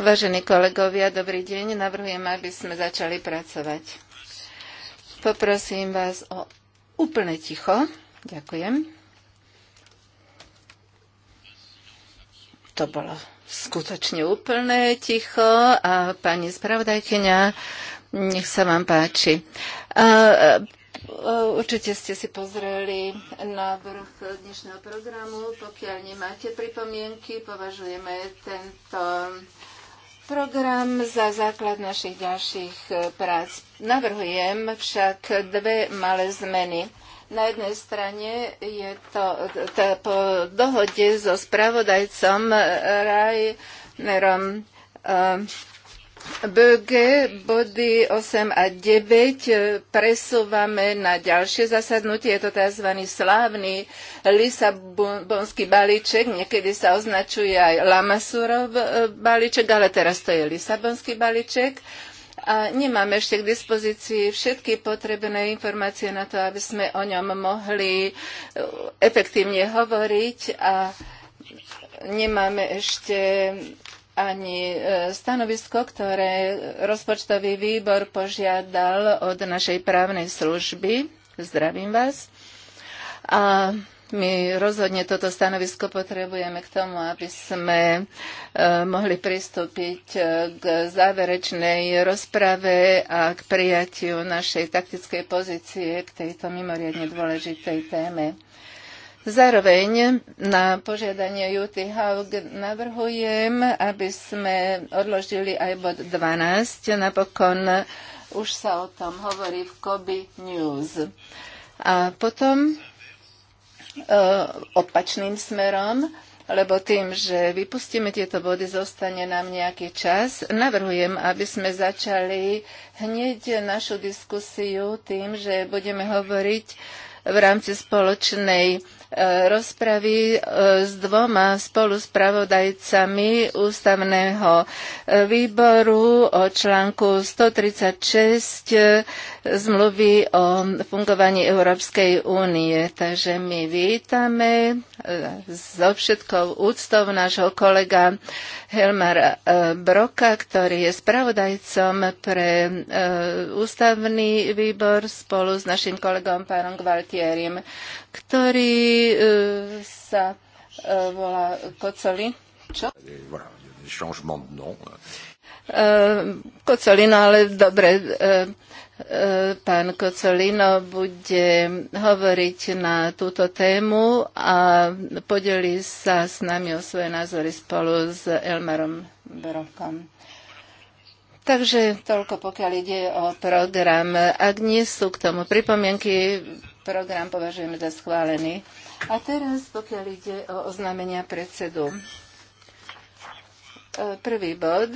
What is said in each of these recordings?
Vážení kolegovia, dobrý deň. Navrhujem, aby sme začali pracovať. Poprosím vás o úplne ticho. Ďakujem. To bolo skutočne úplne ticho a pani spravodajkyňa, nech sa vám páči. Eh, určite ste si pozreli návrh dnešného programu. Pokiaľ nemáte pripomienky, považujeme tento program za základ našich ďalších eh, prác. Navrhujem však dve malé zmeny. Na jednej strane je to, po dohode so spravodajcom eh, Rajnerom uh, BG body 8 a 9 e, presúvame na ďalšie zasadnutie. Je to tzv. slávny Lisabonský balíček. Niekedy sa označuje aj Lamasurov e, balíček, ale teraz to je Lisabonský balíček. A nemáme ešte k dispozícii všetky potrebné informácie na to, aby sme o ňom mohli e, efektívne hovoriť a nemáme ešte ani e, stanovisko, ktoré rozpočtový výbor požiadal od našej právnej služby. Zdravím vás. A my rozhodne toto stanovisko potrebujeme k tomu, aby sme e, mohli pristúpiť e, k záverečnej rozprave a k prijatiu našej taktickej pozície k tejto mimoriadne dôležitej téme. Zároveň na požiadanie Juty Haug navrhujem, aby sme odložili aj bod 12. Napokon už sa o tom hovorí v Kobe News. A potom e, opačným smerom lebo tým, že vypustíme tieto body, zostane nám nejaký čas. Navrhujem, aby sme začali hneď našu diskusiu tým, že budeme hovoriť v rámci spoločnej rozpravy e, s dvoma spoluspravodajcami ústavného e, výboru o článku 136 e, zmluvy o fungovaní Európskej únie. Takže my vítame so všetkou úctou nášho kolega Helmar Broka, ktorý je spravodajcom pre ústavný výbor spolu s našim kolegom pánom Gvaltierim ktorý e, sa e, volá Kocoli. Čo? E, Kocolino, ale dobre, pán Kocolino bude hovoriť na túto tému a podeli sa s nami o svoje názory spolu s Elmarom Brokom. Takže toľko, pokiaľ ide o program. Ak nie sú k tomu pripomienky, program považujeme za schválený. A teraz, pokiaľ ide o oznámenia predsedu. E, prvý bod.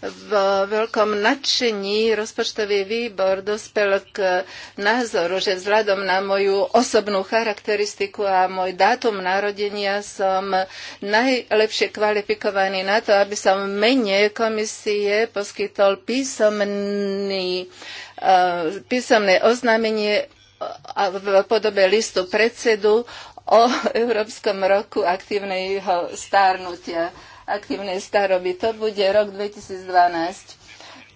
V veľkom nadšení rozpočtový výbor dospel k názoru, že vzhľadom na moju osobnú charakteristiku a môj dátum narodenia som najlepšie kvalifikovaný na to, aby som v mene komisie poskytol písomný uh, E, písomné oznámenie e, v podobe listu predsedu o Európskom roku aktívneho stárnutia, aktívnej staroby. To bude rok 2012.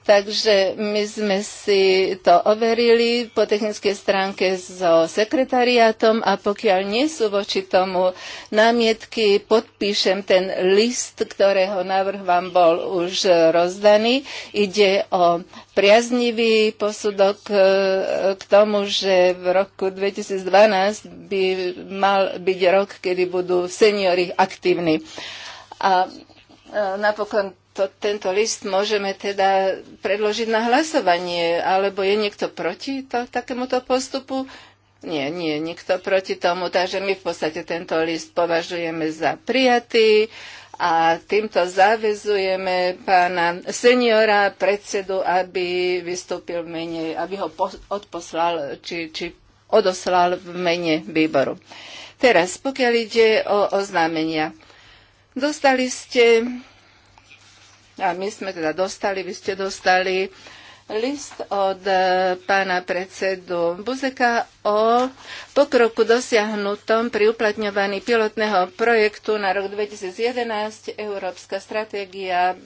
Takže my sme si to overili po technickej stránke so sekretariátom a pokiaľ nie sú voči tomu námietky, podpíšem ten list, ktorého návrh vám bol už rozdaný. Ide o priaznivý posudok e, k tomu, že v roku 2012 by mal byť rok, kedy budú seniory aktívni. A e, napokon to, tento list môžeme teda predložiť na hlasovanie, alebo je niekto proti to, takémuto postupu? Nie, nie, nikto proti tomu, takže my v podstate tento list považujeme za prijatý a týmto záväzujeme pána seniora, predsedu, aby vystúpil v mene, aby ho odposlal, či, či odoslal v mene výboru. Teraz, pokiaľ ide o oznámenia. Dostali ste a my sme teda dostali, vy ste dostali list od e, pána predsedu Buzeka o pokroku dosiahnutom pri uplatňovaní pilotného projektu na rok 2011 Európska stratégia e,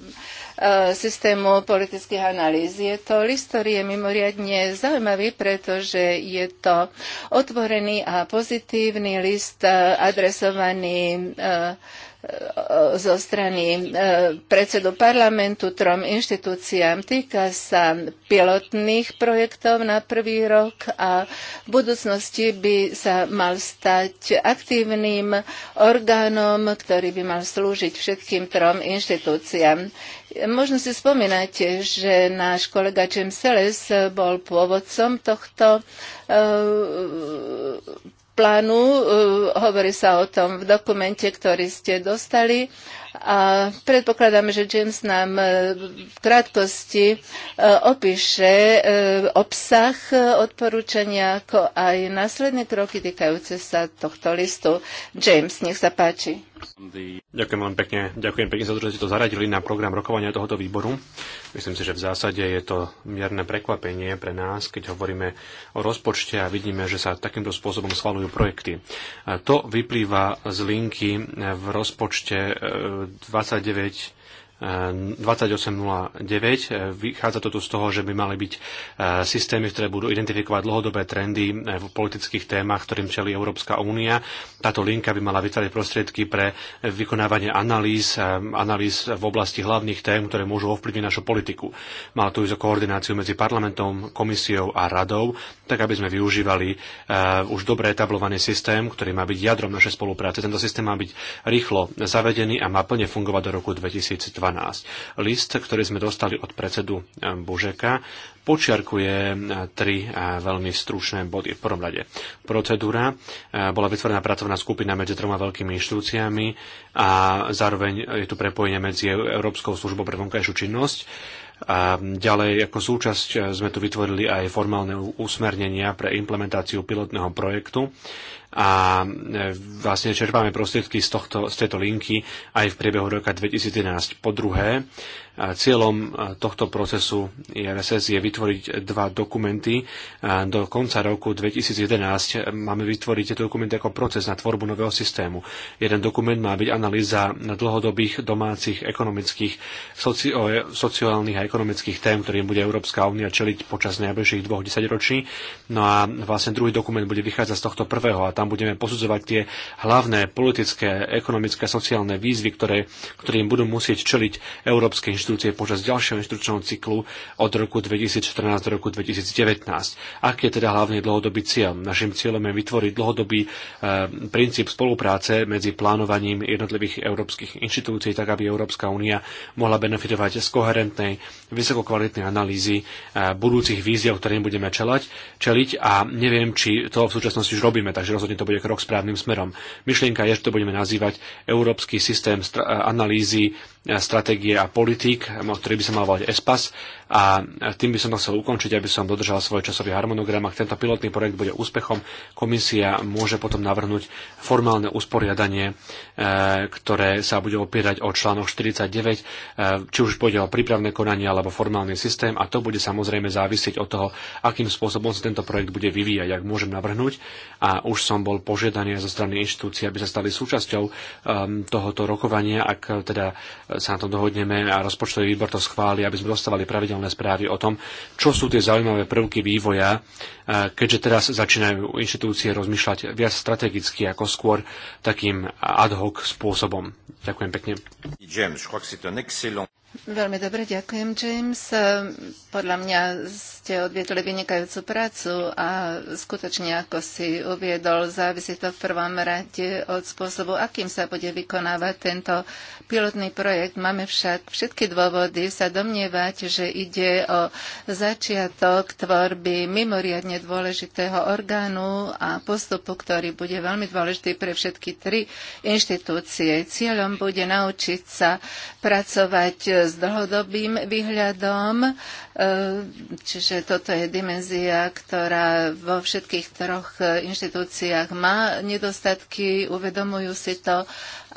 systému politických analýz. Je to list, ktorý je mimoriadne zaujímavý, pretože je to otvorený a pozitívny list e, adresovaný e, zo strany e, predsedu parlamentu trom inštitúciám. Týka sa pilotných projektov na prvý rok a v budúcnosti by sa mal stať aktívnym orgánom, ktorý by mal slúžiť všetkým trom inštitúciám. Možno si spomínate, že náš kolega James Seles bol pôvodcom tohto e, plánu. E, hovorí sa o tom v dokumente, ktorý ste dostali a predpokladáme, že James nám e, v krátkosti e, opíše e, obsah odporúčania, ako aj následné kroky týkajúce sa tohto listu. James, nech sa páči. Ďakujem veľmi pekne. Ďakujem pekne za to, že ste to zaradili na program rokovania tohoto výboru. Myslím si, že v zásade je to mierne prekvapenie pre nás, keď hovoríme o rozpočte a vidíme, že sa takýmto spôsobom schvalujú projekty. To vyplýva z linky v rozpočte 29 2809. Vychádza to tu z toho, že by mali byť e, systémy, ktoré budú identifikovať dlhodobé trendy e, v politických témach, ktorým čelí Európska únia. Táto linka by mala vytvárať prostriedky pre vykonávanie analýz, e, analýz v oblasti hlavných tém, ktoré môžu ovplyvniť našu politiku. Mala tu ísť o koordináciu medzi parlamentom, komisiou a radou, tak aby sme využívali už dobre etablovaný systém, ktorý má byť jadrom našej spolupráce. Tento systém má byť rýchlo zavedený a má plne fungovať do roku 2020 12. List, ktorý sme dostali od predsedu eh, Božeka, počiarkuje eh, tri eh, veľmi stručné body. V prvom rade procedúra. Bola vytvorená pracovná skupina medzi troma veľkými inštitúciami a zároveň je tu prepojenie medzi Európskou službou pre vonkajšiu činnosť a ďalej ako súčasť sme tu vytvorili aj formálne usmernenia pre implementáciu pilotného projektu a e, vlastne čerpáme prostriedky z, tohto, z tejto linky aj v priebehu roka 2011. Po druhé, Cieľom tohto procesu RSS je vytvoriť dva dokumenty. Do konca roku 2011 máme vytvoriť tieto dokumenty ako proces na tvorbu nového systému. Jeden dokument má byť analýza dlhodobých domácich ekonomických, socio- sociálnych a ekonomických tém, ktorým bude Európska únia čeliť počas najbližších dvoch desaťročí. No a vlastne druhý dokument bude vychádzať z tohto prvého a tam budeme posudzovať tie hlavné politické, ekonomické a sociálne výzvy, ktoré, ktorým budú musieť čeliť európske inštitúcie inštitúcie počas ďalšieho inštitučného cyklu od roku 2014 do roku 2019. Aký je teda hlavný dlhodobý cieľ? Našim cieľom je vytvoriť dlhodobý e, princíp spolupráce medzi plánovaním jednotlivých európskych inštitúcií, tak aby Európska únia mohla benefitovať z koherentnej, vysokokvalitnej analýzy e, budúcich víziev, ktorým budeme čelať, čeliť a neviem, či to v súčasnosti už robíme, takže rozhodne to bude krok správnym smerom. Myšlienka je, že to budeme nazývať Európsky systém analýzy eh, stratégie a politík balík, ktorý by sa mal volať ESPAS a tým by som chcel ukončiť, aby som dodržal svoj časový harmonogram. Ak tento pilotný projekt bude úspechom, komisia môže potom navrhnúť formálne usporiadanie, e, ktoré sa bude opierať o článok 49, e, či už pôjde o prípravné konanie alebo formálny systém a to bude samozrejme závisieť od toho, akým spôsobom sa tento projekt bude vyvíjať, ak môžem navrhnúť. A už som bol požiadaný zo strany inštitúcií, aby sa stali súčasťou e, tohoto rokovania, ak teda sa na tom dohodneme a rozpočtový výbor to schváli, aby sme dostávali pravidelné pravidelné správy o tom, čo sú tie zaujímavé prvky vývoja, keďže teraz začínajú inštitúcie rozmýšľať viac strategicky ako skôr takým ad hoc spôsobom. Ďakujem pekne. James, Veľmi dobre, ďakujem, James. Podľa mňa ste odviedli vynikajúcu prácu a skutočne, ako si uviedol, závisí to v prvom rade od spôsobu, akým sa bude vykonávať tento pilotný projekt. Máme však všetky dôvody sa domnievať, že ide o začiatok tvorby mimoriadne dôležitého orgánu a postupu, ktorý bude veľmi dôležitý pre všetky tri inštitúcie. Cieľom bude naučiť sa pracovať s dlhodobým výhľadom. E, čiže toto je dimenzia, ktorá vo všetkých troch inštitúciách má nedostatky, uvedomujú si to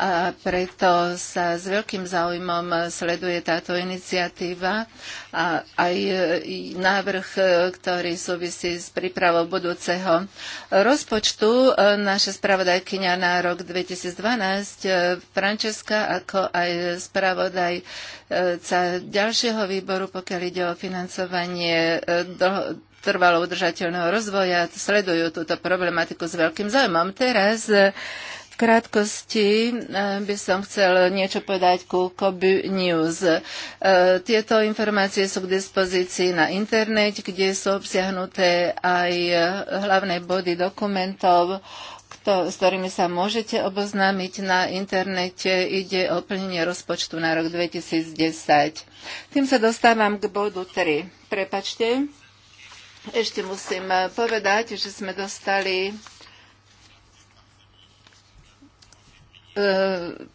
a preto sa s veľkým záujmom sleduje táto iniciatíva a aj e, návrh, e, ktorý súvisí s prípravou budúceho rozpočtu. E, naša spravodajkyňa na rok 2012, Francesca, ako aj spravodajca ďalšieho výboru, pokiaľ ide o financovanie dlho, trvalo udržateľného rozvoja sledujú túto problematiku s veľkým záujmom. Teraz krátkosti eh, by som chcel niečo povedať ku Kobu News. Eh, tieto informácie sú k dispozícii na internet, kde sú obsiahnuté aj eh, hlavné body dokumentov, to, s ktorými sa môžete oboznámiť na internete, ide o plnenie rozpočtu na rok 2010. Tým sa dostávam k bodu 3. Prepačte, ešte musím povedať, že sme dostali E,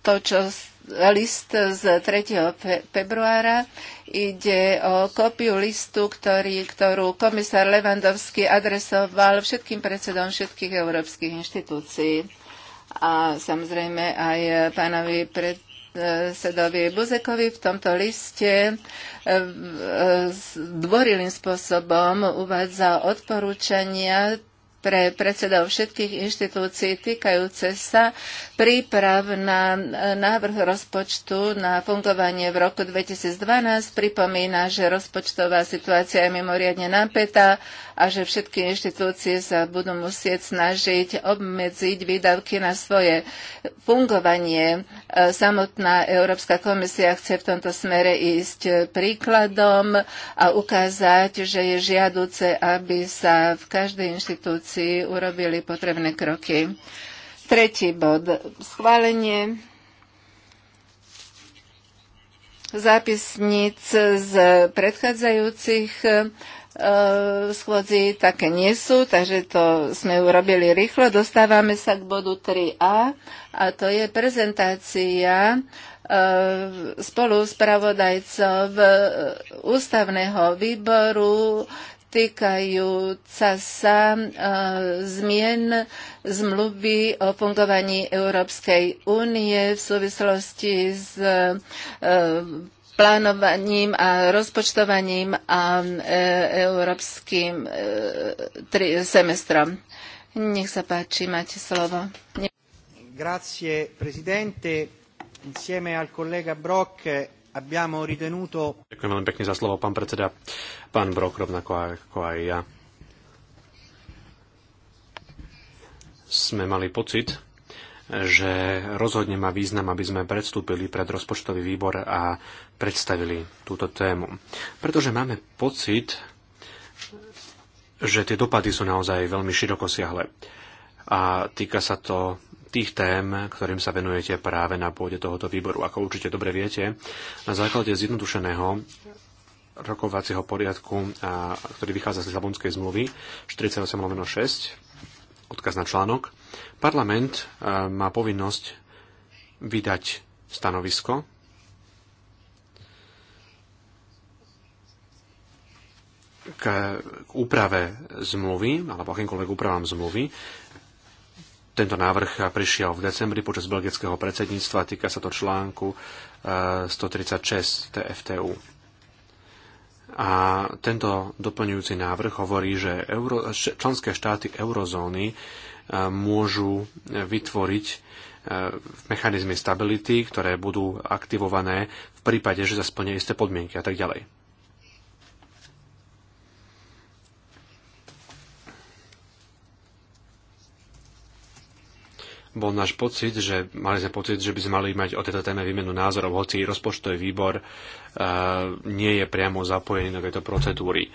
to, čo list z 3. februára. Ide o kópiu listu, ktorý, ktorú komisár Levandovský adresoval všetkým predsedom všetkých európskych inštitúcií a samozrejme aj pánovi pred, sedovi Buzekovi v tomto liste e, e, dvorilým spôsobom uvádza odporúčania pre predsedov všetkých inštitúcií týkajúce sa príprav na e, návrh rozpočtu na fungovanie v roku 2012 pripomína, že rozpočtová situácia je mimoriadne napätá a že všetky inštitúcie sa budú musieť snažiť obmedziť výdavky na svoje fungovanie. E, samotná Európska komisia chce v tomto smere ísť príkladom a ukázať, že je žiaduce, aby sa v každej inštitúcii urobili potrebné kroky. Tretí bod. Schválenie zápisníc z predchádzajúcich e, schôdzi také nie sú, takže to sme urobili rýchlo. Dostávame sa k bodu 3a a to je prezentácia e, spolu spravodajcov e, ústavného výboru týkajúca sa e, zmien zmluvy o fungovaní Európskej únie v súvislosti s e, plánovaním a rozpočtovaním a e, európskym semestrom. Nech sa páči, máte slovo. Grazie, prezidente. Insieme al collega Brock Abbiamo ritenuto... Ďakujem veľmi pekne za slovo, pán predseda. Pán Brok, rovnako ako aj ja. Sme mali pocit, že rozhodne má význam, aby sme predstúpili pred rozpočtový výbor a predstavili túto tému. Pretože máme pocit, že tie dopady sú naozaj veľmi širokosiahle. A týka sa to tých tém, ktorým sa venujete práve na pôde tohoto výboru. Ako určite dobre viete, na základe zjednodušeného rokovacieho poriadku, a, ktorý vychádza z Lisabonskej zmluvy 48.6, odkaz na článok, parlament a, má povinnosť vydať stanovisko k úprave zmluvy, alebo akýmkoľvek úpravám zmluvy, tento návrh prišiel v decembri počas belgického predsedníctva, týka sa to článku 136 eh, TFTU. A tento doplňujúci návrh hovorí, že euro, členské štáty eurozóny eh, môžu vytvoriť eh, mechanizmy stability, ktoré budú aktivované v prípade, že sa splnia isté podmienky a tak ďalej. bol náš pocit, že mali sme pocit, že by sme mali mať o tejto téme výmenu názorov, hoci rozpočtový výbor uh, nie je priamo zapojený do tejto procedúry.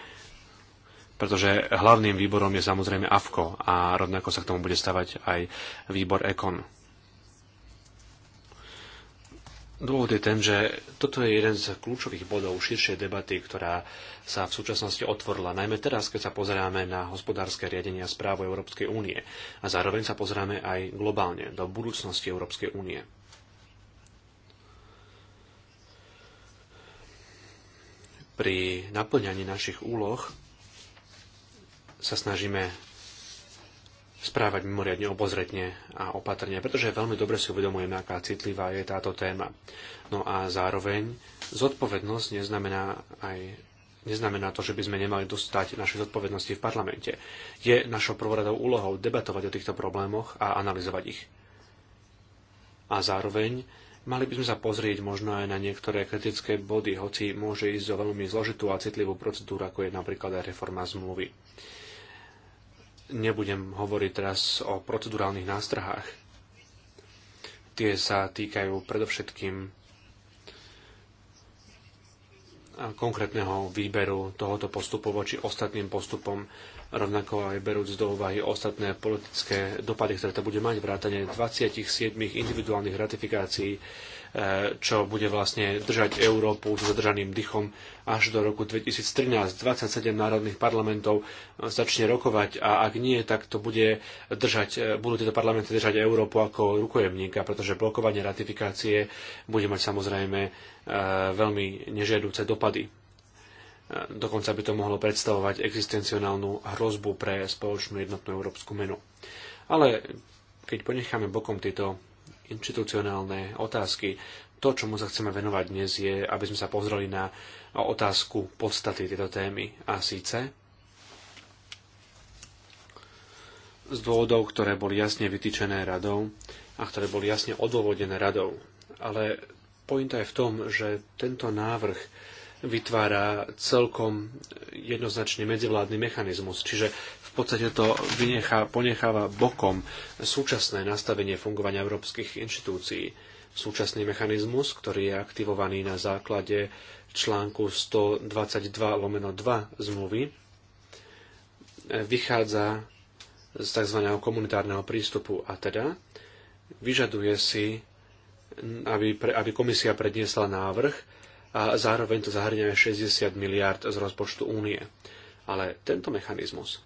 Pretože hlavným výborom je samozrejme AFKO a rovnako sa k tomu bude stavať aj výbor EKON. Dôvod je ten, že toto je jeden z kľúčových bodov širšej debaty, ktorá sa v súčasnosti otvorila, najmä teraz, keď sa pozeráme na hospodárske riadenia správu Európskej únie a zároveň sa pozeráme aj globálne do budúcnosti Európskej únie. Pri naplňaní našich úloh sa snažíme správať mimoriadne obozretne a opatrne, pretože veľmi dobre si uvedomujeme, aká citlivá je táto téma. No a zároveň zodpovednosť neznamená aj neznamená to, že by sme nemali dostať naše zodpovednosti v parlamente. Je našou prvoradou úlohou debatovať o týchto problémoch a analyzovať ich. A zároveň mali by sme sa pozrieť možno aj na niektoré kritické body, hoci môže ísť o veľmi zložitú a citlivú procedúru, ako je napríklad aj reforma zmluvy. Nebudem hovoriť teraz o procedurálnych nástrahách. Tie sa týkajú predovšetkým konkrétneho výberu tohoto postupu voči ostatným postupom, rovnako aj berúc do úvahy ostatné politické dopady, ktoré to bude mať, vrátane 27 individuálnych ratifikácií Eh, čo bude vlastne držať Európu s zadržaným dychom až do roku 2013. 27 národných parlamentov eh, začne rokovať a ak nie, tak to bude držať, eh, budú tieto parlamenty držať Európu ako rukojemníka, pretože blokovanie ratifikácie bude mať samozrejme veľmi nežiaduce dopady. Dokonca by to mohlo predstavovať existencionálnu hrozbu pre spoločnú jednotnú európsku menu. Ale keď ponecháme bokom tieto inštitucionálne otázky. To, čomu sa chceme venovať dnes, je, aby sme sa pozreli na otázku podstaty tejto témy. A síce z dôvodov, ktoré boli jasne vytýčené radou a ktoré boli jasne odôvodené radou. Ale pointa je v tom, že tento návrh vytvára celkom jednoznačne medzivládny mechanizmus. Čiže v podstate to vynechá, ponecháva bokom súčasné nastavenie fungovania európskych inštitúcií. Súčasný mechanizmus, ktorý je aktivovaný na základe článku 122 lomeno 2 zmluvy, eh, vychádza z tzv. komunitárneho prístupu a teda vyžaduje si, aby, pre, aby komisia predniesla návrh a zároveň to zahrňuje 60 miliard z rozpočtu únie. Ale tento mechanizmus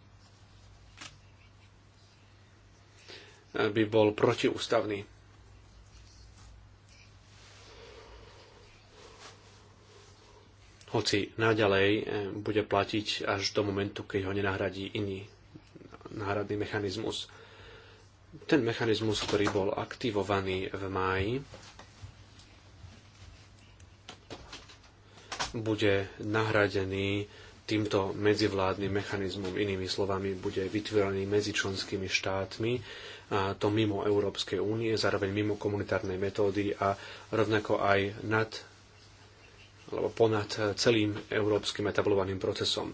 by bol protiústavný. Hoci naďalej eh, bude platiť až do momentu, keď ho nenahradí iný náhradný mechanizmus. Ten mechanizmus, ktorý bol aktivovaný v máji, bude nahradený týmto medzivládnym mechanizmom, inými slovami, bude vytvorený medzi členskými štátmi, to mimo Európskej únie, zároveň mimo komunitárnej metódy a rovnako aj nad alebo ponad celým európskym etablovaným procesom.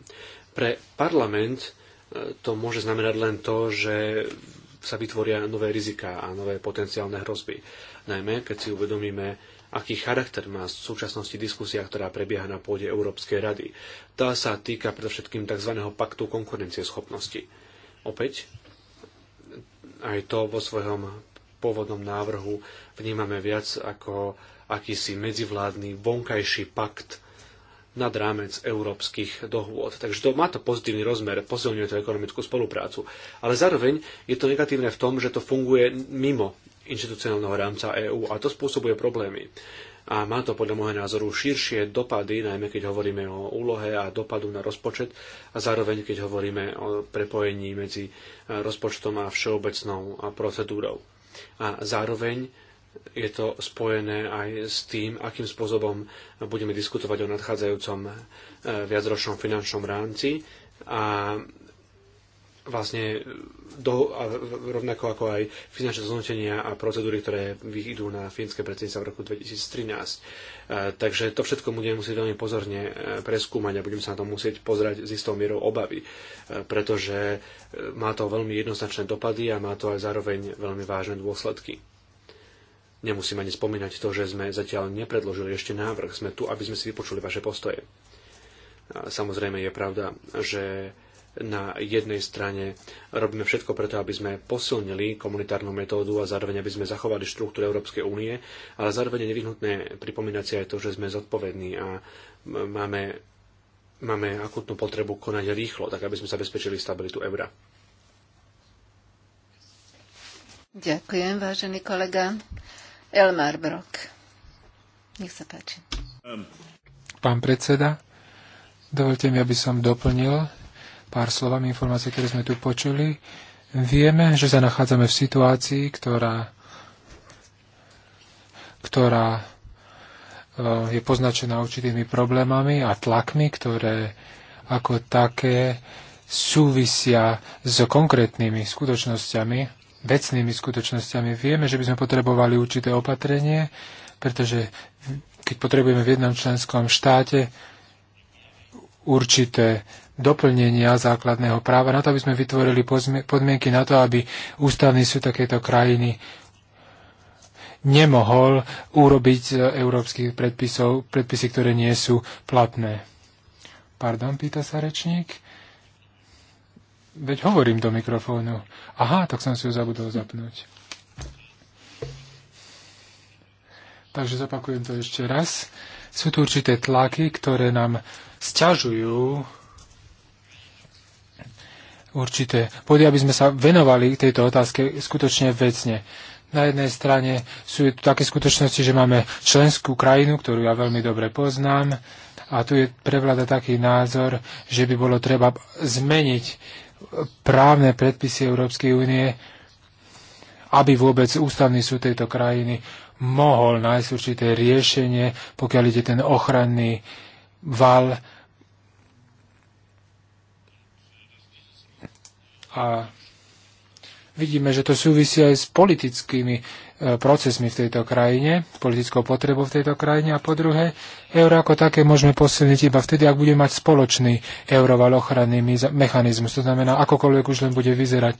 Pre parlament e, to môže znamenať len to, že sa vytvoria nové riziká a nové potenciálne hrozby. Najmä, keď si uvedomíme, aký charakter má v súčasnosti diskusia, ktorá prebieha na pôde Európskej rady. Tá sa týka predovšetkým tzv. paktu konkurencieschopnosti. Opäť, aj to vo svojom pôvodnom návrhu vnímame viac ako akýsi medzivládny vonkajší pakt nad rámec európskych dohôd. Takže to má to pozitívny rozmer, posilňuje to ekonomickú spoluprácu. Ale zároveň je to negatívne v tom, že to funguje mimo inštitucionálneho rámca EÚ a to spôsobuje problémy a má to podľa môjho názoru širšie dopady, najmä keď hovoríme o úlohe a dopadu na rozpočet a zároveň keď hovoríme o prepojení medzi e, rozpočtom a všeobecnou procedúrou. A zároveň je to spojené aj s tým, akým spôsobom budeme diskutovať o nadchádzajúcom e, viacročnom finančnom rámci a vlastne do, a rovnako ako aj finančné zhodnotenia a procedúry, ktoré vyjdú na fínske predsednice v roku 2013. E, takže to všetko budem musieť veľmi pozorne e, preskúmať a budem sa na to musieť pozerať s istou mierou obavy, e, pretože e, má to veľmi jednoznačné dopady a má to aj zároveň veľmi vážne dôsledky. Nemusím ani spomínať to, že sme zatiaľ nepredložili ešte návrh. Sme tu, aby sme si vypočuli vaše postoje. E, samozrejme je pravda, že na jednej strane robíme všetko preto, aby sme posilnili komunitárnu metódu a zároveň, aby sme zachovali štruktúru Európskej únie, ale zároveň je nevyhnutné pripomínať si aj to, že sme zodpovední a máme, máme akutnú potrebu konať rýchlo, tak aby sme zabezpečili stabilitu eura. Ďakujem, vážený kolega. Elmar Brok. Nech sa páči. Pán predseda, dovolte mi, aby som doplnil pár slovami informácie, ktoré sme tu počuli. Vieme, že sa nachádzame v situácii, ktorá, ktorá e, je poznačená určitými problémami a tlakmi, ktoré ako také súvisia s konkrétnymi skutočnosťami, vecnými skutočnosťami. Vieme, že by sme potrebovali určité opatrenie, pretože keď potrebujeme v jednom členskom štáte určité doplnenia základného práva, na to, aby sme vytvorili podmienky na to, aby ústavný súd takéto krajiny nemohol urobiť z európskych predpisov predpisy, ktoré nie sú platné. Pardon, pýta sa rečník. Veď hovorím do mikrofónu. Aha, tak som si ho zabudol zapnúť. Takže zopakujem to ešte raz. Sú tu určité tlaky, ktoré nám sťažujú určité body, aby sme sa venovali tejto otázke skutočne vecne. Na jednej strane sú tu také skutočnosti, že máme členskú krajinu, ktorú ja veľmi dobre poznám, a tu je prevláda taký názor, že by bolo treba zmeniť právne predpisy Európskej únie, aby vôbec ústavný súd tejto krajiny mohol nájsť určité riešenie, pokiaľ ide ten ochranný val A vidíme, že to súvisí aj s politickými e, procesmi v tejto krajine, politickou potrebou v tejto krajine. A po druhé, euro ako také môžeme posilniť iba vtedy, ak bude mať spoločný euroval ochranný mechanizmus. To znamená, akokoľvek už len bude vyzerať,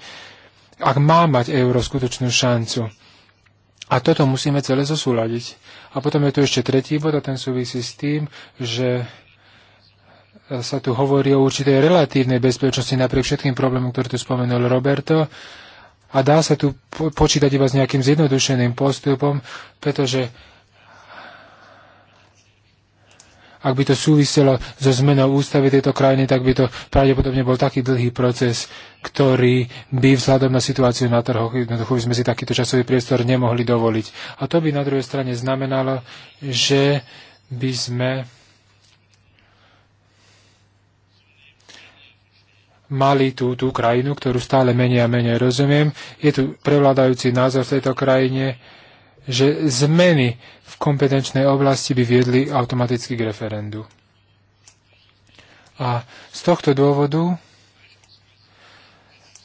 ak má mať euro skutočnú šancu. A toto musíme celé zosúľadiť. A potom je tu ešte tretí bod a ten súvisí s tým, že sa tu hovorí o určitej relatívnej bezpečnosti napriek všetkým problémom, ktoré tu spomenul Roberto. A dá sa tu počítať iba s nejakým zjednodušeným postupom, pretože ak by to súviselo so zmenou ústavy tejto krajiny, tak by to pravdepodobne bol taký dlhý proces, ktorý by vzhľadom na situáciu na trhoch, jednoducho by sme si takýto časový priestor nemohli dovoliť. A to by na druhej strane znamenalo, že by sme mali tú, tú krajinu, ktorú stále menej a menej rozumiem. Je tu prevládajúci názor v tejto krajine, že zmeny v kompetenčnej oblasti by viedli automaticky k referendu. A z tohto dôvodu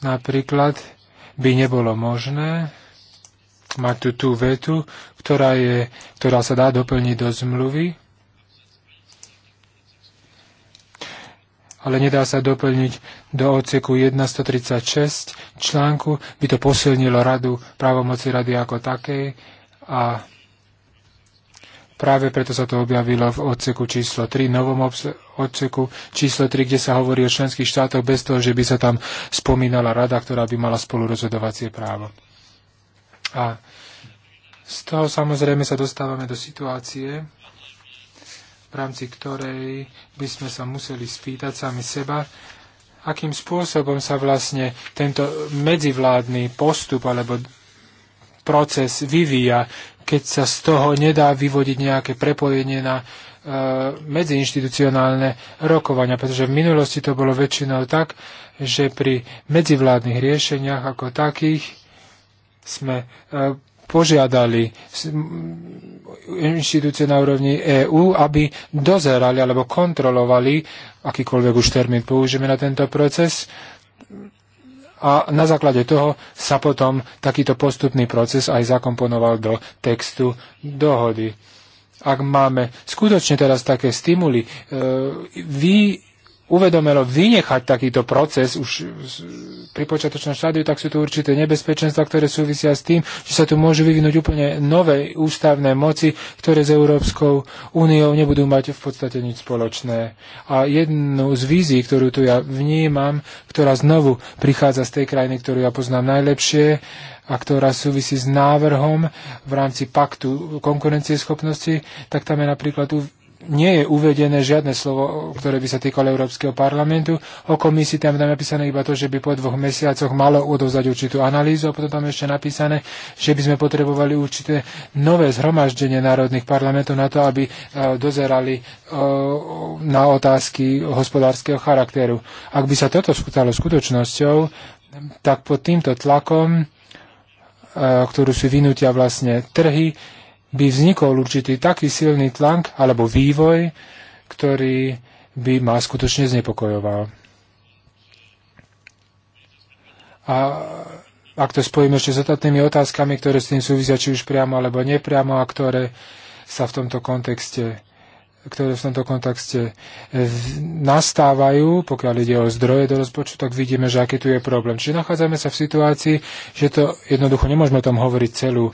napríklad by nebolo možné mať tú tú vetu, ktorá, je, ktorá sa dá doplniť do zmluvy, ale nedá sa doplniť do odseku 136 článku. By to posilnilo radu, právomoci rady ako takej a Práve preto sa to objavilo v odseku číslo 3, novom odseku číslo 3, kde sa hovorí o členských štátoch bez toho, že by sa tam spomínala rada, ktorá by mala spolurozhodovacie právo. A z toho samozrejme sa dostávame do situácie, v rámci ktorej by sme sa museli spýtať sami seba, akým spôsobom sa vlastne tento medzivládny postup alebo proces vyvíja, keď sa z toho nedá vyvodiť nejaké prepojenie na e, medziinstitucionálne rokovania, pretože v minulosti to bolo väčšinou tak, že pri medzivládnych riešeniach ako takých sme e, požiadali inštitúcie na úrovni EÚ, aby dozerali alebo kontrolovali, akýkoľvek už termín použijeme na tento proces, a na základe toho sa potom takýto postupný proces aj zakomponoval do textu dohody. Ak máme skutočne teraz také stimuly, e, vy uvedomelo vynechať takýto proces už pri počiatočnom štádiu, tak sú tu určité nebezpečenstva, ktoré súvisia s tým, že sa tu môžu vyvinúť úplne nové ústavné moci, ktoré s Európskou úniou nebudú mať v podstate nič spoločné. A jednu z vízií, ktorú tu ja vnímam, ktorá znovu prichádza z tej krajiny, ktorú ja poznám najlepšie, a ktorá súvisí s návrhom v rámci paktu konkurencieschopnosti, tak tam je napríklad nie je uvedené žiadne slovo, ktoré by sa týkalo Európskeho parlamentu. O komisii tam je napísané iba to, že by po dvoch mesiacoch malo odovzdať určitú analýzu a potom tam ešte napísané, že by sme potrebovali určité nové zhromaždenie národných parlamentov na to, aby e, dozerali e, na otázky hospodárskeho charakteru. Ak by sa toto skutalo skutočnosťou, tak pod týmto tlakom, e, ktorú sú vynutia vlastne trhy, by vznikol určitý taký silný tlak alebo vývoj, ktorý by ma skutočne znepokojoval. A ak to spojíme ešte s ostatnými otázkami, ktoré s tým súvisia, či už priamo alebo nepriamo, a ktoré sa v tomto kontexte ktoré v tomto kontexte e, nastávajú, pokiaľ ide o zdroje do rozpočtu, tak vidíme, že aký tu je problém. Čiže nachádzame sa v situácii, že to jednoducho nemôžeme o tom hovoriť celú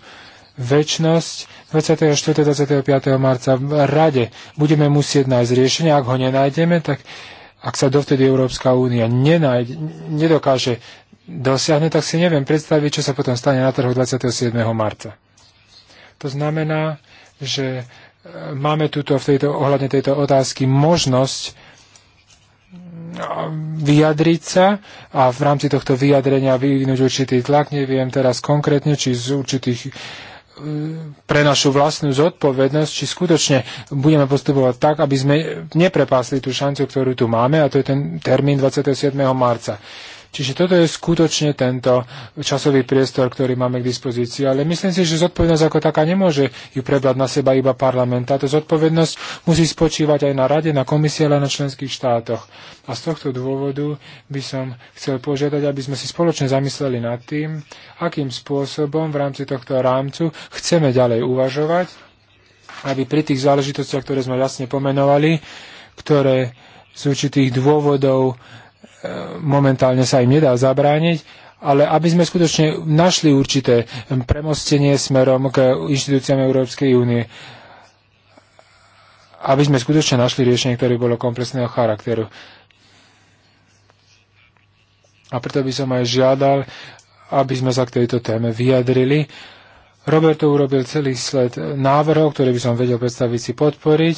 väčnosť, 24. 25. marca v Rade budeme musieť nájsť riešenie. Ak ho nenájdeme, tak ak sa dovtedy Európska únia nenájde, nedokáže dosiahnuť, tak si neviem predstaviť, čo sa potom stane na trhu 27. marca. To znamená, že e, máme tuto v tejto, ohľadne tejto otázky možnosť mm, vyjadriť sa a v rámci tohto vyjadrenia vyvinúť určitý tlak. Neviem teraz konkrétne, či z určitých Mm, pre našu vlastnú zodpovednosť, či skutočne budeme postupovať tak, aby sme neprepásli tú šancu, ktorú tu máme, a to je ten termín 27. marca. Čiže toto je skutočne tento časový priestor, ktorý máme k dispozícii. Ale myslím si, že zodpovednosť ako taká nemôže ju prebrať na seba iba parlament. Táto zodpovednosť musí spočívať aj na rade, na komisie, ale na členských štátoch. A z tohto dôvodu by som chcel požiadať, aby sme si spoločne zamysleli nad tým, akým spôsobom v rámci tohto rámcu chceme ďalej uvažovať, aby pri tých záležitostiach, ktoré sme jasne pomenovali, ktoré z určitých dôvodov momentálne sa im nedá zabrániť, ale aby sme skutočne našli určité premostenie smerom k inštitúciám Európskej únie. Aby sme skutočne našli riešenie, ktoré bolo komplexného charakteru. A preto by som aj žiadal, aby sme sa k tejto téme vyjadrili. Roberto urobil celý sled návrhov, ktoré by som vedel predstaviť si podporiť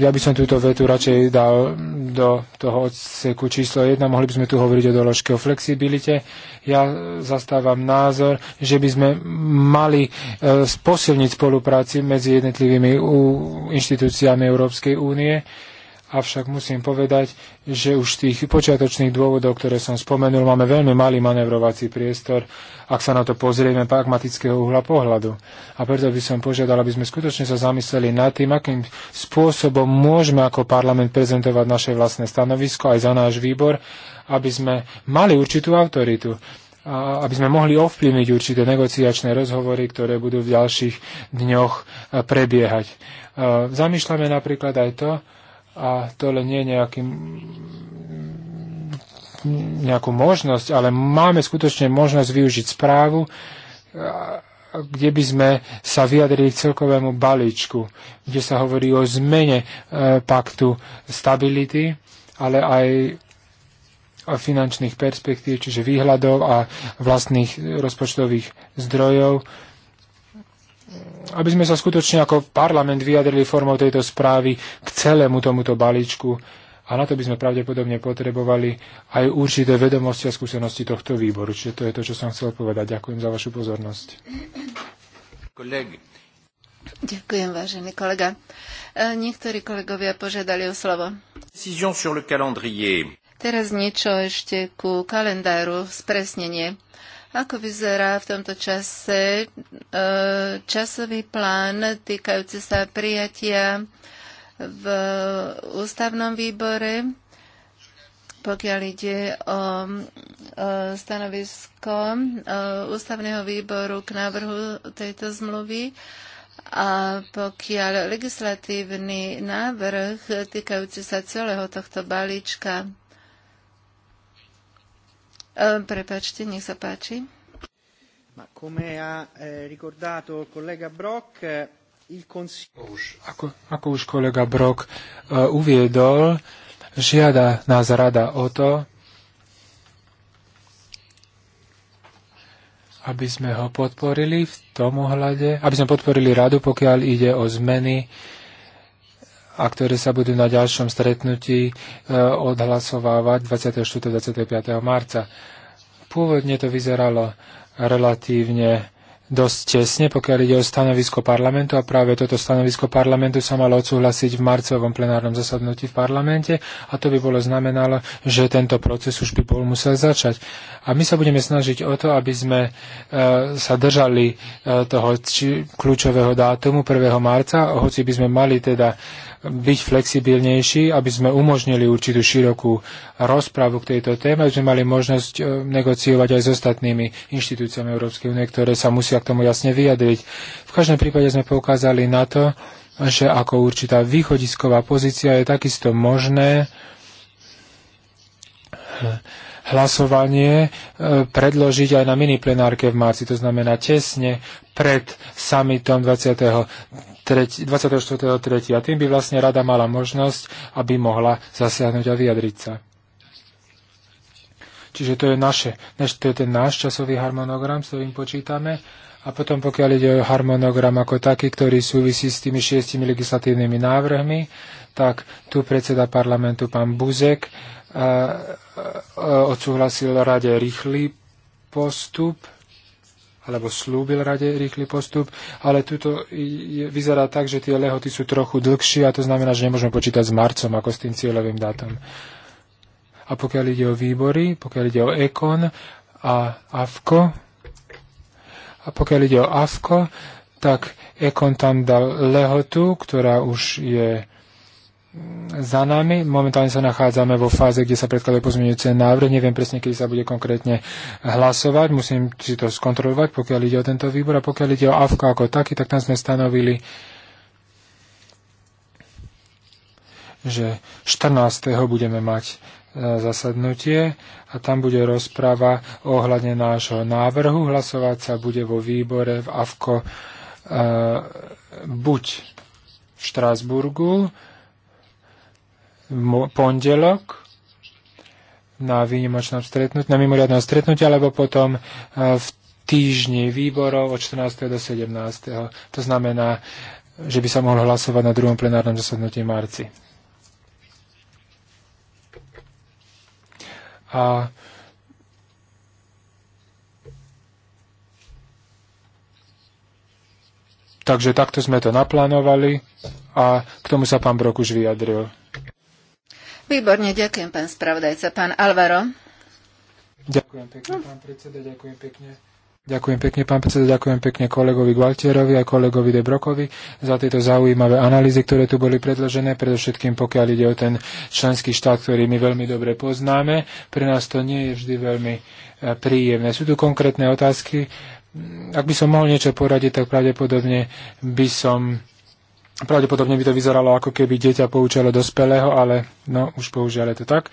ja by som túto vetu radšej dal do toho odseku číslo 1. Mohli by sme tu hovoriť o doložke o flexibilite. Ja zastávam názor, že by sme mali e, posilniť spolupráci medzi jednotlivými inštitúciami Európskej únie avšak musím povedať, že už z tých počiatočných dôvodov, ktoré som spomenul, máme veľmi malý manevrovací priestor, ak sa na to pozrieme pragmatického uhla pohľadu. A preto by som požiadal, aby sme skutočne sa zamysleli nad tým, akým spôsobom môžeme ako parlament prezentovať naše vlastné stanovisko aj za náš výbor, aby sme mali určitú autoritu a aby sme mohli ovplyvniť určité negociačné rozhovory, ktoré budú v ďalších dňoch prebiehať. E, zamýšľame napríklad aj to, a to len nie nejaký nejakú možnosť, ale máme skutočne možnosť využiť správu, kde by sme sa vyjadrili k celkovému balíčku, kde sa hovorí o zmene e, paktu stability, ale aj o finančných perspektív, čiže výhľadov a vlastných rozpočtových zdrojov aby sme sa skutočne ako parlament vyjadrili formou tejto správy k celému tomuto balíčku a na to by sme pravdepodobne potrebovali aj určité vedomosti a skúsenosti tohto výboru. Čiže to je to, čo som chcel povedať. Ďakujem za vašu pozornosť. Kolegy. Ďakujem, vážený kolega. E, niektorí kolegovia požiadali o slovo. Teraz niečo ešte ku kalendáru, spresnenie. Ako vyzerá v tomto čase eh, časový plán týkajúci sa prijatia v ústavnom výbore, pokiaľ ide o eh, stanovisko eh, ústavného výboru k návrhu tejto zmluvy? A pokiaľ legislatívny návrh týkajúci sa celého tohto balíčka Ehm, prepačte, nech sa páči. Eh, eh, už, ako, ako už kolega Brock uh, uviedol, žiada nás rada o to, aby sme ho podporili v tom ohľade, aby sme podporili radu, pokiaľ ide o zmeny a ktoré sa budú na ďalšom stretnutí e, odhlasovávať 24. 25. marca. Pôvodne to vyzeralo relatívne dosť tesne, pokiaľ ide o stanovisko parlamentu a práve toto stanovisko parlamentu sa malo odsúhlasiť v marcovom plenárnom zasadnutí v parlamente a to by bolo znamenalo, že tento proces už by bol musel začať. A my sa budeme snažiť o to, aby sme e, sa držali e, toho či, kľúčového dátumu 1. marca, hoci by sme mali teda byť flexibilnejší, aby sme umožnili určitú širokú rozpravu k tejto téme, aby sme mali možnosť e, negociovať aj s ostatnými inštitúciami Európskej únie, ktoré sa musia k tomu jasne vyjadriť. V každom prípade sme poukázali na to, že ako určitá východisková pozícia je takisto možné e, hlasovanie e, predložiť aj na miniplenárke v marci, to znamená tesne pred summitom 20. 24.3. A tým by vlastne rada mala možnosť, aby mohla zasiahnuť a vyjadriť sa. Čiže to je, naše, to je ten náš časový harmonogram, s ktorým počítame. A potom, pokiaľ ide o harmonogram ako taký, ktorý súvisí s tými šiestimi legislatívnymi návrhmi, tak tu predseda parlamentu, pán Buzek, odsúhlasil rade rýchly postup alebo slúbil rade rýchly postup, ale tuto je, vyzerá tak, že tie lehoty sú trochu dlhšie a to znamená, že nemôžeme počítať s marcom ako s tým cieľovým dátom. A pokiaľ ide o výbory, pokiaľ ide o ekon a AFKO, a pokiaľ ide o AFKO, tak ekon tam dal lehotu, ktorá už je za nami. Momentálne sa nachádzame vo fáze, kde sa predkladajú pozmeňujúce návrhy. Neviem presne, kedy sa bude konkrétne hlasovať. Musím si to skontrolovať, pokiaľ ide o tento výbor. A pokiaľ ide o AFK ako taký, tak tam sme stanovili že 14. budeme mať e, zasadnutie a tam bude rozprava ohľadne nášho návrhu. Hlasovať sa bude vo výbore v AFKO e, buď v Štrásburgu, pondelok na výnimočnom stretnutí, na mimoriadnom stretnutí, alebo potom e, v týždni výborov od 14. do 17. To znamená, že by sa mohlo hlasovať na druhom plenárnom zasadnutí v marci. A Takže takto sme to naplánovali a k tomu sa pán Brok už vyjadril. Výborne, ďakujem, pán spravodajca. Pán Alvaro. Ďakujem pekne, pán predseda, ďakujem pekne. Ďakujem pekne, pán predseda, ďakujem pekne kolegovi Gualtierovi a kolegovi De Brokovi za tieto zaujímavé analýzy, ktoré tu boli predložené, predovšetkým pokiaľ ide o ten členský štát, ktorý my veľmi dobre poznáme. Pre nás to nie je vždy veľmi e, príjemné. Sú tu konkrétne otázky. Ak by som mohol niečo poradiť, tak pravdepodobne by som Pravdepodobne by to vyzeralo, ako keby dieťa poučalo dospelého, ale no, už použiaľ je to tak.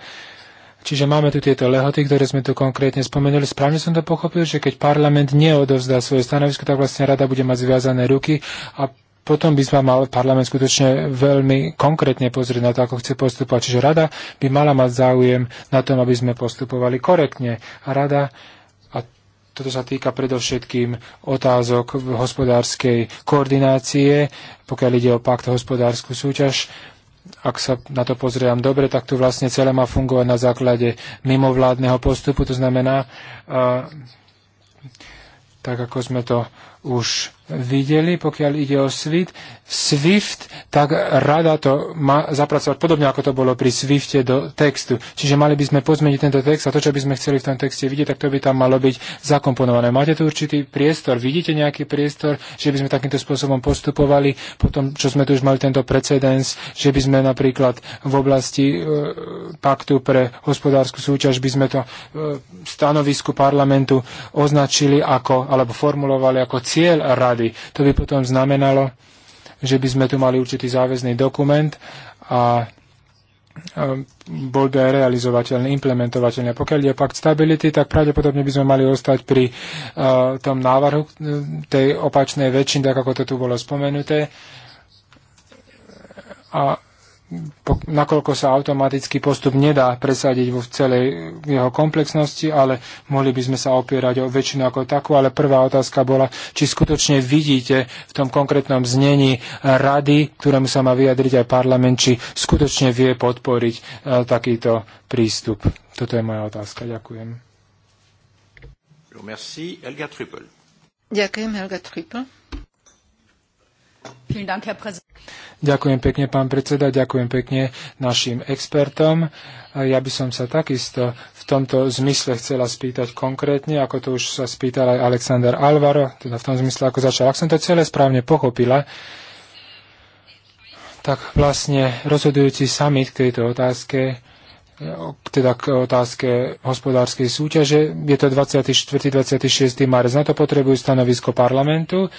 Čiže máme tu tieto lehoty, ktoré sme tu konkrétne spomenuli. Správne som to pochopil, že keď parlament neodovzdá svoje stanovisko, tak vlastne rada bude mať zviazané ruky a potom by sa mal parlament skutočne veľmi konkrétne pozrieť na to, ako chce postupovať. Čiže rada by mala mať záujem na tom, aby sme postupovali korektne. A rada toto sa týka predovšetkým otázok v hospodárskej koordinácie, pokiaľ ide o pakt hospodárskú súťaž. Ak sa na to pozriem dobre, tak tu vlastne celé má fungovať na základe mimovládneho postupu, to znamená, tak ako sme to už videli, pokiaľ ide o SWIFT, SWIFT, tak rada to má zapracovať podobne, ako to bolo pri SWIFTe do textu. Čiže mali by sme pozmeniť tento text a to, čo by sme chceli v tom texte vidieť, tak to by tam malo byť zakomponované. Máte tu určitý priestor, vidíte nejaký priestor, že by sme takýmto spôsobom postupovali, potom, čo sme tu už mali tento precedens, že by sme napríklad v oblasti e, paktu pre hospodárskú súťaž by sme to e, stanovisku parlamentu označili ako, alebo formulovali ako cieľ rady podpory. To by potom znamenalo, že by sme tu mali určitý záväzný dokument a bol by aj realizovateľný, implementovateľný. A pokiaľ je pakt stability, tak pravdepodobne by sme mali ostať pri uh, tom návrhu e, tej opačnej väčšiny, tak ako to tu bolo spomenuté. A nakoľko sa automatický postup nedá presadiť vo celej jeho komplexnosti, ale mohli by sme sa opierať o väčšinu ako takú, ale prvá otázka bola, či skutočne vidíte v tom konkrétnom znení rady, ktorému sa má vyjadriť aj parlament, či skutočne vie podporiť e, takýto prístup. Toto je moja otázka. Ďakujem. Ďakujem, Helga Trippel. Ďakujem pekne, pán predseda, ďakujem pekne našim expertom. Ja by som sa takisto v tomto zmysle chcela spýtať konkrétne, ako to už sa spýtal aj Alexander Alvaro, teda v tom zmysle, ako začal. Ak som to celé správne pochopila, tak vlastne rozhodujúci summit k tejto otázke teda k otázke hospodárskej súťaže. Je to 24. 26. marec. Na to potrebujú stanovisko parlamentu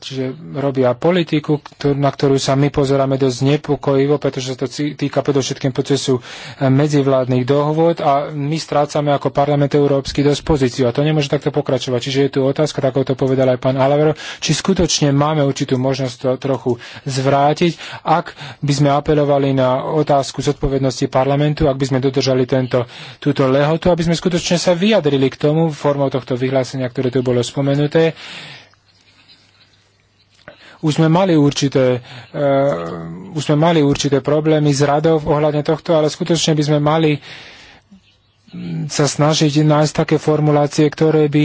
čiže robia politiku, na ktorú sa my pozeráme dosť nepokojivo, pretože sa to týka predovšetkým procesu e, medzivládnych dohôd a my strácame ako parlament európsky dosť pozíciu a to nemôže takto pokračovať. Čiže je tu otázka, tak to povedal aj pán Alavero, či skutočne máme určitú možnosť to trochu zvrátiť, ak by sme apelovali na otázku zodpovednosti parlamentu, ak by sme dodržali tento, túto lehotu, aby sme skutočne sa vyjadrili k tomu formou tohto vyhlásenia, ktoré tu bolo spomenuté, už sme mali určité, uh, už sme mali určité problémy s radou ohľadne tohto, ale skutočne by sme mali mm, sa snažiť nájsť také formulácie, ktoré by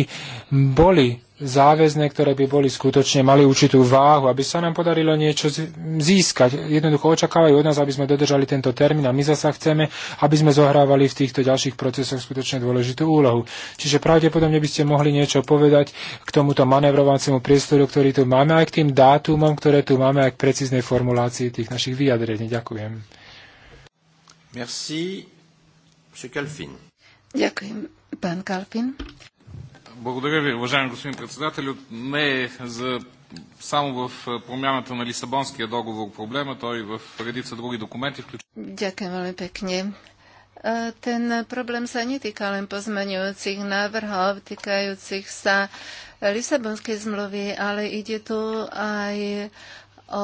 boli záväzné, ktoré by boli skutočne, mali určitú váhu, aby sa nám podarilo niečo získať. Jednoducho očakávajú od nás, aby sme dodržali tento termín a my zasa chceme, aby sme zohrávali v týchto ďalších procesoch skutočne dôležitú úlohu. Čiže pravdepodobne by ste mohli niečo povedať k tomuto manevrovaciemu priestoru, ktorý tu máme, aj k tým dátumom, ktoré tu máme, aj k precíznej formulácii tých našich vyjadrení. Ďakujem. Merci, Ďakujem, pán Kalfin. Благодаря ви, уважаеми господин председател. Не е за, само в промяната на Лисабонския договор проблема, той и в редица други документи. Включ... Ďakujem veľmi pekne. Ten problém sa netýka len pozmeňujúcich návrhov týkajúcich sa Lisabonskej zmluvy, ale ide tu aj o,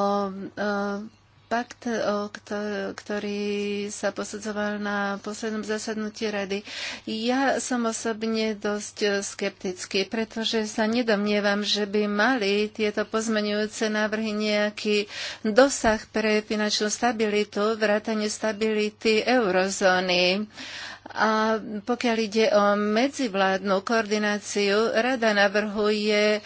o pakt, o ktor- ktorý sa posudzoval na poslednom zasadnutí rady. Ja som osobne dosť skeptický, pretože sa nedomnievam, že by mali tieto pozmenujúce návrhy nejaký dosah pre finančnú stabilitu, vrátanie stability eurozóny. A pokiaľ ide o medzivládnu koordináciu, rada navrhuje e,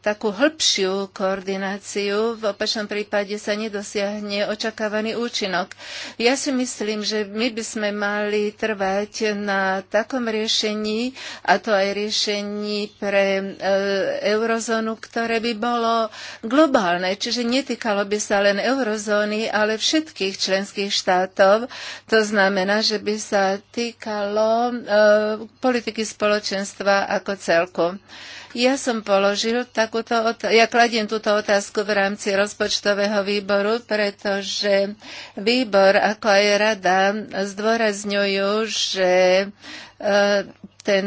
takú hĺbšiu koordináciu. V opačnom prípade sa nedosiahne očakávaný účinok. Ja si myslím, že my by sme mali trvať na takom riešení, a to aj riešení pre e, eurozónu, ktoré by bolo globálne, čiže netýkalo by sa len eurozóny, ale všetkých členských štátov. To znamená, že by sa tý týkalo uh, politiky spoločenstva ako celku. Ja som položil takúto otázku, ja kladiem túto otázku v rámci rozpočtového výboru, pretože výbor ako aj rada zdôrazňujú, že eh, ten,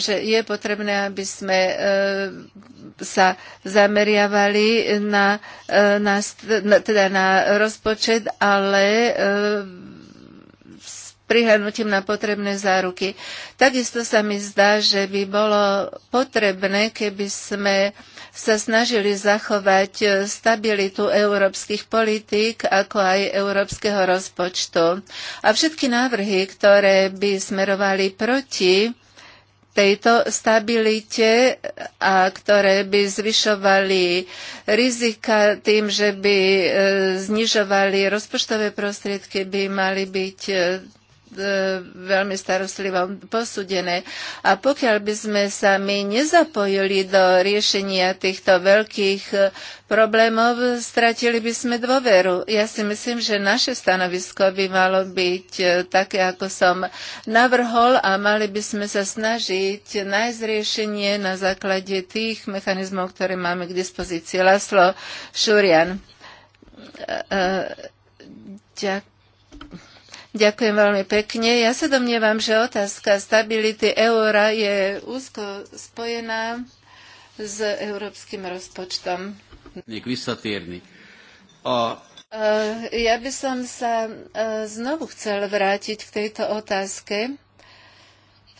že je potrebné, aby sme eh, sa zameriavali na, na, teda na rozpočet, ale prihľadnutím na potrebné záruky. Takisto sa mi zdá, že by bolo potrebné, keby sme sa snažili zachovať stabilitu európskych politík, ako aj európskeho rozpočtu. A všetky návrhy, ktoré by smerovali proti tejto stabilite a ktoré by zvyšovali rizika tým, že by e, znižovali rozpočtové prostriedky, by mali byť e, E, veľmi starostlivo posúdené. A pokiaľ by sme sa my nezapojili do riešenia týchto veľkých e, problémov, stratili by sme dôveru. Ja si myslím, že naše stanovisko by malo byť e, také, ako som navrhol a mali by sme sa snažiť nájsť riešenie na základe tých mechanizmov, ktoré máme k dispozícii. Laslo Šurian. Ďakujem. Ďakujem veľmi pekne. Ja sa domnievam, že otázka stability eura je úzko spojená s európskym rozpočtom. Eh, ja by som sa eh, znovu chcel vrátiť k tejto otázke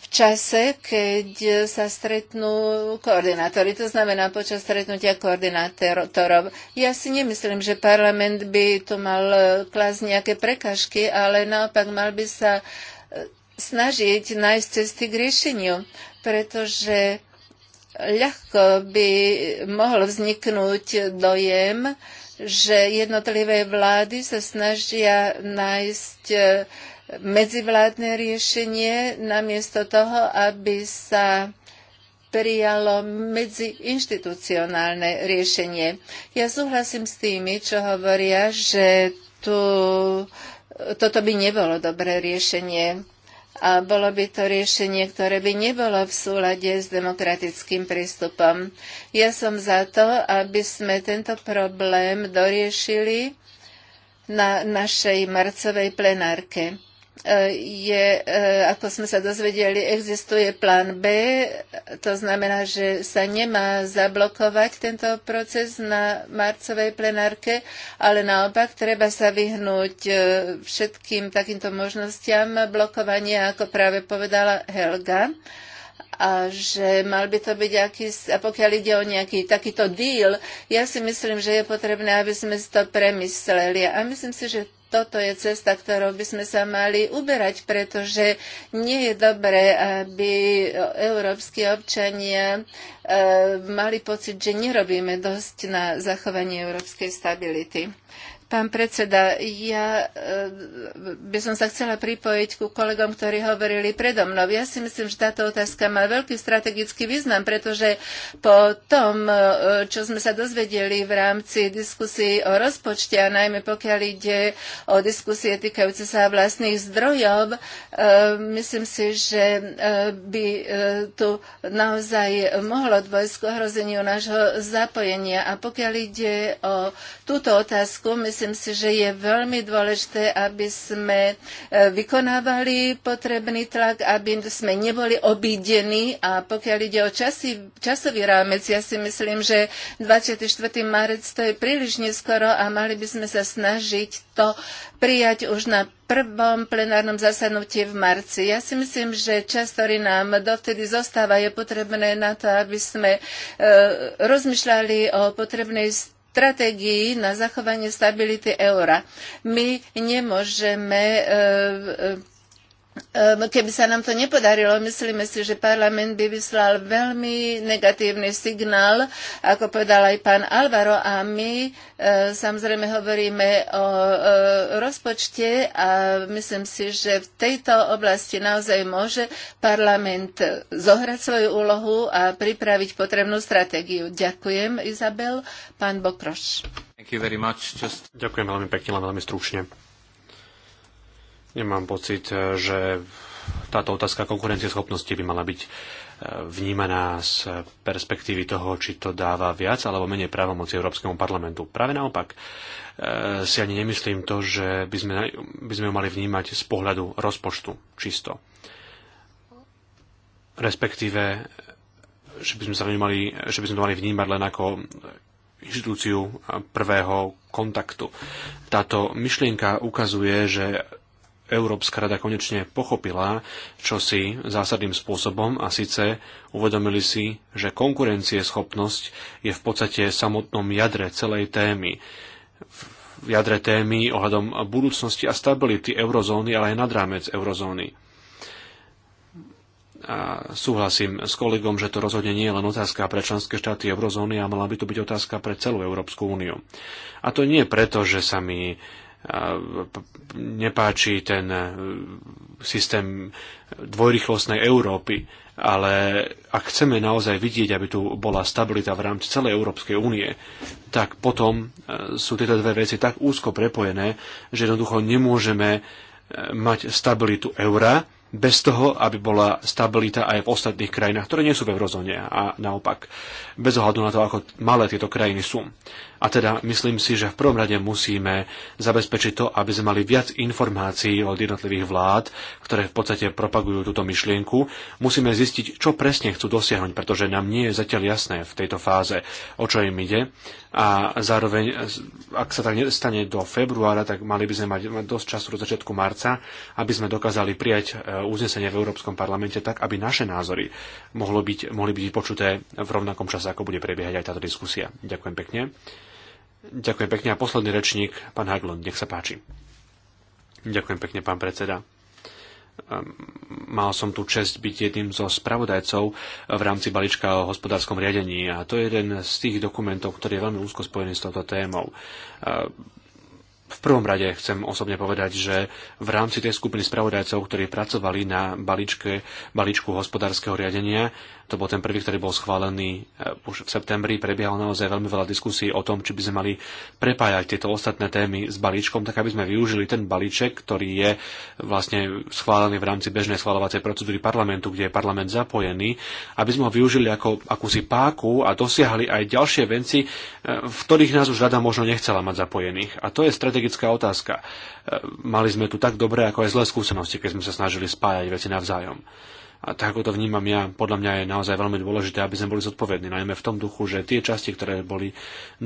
čase, keď sa stretnú koordinátori, to znamená počas stretnutia koordinátorov. Ja si nemyslím, že parlament by tu mal e, klásť nejaké prekažky, ale naopak mal by sa e, snažiť nájsť cesty k riešeniu, pretože ľahko by mohol vzniknúť dojem, že jednotlivé vlády sa snažia nájsť e, medzivládne riešenie, namiesto toho, aby sa prijalo medziinstitucionálne riešenie. Ja súhlasím s tými, čo hovoria, že tu, toto by nebolo dobré riešenie a bolo by to riešenie, ktoré by nebolo v súlade s demokratickým prístupom. Ja som za to, aby sme tento problém doriešili na našej marcovej plenárke je, eh, ako sme sa dozvedeli, existuje plán B, to znamená, že sa nemá zablokovať tento proces na marcovej plenárke, ale naopak treba sa vyhnúť eh, všetkým takýmto možnostiam blokovania, ako práve povedala Helga a že mal by to byť aký, a pokiaľ ide o nejaký takýto deal, ja si myslím, že je potrebné, aby sme si to premysleli. A myslím si, že toto je cesta, ktorou by sme sa mali uberať, pretože nie je dobré, aby európsky občania e, mali pocit, že nerobíme dosť na zachovanie európskej stability. Pán predseda, ja e, by som sa chcela pripojiť ku kolegom, ktorí hovorili predo mnou. Ja si myslím, že táto otázka má veľký strategický význam, pretože po tom, e, čo sme sa dozvedeli v rámci diskusí o rozpočte a najmä pokiaľ ide o diskusie týkajúce sa vlastných zdrojov, e, myslím si, že by tu naozaj mohlo dôjsť k ohrozeniu nášho zapojenia. A pokiaľ ide o túto otázku, myslím, Myslím si, že je veľmi dôležité, aby sme e, vykonávali potrebný tlak, aby sme neboli obídení a pokiaľ ide o časy, časový rámec, ja si myslím, že 24. marec to je príliš neskoro a mali by sme sa snažiť to prijať už na prvom plenárnom zasadnutí v marci. Ja si myslím, že čas, ktorý nám dovtedy zostáva, je potrebné na to, aby sme e, rozmýšľali o potrebnej stratégii na zachovanie stability eura. My nemôžeme e, e, Ehm, keby sa nám to nepodarilo, myslíme si, že parlament by vyslal veľmi negatívny signál, ako povedal aj pán Alvaro, a my ehm, samozrejme hovoríme o rozpočte a myslím si, že v tejto oblasti naozaj môže parlament zohrať svoju úlohu a pripraviť potrebnú stratégiu. Ďakujem, Izabel. Pán Bokroš. Just... Ďakujem veľmi pekne, len veľmi stručne. Nemám pocit, eh, že táto otázka konkurencieschopnosti by mala byť eh, vnímaná z eh, perspektívy toho, či to dáva viac alebo menej právomoci Európskemu parlamentu. Práve naopak, si ani nemyslím to, že by sme, by sme ju mali vnímať z pohľadu rozpočtu čisto. Respektíve, že by sme, sa vnímali, že by sme to mali vnímať len ako inštitúciu prvého kontaktu. Táto myšlienka ukazuje, že Európska rada konečne pochopila, čo si zásadným spôsobom a síce uvedomili si, že konkurencieschopnosť je v podstate v samotnom jadre celej témy. V jadre témy ohľadom budúcnosti a stability eurozóny, ale aj nad rámec eurozóny. A súhlasím s kolegom, že to rozhodne nie je len otázka pre členské štáty eurozóny, a mala by to byť otázka pre celú Európsku úniu. A to nie preto, že sa mi nepáči ten e, systém dvojrychlostnej Európy, ale ak chceme naozaj vidieť, aby tu bola stabilita v rámci celej Európskej únie, tak potom e, sú tieto dve veci tak úzko prepojené, že jednoducho nemôžeme e, mať stabilitu eura bez toho, aby bola stabilita aj v ostatných krajinách, ktoré nie sú v eurozóne a naopak, bez ohľadu na to, ako malé tieto krajiny sú. A teda myslím si, že v prvom rade musíme zabezpečiť to, aby sme mali viac informácií od jednotlivých vlád, ktoré v podstate propagujú túto myšlienku. Musíme zistiť, čo presne chcú dosiahnuť, pretože nám nie je zatiaľ jasné v tejto fáze, o čo im ide. A zároveň, ak sa tak nestane do februára, tak mali by sme mať dosť času do začiatku marca, aby sme dokázali prijať e, uznesenie v Európskom parlamente tak, aby naše názory mohlo byť, mohli byť počuté v rovnakom čase, ako bude prebiehať aj táto diskusia. Ďakujem pekne. Ďakujem pekne. A posledný rečník, pán Haglund, nech sa páči. Ďakujem pekne, pán predseda ehm, mal som tu čest byť jedným zo spravodajcov v rámci balíčka o hospodárskom riadení a to je jeden z tých dokumentov, ktorý je veľmi úzko spojený s touto témou. Ehm, v prvom rade chcem osobne povedať, že v rámci tej skupiny spravodajcov, ktorí pracovali na balíčke, balíčku hospodárskeho riadenia, to bol ten prvý, ktorý bol schválený eh, už v septembri, prebiehalo naozaj veľmi veľa diskusí o tom, či by sme mali prepájať tieto ostatné témy s balíčkom, tak aby sme využili ten balíček, ktorý je vlastne schválený v rámci bežnej schvalovacej procedúry parlamentu, kde je parlament zapojený, aby sme ho využili ako akúsi páku a dosiahli aj ďalšie venci, eh, v ktorých nás už rada možno nechcela mať zapojených. A to je strategická otázka. E, mali sme tu tak dobré, ako aj zlé skúsenosti, keď sme sa snažili spájať veci navzájom a tak ako to vnímam ja, podľa mňa je naozaj veľmi dôležité, aby sme boli zodpovední, najmä v tom duchu, že tie časti, ktoré boli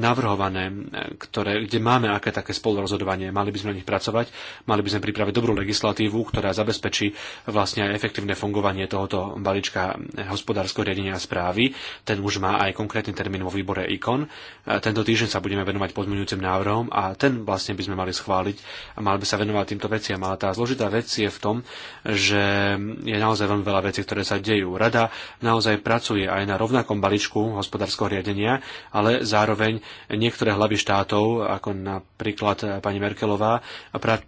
navrhované, e, ktoré, kde máme aké také spolurozhodovanie, mali by sme na nich pracovať, mali by sme pripraviť dobrú legislatívu, ktorá zabezpečí vlastne aj efektívne fungovanie tohoto balíčka hospodárskeho riadenia a správy. Ten už má aj konkrétny termín vo výbore ICON. E, tento týždeň sa budeme venovať pozmeňujúcim návrhom a ten vlastne by sme mali schváliť a mali by sa venovať týmto veciam. Ale tá zložitá vec je v tom, že je naozaj veľmi veľa veci, ktoré sa dejú. Rada naozaj pracuje aj na rovnakom balíčku hospodárskeho riadenia, ale zároveň niektoré hlavy štátov, ako napríklad pani Merkelová,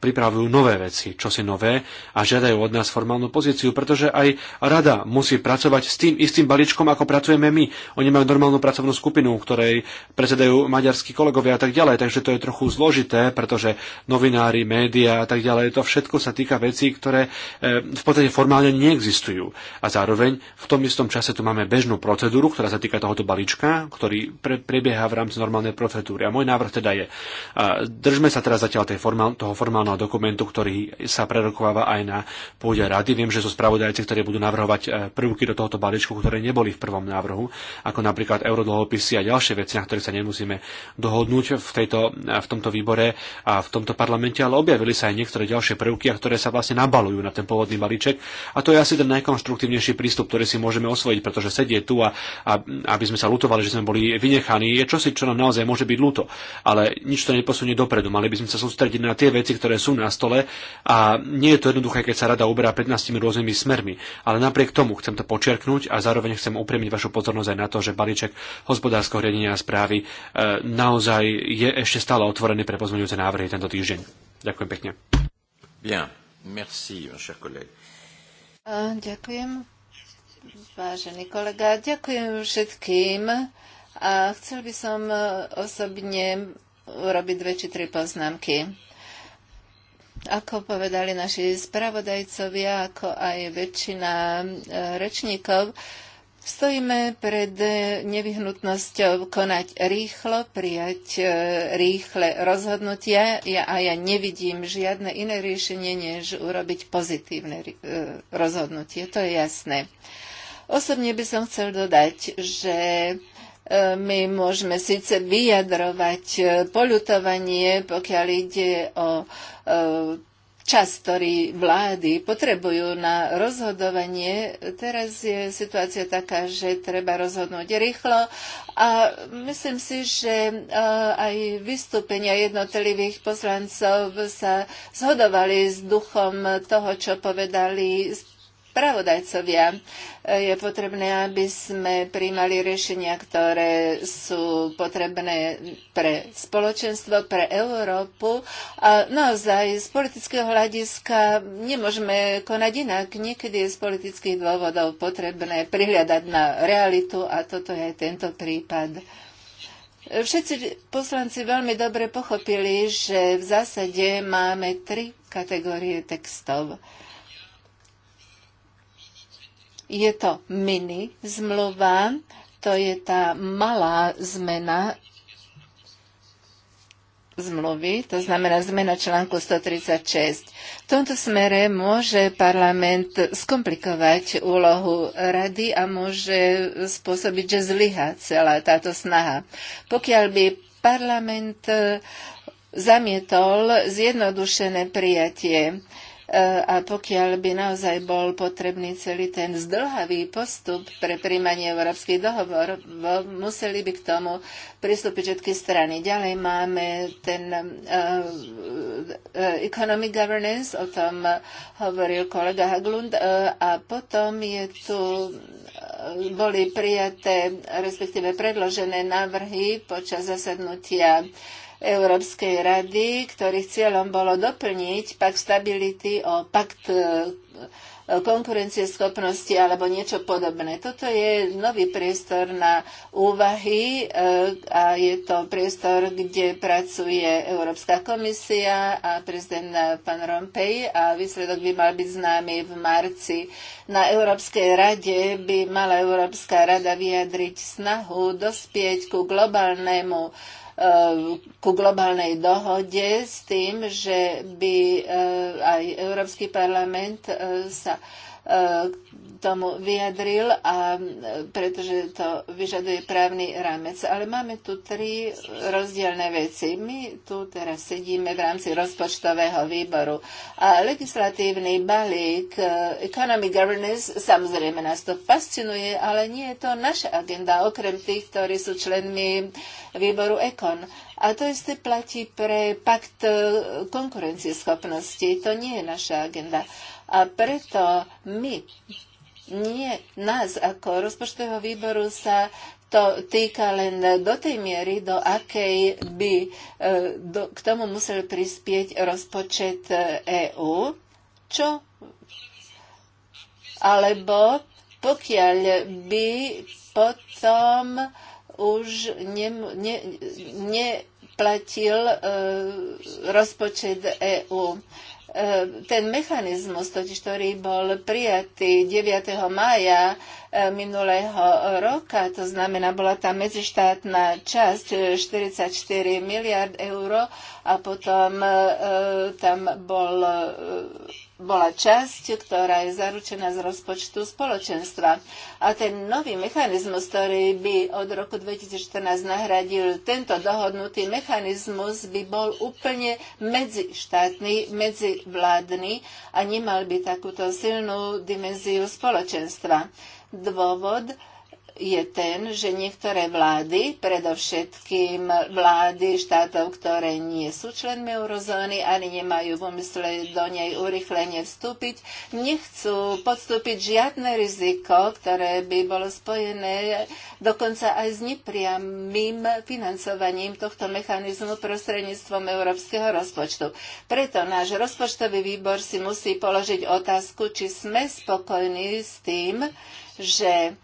pripravujú nové veci, čo si nové a žiadajú od nás formálnu pozíciu, pretože aj rada musí pracovať s tým istým balíčkom, ako pracujeme my. Oni majú normálnu pracovnú skupinu, ktorej predsedajú maďarskí kolegovia a tak ďalej, takže to je trochu zložité, pretože novinári, médiá a tak ďalej, to všetko sa týka vecí, ktoré eh, v podstate formálne neexistujú komisiu. A zároveň v tom istom čase tu máme bežnú procedúru, ktorá sa týka tohoto balíčka, ktorý pre, prebieha v rámci normálnej procedúry. A môj návrh teda je, držme sa teraz zatiaľ tej formál, toho formálneho dokumentu, ktorý sa prerokováva aj na pôde rady. Viem, že sú spravodajci, ktorí budú navrhovať e, prvky do tohoto balíčku, ktoré neboli v prvom návrhu, ako napríklad eurodlhopisy a ďalšie veci, na ktorých sa nemusíme dohodnúť v, tejto, e, v tomto výbore a v tomto parlamente, ale objavili sa aj niektoré ďalšie prvky, a ktoré sa vlastne nabalujú na ten pôvodný balíček. A to je asi ten najkom najkonštruktívnejší prístup, ktorý si môžeme osvojiť, pretože sedie tu a, a aby sme sa lutovali, že sme boli vynechaní, je čosi, čo nám naozaj môže byť ľúto. Ale nič to neposunie dopredu. Mali by sme sa sústrediť na tie veci, ktoré sú na stole a nie je to jednoduché, keď sa rada uberá 15 rôznymi smermi. Ale napriek tomu chcem to počerknúť a zároveň chcem upriemiť vašu pozornosť aj na to, že balíček hospodárskeho riadenia a správy e, naozaj je ešte stále otvorený pre pozmeňujúce návrhy tento týždeň. Ďakujem pekne. Bien. Merci, mon cher collègue. Ďakujem, vážený kolega. Ďakujem všetkým. A chcel by som e, osobne urobiť dve či tri poznámky. Ako povedali naši spravodajcovia, ako aj väčšina e, rečníkov, Stojíme pred nevyhnutnosťou konať rýchlo, prijať e, rýchle rozhodnutia ja, a ja nevidím žiadne iné riešenie, než urobiť pozitívne e, rozhodnutie. To je jasné. Osobne by som chcel dodať, že e, my môžeme síce vyjadrovať poľutovanie, pokiaľ ide o čas, ktorý vlády potrebujú na rozhodovanie. Teraz je situácia taká, že treba rozhodnúť rýchlo a myslím si, že e, aj vystúpenia jednotlivých poslancov sa zhodovali s duchom toho, čo povedali spravodajcovia. Je potrebné, aby sme príjmali riešenia, ktoré sú potrebné pre spoločenstvo, pre Európu. A naozaj z politického hľadiska nemôžeme konať inak. Niekedy je z politických dôvodov potrebné prihľadať na realitu a toto je aj tento prípad. Všetci poslanci veľmi dobre pochopili, že v zásade máme tri kategórie textov. Je to mini zmluva, to je tá malá zmena zmluvy, to znamená zmena článku 136. V tomto smere môže parlament skomplikovať úlohu rady a môže spôsobiť, že zlyha celá táto snaha. Pokiaľ by parlament zamietol zjednodušené prijatie E, a pokiaľ by naozaj bol potrebný celý ten zdlhavý postup pre príjmanie európskych dohovor, museli by k tomu pristúpiť všetky strany. Ďalej máme ten uh, economic governance, o tom hovoril kolega Haglund, uh, a potom je tu boli prijaté, respektíve predložené návrhy počas zasadnutia uh, Európskej rady, ktorých cieľom bolo doplniť pakt stability o pakt e, e, konkurencieschopnosti alebo niečo podobné. Toto je nový priestor na úvahy e, a je to priestor, kde pracuje Európska komisia a prezident pán Rompej a výsledok by mal byť známy v marci. Na Európskej rade by mala Európska rada vyjadriť snahu dospieť ku globálnemu Eh, ku globálnej dohode s tým, že by eh, aj Európsky parlament eh, sa tomu vyjadril, a, pretože to vyžaduje právny rámec. Ale máme tu tri rozdielne veci. My tu teraz sedíme v rámci rozpočtového výboru. A legislatívny balík e, Economic Governance samozrejme nás to fascinuje, ale nie je to naša agenda, okrem tých, ktorí sú členmi výboru ECON. A to isté platí pre pakt e, konkurencieschopnosti. To nie je naša agenda. A preto my nie, nás ako rozpočtového výboru sa to týka len do tej miery, do akej by e, do, k tomu musel prispieť rozpočet EÚ, e čo alebo pokiaľ by potom už ne, ne, e, rozpočet EÚ. E, ten mechanizmus, totiž ktorý bol prijatý 9. maja e, minulého roka, to znamená, bola tá medzištátna časť 44 e, miliard eur a potom tam bol bola časť, ktorá je zaručená z rozpočtu spoločenstva. A ten nový mechanizmus, ktorý by od roku 2014 nahradil tento dohodnutý mechanizmus, by bol úplne medzištátny, medzivládny a nemal by takúto silnú dimenziu spoločenstva. Dôvod, je ten, že niektoré vlády, predovšetkým vlády štátov, ktoré nie sú členmi eurozóny ani nemajú v úmysle do nej urychlenie vstúpiť, nechcú podstúpiť žiadne riziko, ktoré by bolo spojené dokonca aj s nepriamým financovaním tohto mechanizmu prostredníctvom európskeho rozpočtu. Preto náš rozpočtový výbor si musí položiť otázku, či sme spokojní s tým, že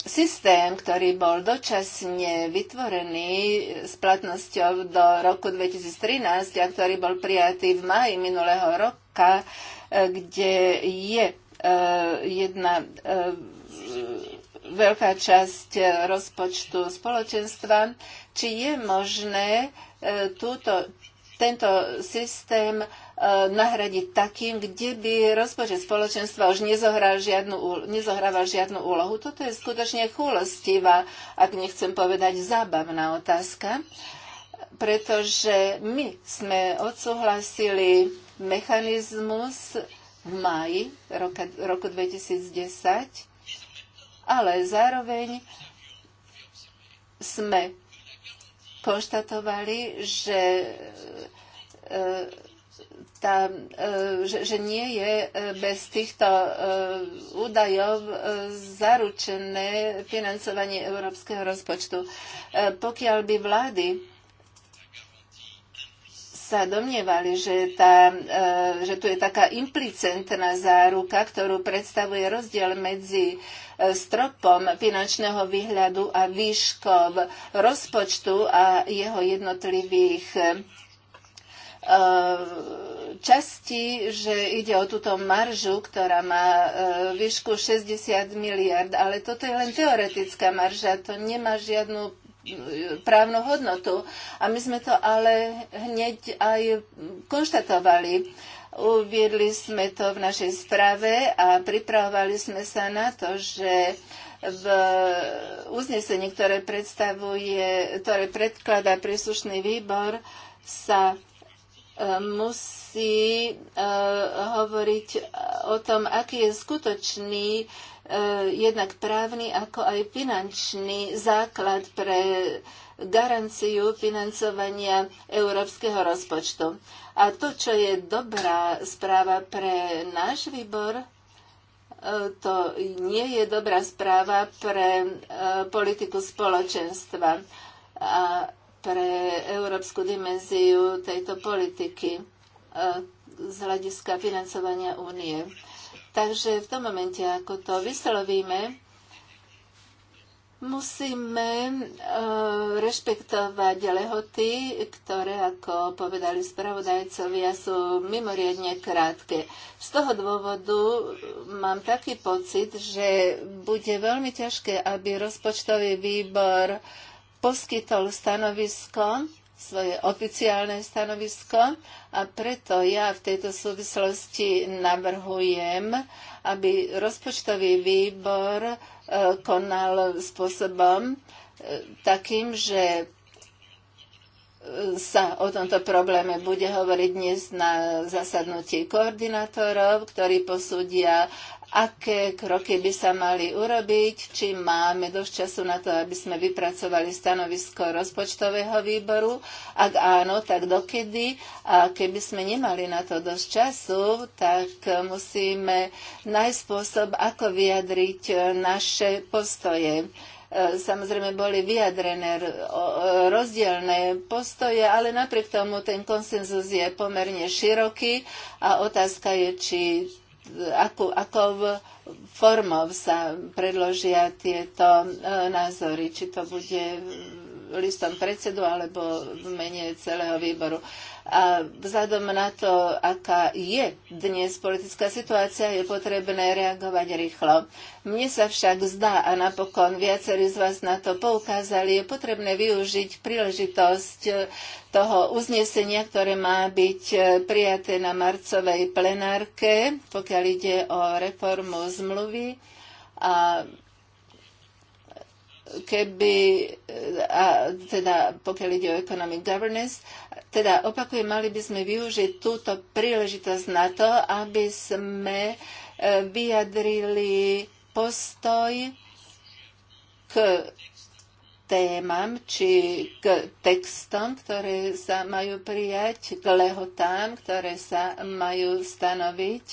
Systém, ktorý bol dočasne vytvorený s platnosťou do roku 2013 a ktorý bol prijatý v maji minulého roka, e, kde je e, jedna e, veľká časť rozpočtu spoločenstva, či je možné túto, tento systém nahradiť takým, kde by rozpočet spoločenstva už nezohral žiadnu, nezohrával žiadnu úlohu. Toto je skutočne chulostivá, ak nechcem povedať zábavná otázka, pretože my sme odsúhlasili mechanizmus v máji roka, roku 2010, ale zároveň sme konštatovali, že e, tá, e, že, že nie je e, bez týchto e, údajov zaručené financovanie európskeho rozpočtu. Pokiaľ by vlády sa domnievali, že, tá, že tu je taká implicentná záruka, ktorú predstavuje rozdiel medzi stropom finančného výhľadu a výškov rozpočtu a jeho jednotlivých Eh, časti, že ide o túto maržu, ktorá má eh, výšku 60 miliard, ale toto je len teoretická marža, to nemá žiadnu eh, právnu hodnotu. A my sme to ale hneď aj konštatovali. Uviedli sme to v našej správe a pripravovali sme sa na to, že v uznesení, ktoré, predstavuje, ktoré predkladá príslušný výbor, sa musí e, hovoriť o tom, aký je skutočný e, jednak právny, ako aj finančný základ pre garanciu financovania európskeho rozpočtu. A to, čo je dobrá správa pre náš výbor, e, to nie je dobrá správa pre politiku spoločenstva. A pre európsku dimenziu tejto politiky e, z hľadiska financovania únie. Takže v tom momente, ako to vyslovíme, musíme e, rešpektovať lehoty, ktoré, ako povedali spravodajcovia, sú mimoriadne krátke. Z toho dôvodu mám taký pocit, že bude veľmi ťažké, aby rozpočtový výbor poskytol stanovisko, svoje oficiálne stanovisko a preto ja v tejto súvislosti navrhujem, aby rozpočtový výbor e, konal spôsobom e, takým, že e, sa o tomto probléme bude hovoriť dnes na zasadnutí koordinátorov, ktorí posúdia aké kroky by sa mali urobiť, či máme dosť času na to, aby sme vypracovali stanovisko rozpočtového výboru. Ak áno, tak dokedy. A keby sme nemali na to dosť času, tak musíme nájsť spôsob, ako vyjadriť naše postoje e, samozrejme boli vyjadrené rozdielne postoje, ale napriek tomu ten konsenzus je pomerne široký a otázka je, či ako, ako formou sa predložia tieto e, názory, či to bude listom predsedu alebo v mene celého výboru. A vzhľadom na to, aká je dnes politická situácia, je potrebné reagovať rýchlo. Mne sa však zdá, a napokon viacerí z vás na to poukázali, je potrebné využiť príležitosť toho uznesenia, ktoré má byť prijaté na marcovej plenárke, pokiaľ ide o reformu zmluvy a keby, a teda pokiaľ ide o economic governance, teda opakujem, mali by sme využiť túto príležitosť na to, aby sme e, vyjadrili postoj k témam či k textom, ktoré sa majú prijať, k lehotám, ktoré sa majú stanoviť.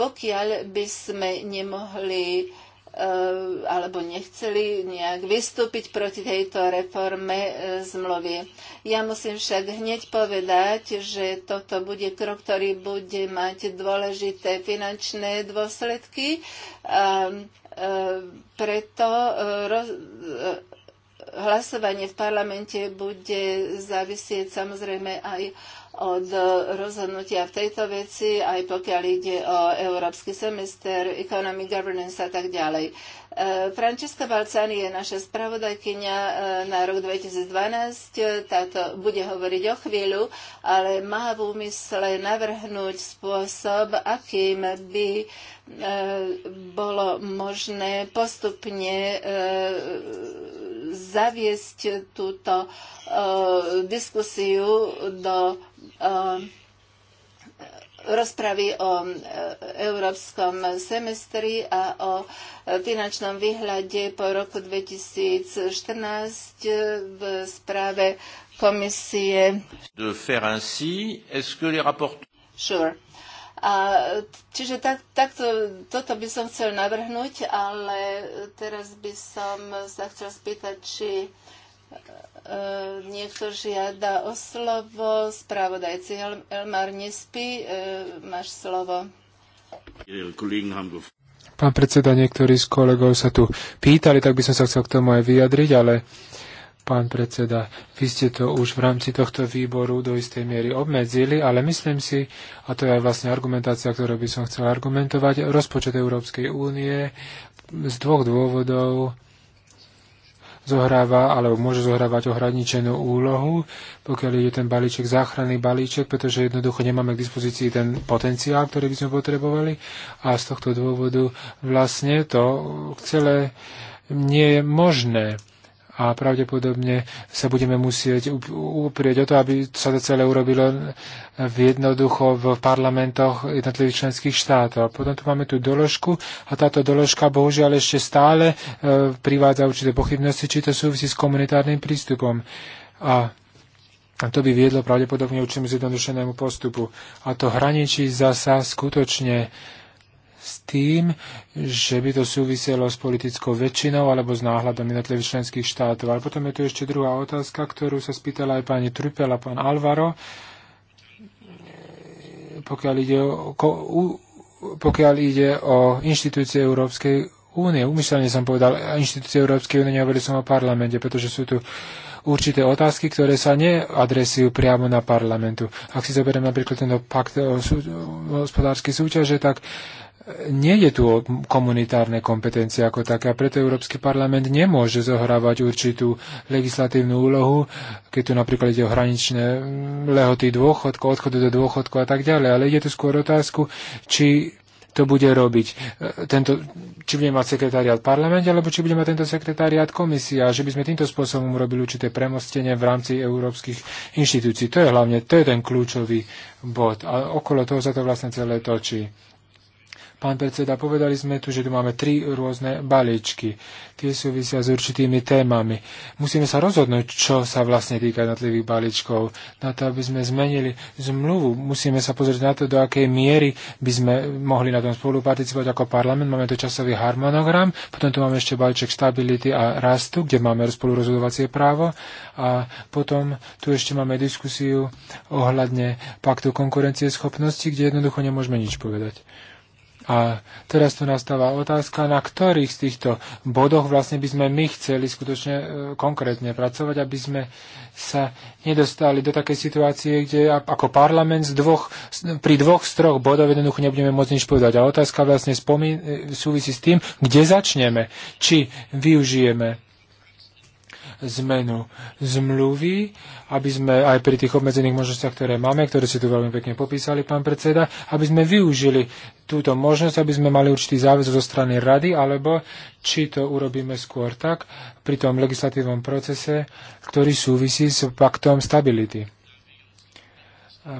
Pokiaľ by sme nemohli Eh, alebo nechceli nejak vystúpiť proti tejto reforme eh, zmluvy. Ja musím však hneď povedať, že toto bude krok, ktorý bude mať dôležité finančné dôsledky a eh, preto hlasovanie v parlamente bude závisieť samozrejme aj od rozhodnutia v tejto veci, aj pokiaľ ide o európsky semester, economic governance a tak ďalej. E, Francesca Balcani je naša spravodajkyňa e, na rok 2012. E, táto bude hovoriť o chvíľu, ale má v úmysle navrhnúť spôsob, akým by bolo možné postupne zaviesť túto diskusiu do Um, rozpravy o um, európskom semestri a o finančnom výhľade po roku 2014 uh, v správe komisie. De faire ainsi, est-ce que les rapporteurs... Sure. A, čiže tak, takto, toto by som chcel navrhnúť, ale teraz by som sa chcel spýtať, či E, niekto žiada o slovo. Spravodajci Elmar nespí. E, máš slovo. Pán predseda, niektorí z kolegov sa tu pýtali, tak by som sa chcel k tomu aj vyjadriť, ale pán predseda, vy ste to už v rámci tohto výboru do istej miery obmedzili, ale myslím si, a to je aj vlastne argumentácia, ktorú by som chcel argumentovať, rozpočet Európskej únie z dvoch dôvodov zohráva alebo môže zohrávať ohraničenú úlohu, pokiaľ je ten balíček záchranný balíček, pretože jednoducho nemáme k dispozícii ten potenciál, ktorý by sme potrebovali a z tohto dôvodu vlastne to celé nie je možné a pravdepodobne sa budeme musieť uprieť o to, aby sa to celé urobilo v jednoducho v parlamentoch jednotlivých členských štátov. Potom tu máme tú doložku a táto doložka bohužiaľ ešte stále e, privádza určité pochybnosti, či to súvisí s komunitárnym prístupom. A a to by viedlo pravdepodobne určitým zjednodušenému postupu. A to hraničí zasa skutočne s tým, že by to súviselo s politickou väčšinou alebo s náhľadom jednotlivých členských štátov. Ale potom je tu ešte druhá otázka, ktorú sa spýtala aj pani Trupel a pán Alvaro, pokiaľ ide o, pokiaľ ide o inštitúcie Európskej únie. umyselne som povedal inštitúcie Európskej únie, nehovoril som o parlamente, pretože sú tu určité otázky, ktoré sa neadresujú priamo na parlamentu. Ak si zoberiem napríklad tento pakt o hospodárskej súťaže, tak nie je tu komunitárne kompetencie ako také a preto Európsky parlament nemôže zohrávať určitú legislatívnu úlohu, keď tu napríklad ide o hraničné mm, lehoty dôchodku, odchodu do dôchodku a tak ďalej. Ale ide tu skôr otázku, či to bude robiť. E, tento, či bude mať sekretariat parlament, alebo či bude mať tento sekretariat komisia, že by sme týmto spôsobom robili určité premostenie v rámci európskych inštitúcií. To je hlavne, to je ten kľúčový bod. A okolo toho sa to vlastne celé točí. Pán predseda, povedali sme tu, že tu máme tri rôzne balíčky. Tie súvisia s určitými témami. Musíme sa rozhodnúť, čo sa vlastne týka jednotlivých balíčkov. Na to, aby sme zmenili zmluvu, musíme sa pozrieť na to, do akej miery by sme mohli na tom spolu ako parlament. Máme tu časový harmonogram, potom tu máme ešte balíček stability a rastu, kde máme spolurozhodovacie právo a potom tu ešte máme diskusiu ohľadne paktu konkurencie schopnosti, kde jednoducho nemôžeme nič povedať. A teraz tu nastáva otázka, na ktorých z týchto bodoch vlastne by sme my chceli skutočne e, konkrétne pracovať, aby sme sa nedostali do takej situácie, kde ako parlament z dvoch, pri dvoch z troch bodov jednoducho nebudeme môcť nič povedať. A otázka vlastne spomín, e, súvisí s tým, kde začneme, či využijeme zmenu zmluvy, aby sme aj pri tých obmedzených možnostiach, ktoré máme, ktoré si tu veľmi pekne popísali, pán predseda, aby sme využili túto možnosť, aby sme mali určitý záväz zo strany rady, alebo či to urobíme skôr tak pri tom legislatívnom procese, ktorý súvisí s paktom stability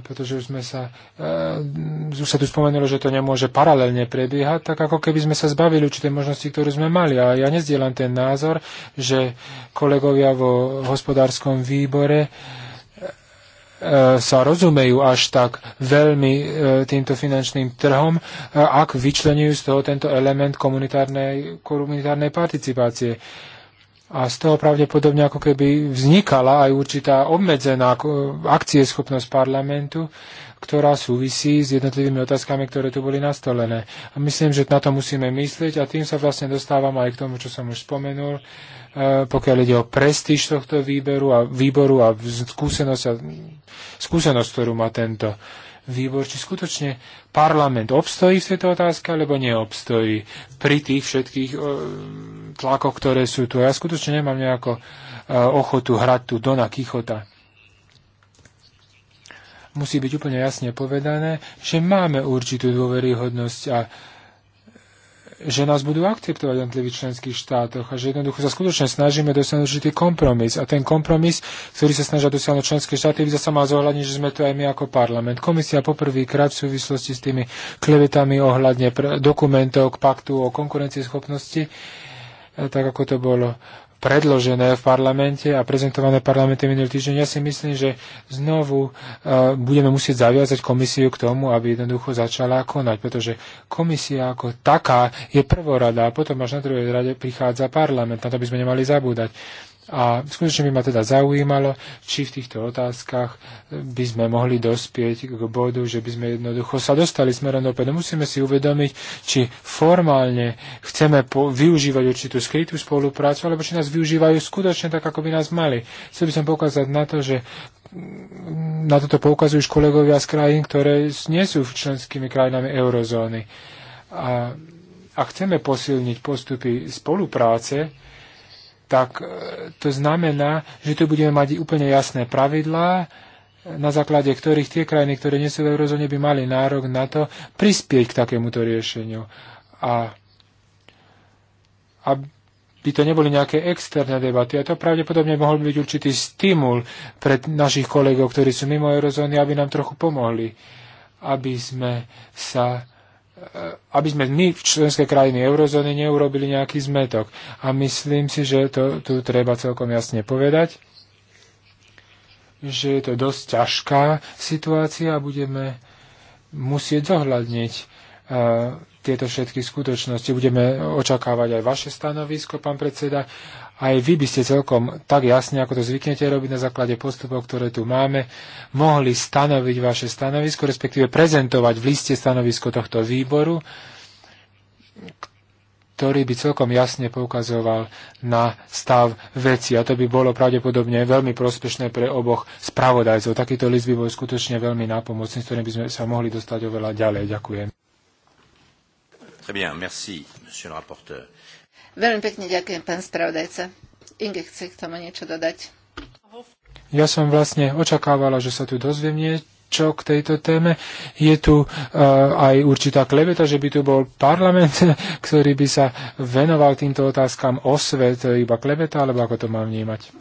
pretože už sme sa, eh, už sa tu spomenulo, že to nemôže paralelne prebiehať, tak ako keby sme sa zbavili určitej možnosti, ktorú sme mali. A ja nezdielam ten názor, že kolegovia vo hospodárskom výbore eh, sa rozumejú až tak veľmi eh, týmto finančným trhom, ak vyčlenujú z toho tento element komunitárnej, komunitárnej participácie a z toho pravdepodobne ako keby vznikala aj určitá obmedzená akcieschopnosť parlamentu, ktorá súvisí s jednotlivými otázkami, ktoré tu boli nastolené. A myslím, že na to musíme myslieť a tým sa vlastne dostávam aj k tomu, čo som už spomenul, e, pokiaľ ide o prestíž tohto výberu a výboru a skúsenosť, a, skúsenosť ktorú má tento výbor, či skutočne parlament obstojí v tejto otázke, alebo neobstojí pri tých všetkých e, tlakoch, ktoré sú tu. Ja skutočne nemám nejakú e, ochotu hrať tu Dona Kichota. Musí byť úplne jasne povedané, že máme určitú dôveryhodnosť a že nás budú akceptovať v jednotlivých členských štátoch a že jednoducho sa skutočne snažíme dosiahnuť určitý kompromis. A ten kompromis, ktorý sa snažia dosiahnuť členské štáty, by sa mal zohľadniť, že sme tu aj my ako parlament. Komisia poprvýkrát v súvislosti s tými klevetami ohľadne dokumentov k paktu o konkurencieschopnosti eh, tak ako to bolo predložené v parlamente a prezentované parlamente minulý týždeň, ja si myslím, že znovu uh, budeme musieť zaviazať komisiu k tomu, aby jednoducho začala konať, pretože komisia ako taká je prvorada a potom až na druhej rade prichádza parlament. Na to by sme nemali zabúdať. A skutočne by ma teda zaujímalo, či v týchto otázkach eh, by sme mohli dospieť k bodu, že by sme jednoducho sa dostali smerom dopredu. Musíme si uvedomiť, či formálne chceme po- využívať určitú skrytú spoluprácu, alebo či nás využívajú skutočne tak, ako by nás mali. Chcel by som pokázať na to, že mm, na toto poukazujú kolegovia z krajín, ktoré nie sú členskými krajinami eurozóny. A ak chceme posilniť postupy spolupráce, tak e, to znamená, že tu budeme mať úplne jasné pravidlá, na základe ktorých tie krajiny, ktoré nie sú v eurozóne, by mali nárok na to prispieť k takémuto riešeniu. A aby to neboli nejaké externé debaty. A to pravdepodobne mohol byť určitý stimul pre našich kolegov, ktorí sú mimo eurozóny, aby nám trochu pomohli, aby sme sa E, aby sme my v členské krajiny eurozóny neurobili nejaký zmetok. A myslím si, že to tu treba celkom jasne povedať, že je to dosť ťažká situácia a budeme musieť zohľadniť uh, tieto všetky skutočnosti. Budeme očakávať aj vaše stanovisko, pán predseda. Aj vy by ste celkom tak jasne, ako to zvyknete robiť na základe postupov, ktoré tu máme, mohli stanoviť vaše stanovisko, respektíve prezentovať v liste stanovisko tohto výboru, ktorý by celkom jasne poukazoval na stav veci. A to by bolo pravdepodobne veľmi prospešné pre oboch spravodajcov. Takýto list by bol skutočne veľmi nápomocný, s ktorým by sme sa mohli dostať oveľa ďalej. Ďakujem. Très bien, merci, monsieur le rapporteur. Veľmi pekne ďakujem, pán spravodajca. Inge chce k tomu niečo dodať. Ja som vlastne očakávala, že sa tu dozviem niečo k tejto téme. Je tu uh, aj určitá kleveta, že by tu bol parlament, ktorý by sa venoval týmto otázkam o svet, e, iba kleveta, alebo ako to mám vnímať.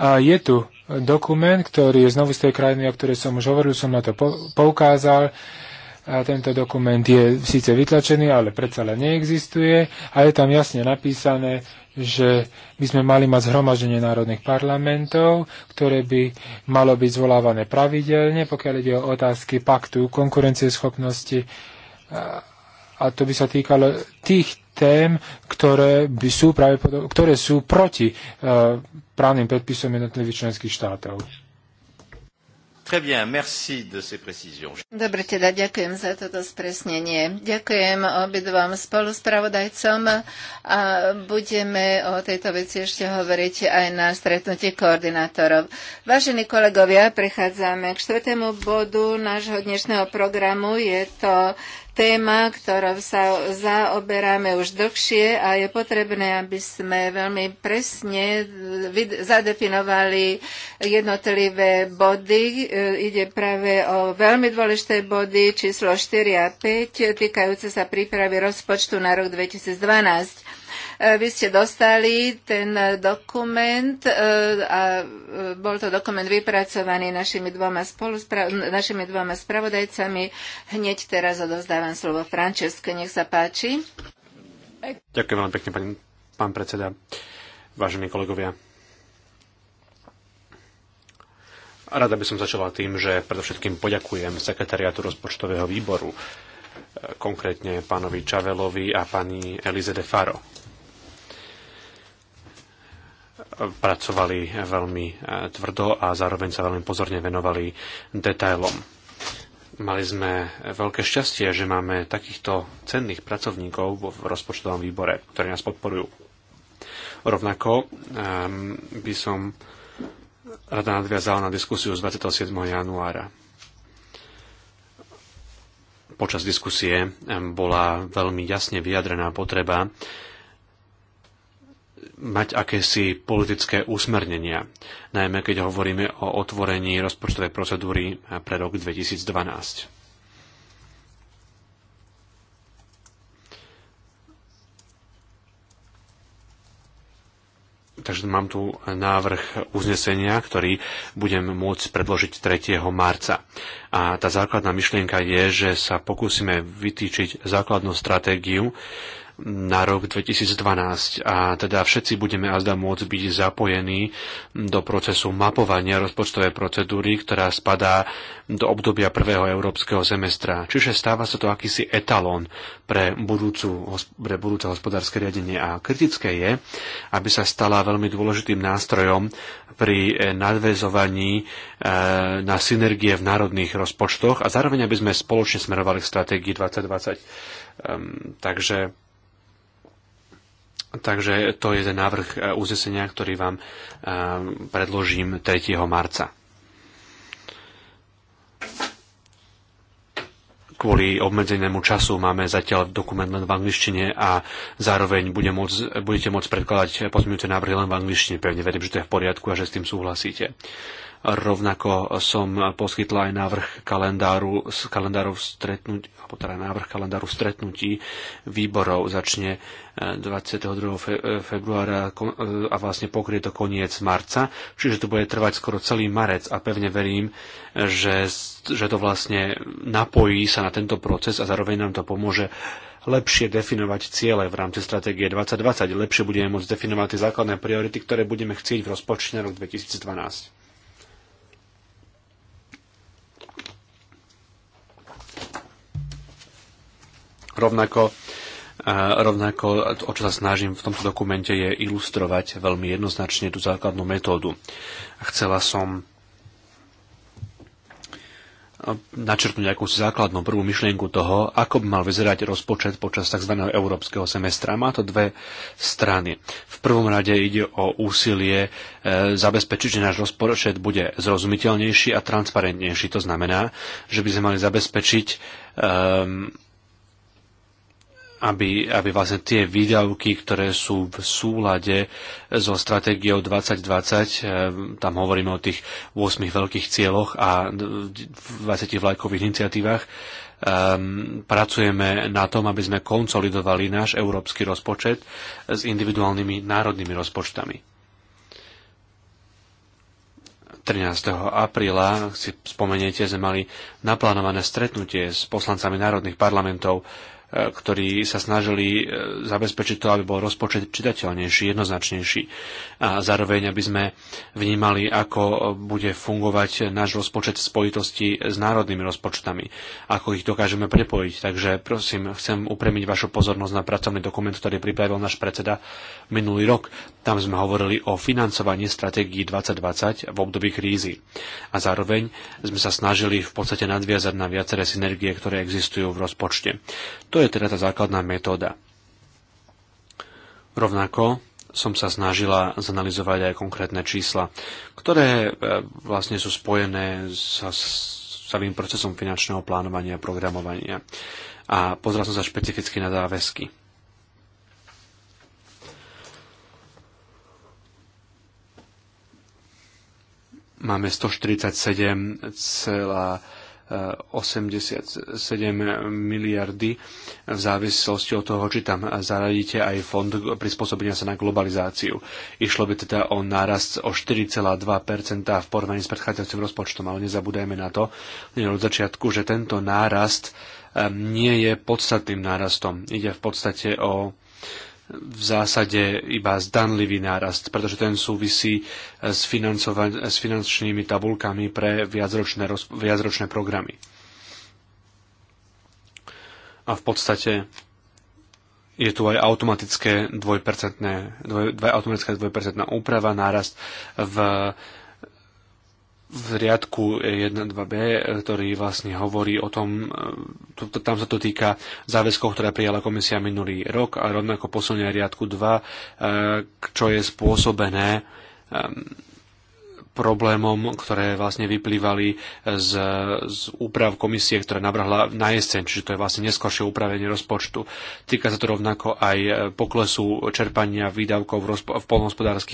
A je tu dokument, ktorý je znovu z tej krajiny, o ktorej som už hovoril, som na to poukázal. Uh, a tento dokument je síce vytlačený, ale predsa len neexistuje a je tam jasne napísané, že by sme mali mať zhromaždenie národných parlamentov, ktoré by malo byť zvolávané pravidelne, pokiaľ ide o otázky paktu konkurencieschopnosti. A to by sa týkalo tých tém, ktoré, by sú, práve, ktoré sú proti e, právnym predpisom jednotlivých členských štátov. Dobre, teda ďakujem za toto spresnenie. Ďakujem obidvom spoluspravodajcom a budeme o tejto veci ešte hovoriť aj na stretnutí koordinátorov. Vážení kolegovia, prechádzame k štvrtému bodu nášho dnešného programu. Je to téma, ktorou sa zaoberáme už dlhšie a je potrebné, aby sme veľmi presne zadefinovali jednotlivé body. E, ide práve o veľmi dôležité body číslo 4 a 5 týkajúce sa prípravy rozpočtu na rok 2012. Eh, vy ste dostali ten eh, dokument eh, a bol to dokument vypracovaný našimi dvoma, spolusprav- našimi dvoma spravodajcami. Hneď teraz odozdávam slovo Frančeske, nech sa páči. Ďakujem veľmi pekne, pani, pán predseda, vážení kolegovia. Rada by som začala tým, že predovšetkým poďakujem sekretariatu rozpočtového výboru, konkrétne pánovi Čavelovi a pani Elize de Faro pracovali veľmi e, tvrdo a zároveň sa veľmi pozorne venovali detailom. Mali sme veľké šťastie, že máme takýchto cenných pracovníkov v rozpočtovom výbore, ktorí nás podporujú. Rovnako ehm, by som rada nadviazala na diskusiu z 27. januára počas diskusie ehm, bola veľmi jasne vyjadrená potreba mať akési politické usmernenia, najmä keď hovoríme o otvorení rozpočtovej procedúry pre rok 2012. Takže mám tu návrh uznesenia, ktorý budem môcť predložiť 3. marca. A tá základná myšlienka je, že sa pokúsime vytýčiť základnú stratégiu, na rok 2012 a teda všetci budeme azda môcť byť zapojení do procesu mapovania rozpočtovej procedúry, ktorá spadá do obdobia prvého európskeho semestra. Čiže stáva sa to akýsi etalón pre, budúcu, pre budúce hospodárske riadenie a kritické je, aby sa stala veľmi dôležitým nástrojom pri e, nadväzovaní e, na synergie v národných rozpočtoch a zároveň aby sme spoločne smerovali k stratégii 2020. Um, ehm, takže Takže to je ten návrh eh, uznesenia, ktorý vám eh, predložím 3. marca. kvôli obmedzenému času máme zatiaľ dokument len v angličtine a zároveň bude môcť, budete môcť predkladať pozmeňujúce návrhy len v angličtine. Pevne verím, že to je v poriadku a že s tým súhlasíte. Rovnako som poskytla aj návrh kalendáru, kalendárov stretnutí, alebo teda návrh kalendáru stretnutí výborov. Začne 22. Eh, eh, februára eh, a vlastne pokrie to koniec marca, čiže to bude trvať skoro celý marec a pevne verím, že, že to vlastne napojí sa na tento proces a zároveň nám to pomôže lepšie definovať ciele v rámci stratégie 2020. Lepšie budeme môcť definovať tie základné priority, ktoré budeme chcieť v rozpočte na rok 2012. Rovnako, rovnako o čo sa snažím v tomto dokumente je ilustrovať veľmi jednoznačne tú základnú metódu. Chcela som načrtnúť akúsi základnú prvú myšlienku toho, ako by mal vyzerať rozpočet počas tzv. európskeho semestra. Má to dve strany. V prvom rade ide o úsilie e, zabezpečiť, že náš rozpočet bude zrozumiteľnejší a transparentnejší. To znamená, že by sme mali zabezpečiť um, aby, aby vlastne tie výdavky, ktoré sú v súlade so stratégiou 2020, eh, tam hovoríme o tých 8 veľkých cieľoch a 20 vlajkových iniciatívach, um, pracujeme na tom, aby sme konsolidovali náš európsky rozpočet s individuálnymi národnými rozpočtami. 13. apríla, ak si spomeniete, sme mali naplánované stretnutie s poslancami národných parlamentov ktorí sa snažili e, zabezpečiť to, aby bol rozpočet čitateľnejší, jednoznačnejší a zároveň, aby sme vnímali, ako bude fungovať náš rozpočet v spojitosti s národnými rozpočtami, ako ich dokážeme prepojiť. Takže prosím, chcem upremiť vašu pozornosť na pracovný dokument, ktorý pripravil náš predseda minulý rok. Tam sme hovorili o financovaní stratégií 2020 v období krízy. A zároveň sme sa snažili v podstate nadviazať na viaceré synergie, ktoré existujú v rozpočte. To to je teda tá základná metóda. Rovnako som sa snažila zanalizovať aj konkrétne čísla, ktoré e, vlastne sú spojené sa celým procesom finančného plánovania a programovania. A pozrel som sa špecificky na záväzky. Máme 147,5 87 miliardy v závislosti od toho, či tam zaradíte aj fond prispôsobenia sa na globalizáciu. Išlo by teda o nárast o 4,2% v porovnaní s predchádzajúcim rozpočtom, ale nezabúdajme na to od začiatku, že tento nárast ehm, nie je podstatným nárastom. Ide v podstate o v zásade iba zdanlivý nárast, pretože ten súvisí eh, s, s finančnými tabulkami pre viacročné, viacročné programy. A v podstate je tu aj automatické dvojpercentné, dvoj, automatická dvojpercentná úprava, nárast v v riadku 1.2b, eh, ktorý vlastne hovorí o tom, eh, tam sa to týka záväzkov, ktoré prijala komisia minulý rok a rovnako posunie riadku 2, eh, čo je spôsobené ehm, problémom, ktoré vlastne vyplývali z, z úprav komisie, ktorá navrhla na jeseň, čiže to je vlastne neskôršie upravenie rozpočtu. Týka sa to rovnako aj e, poklesu čerpania výdavkov v, rozpo- v,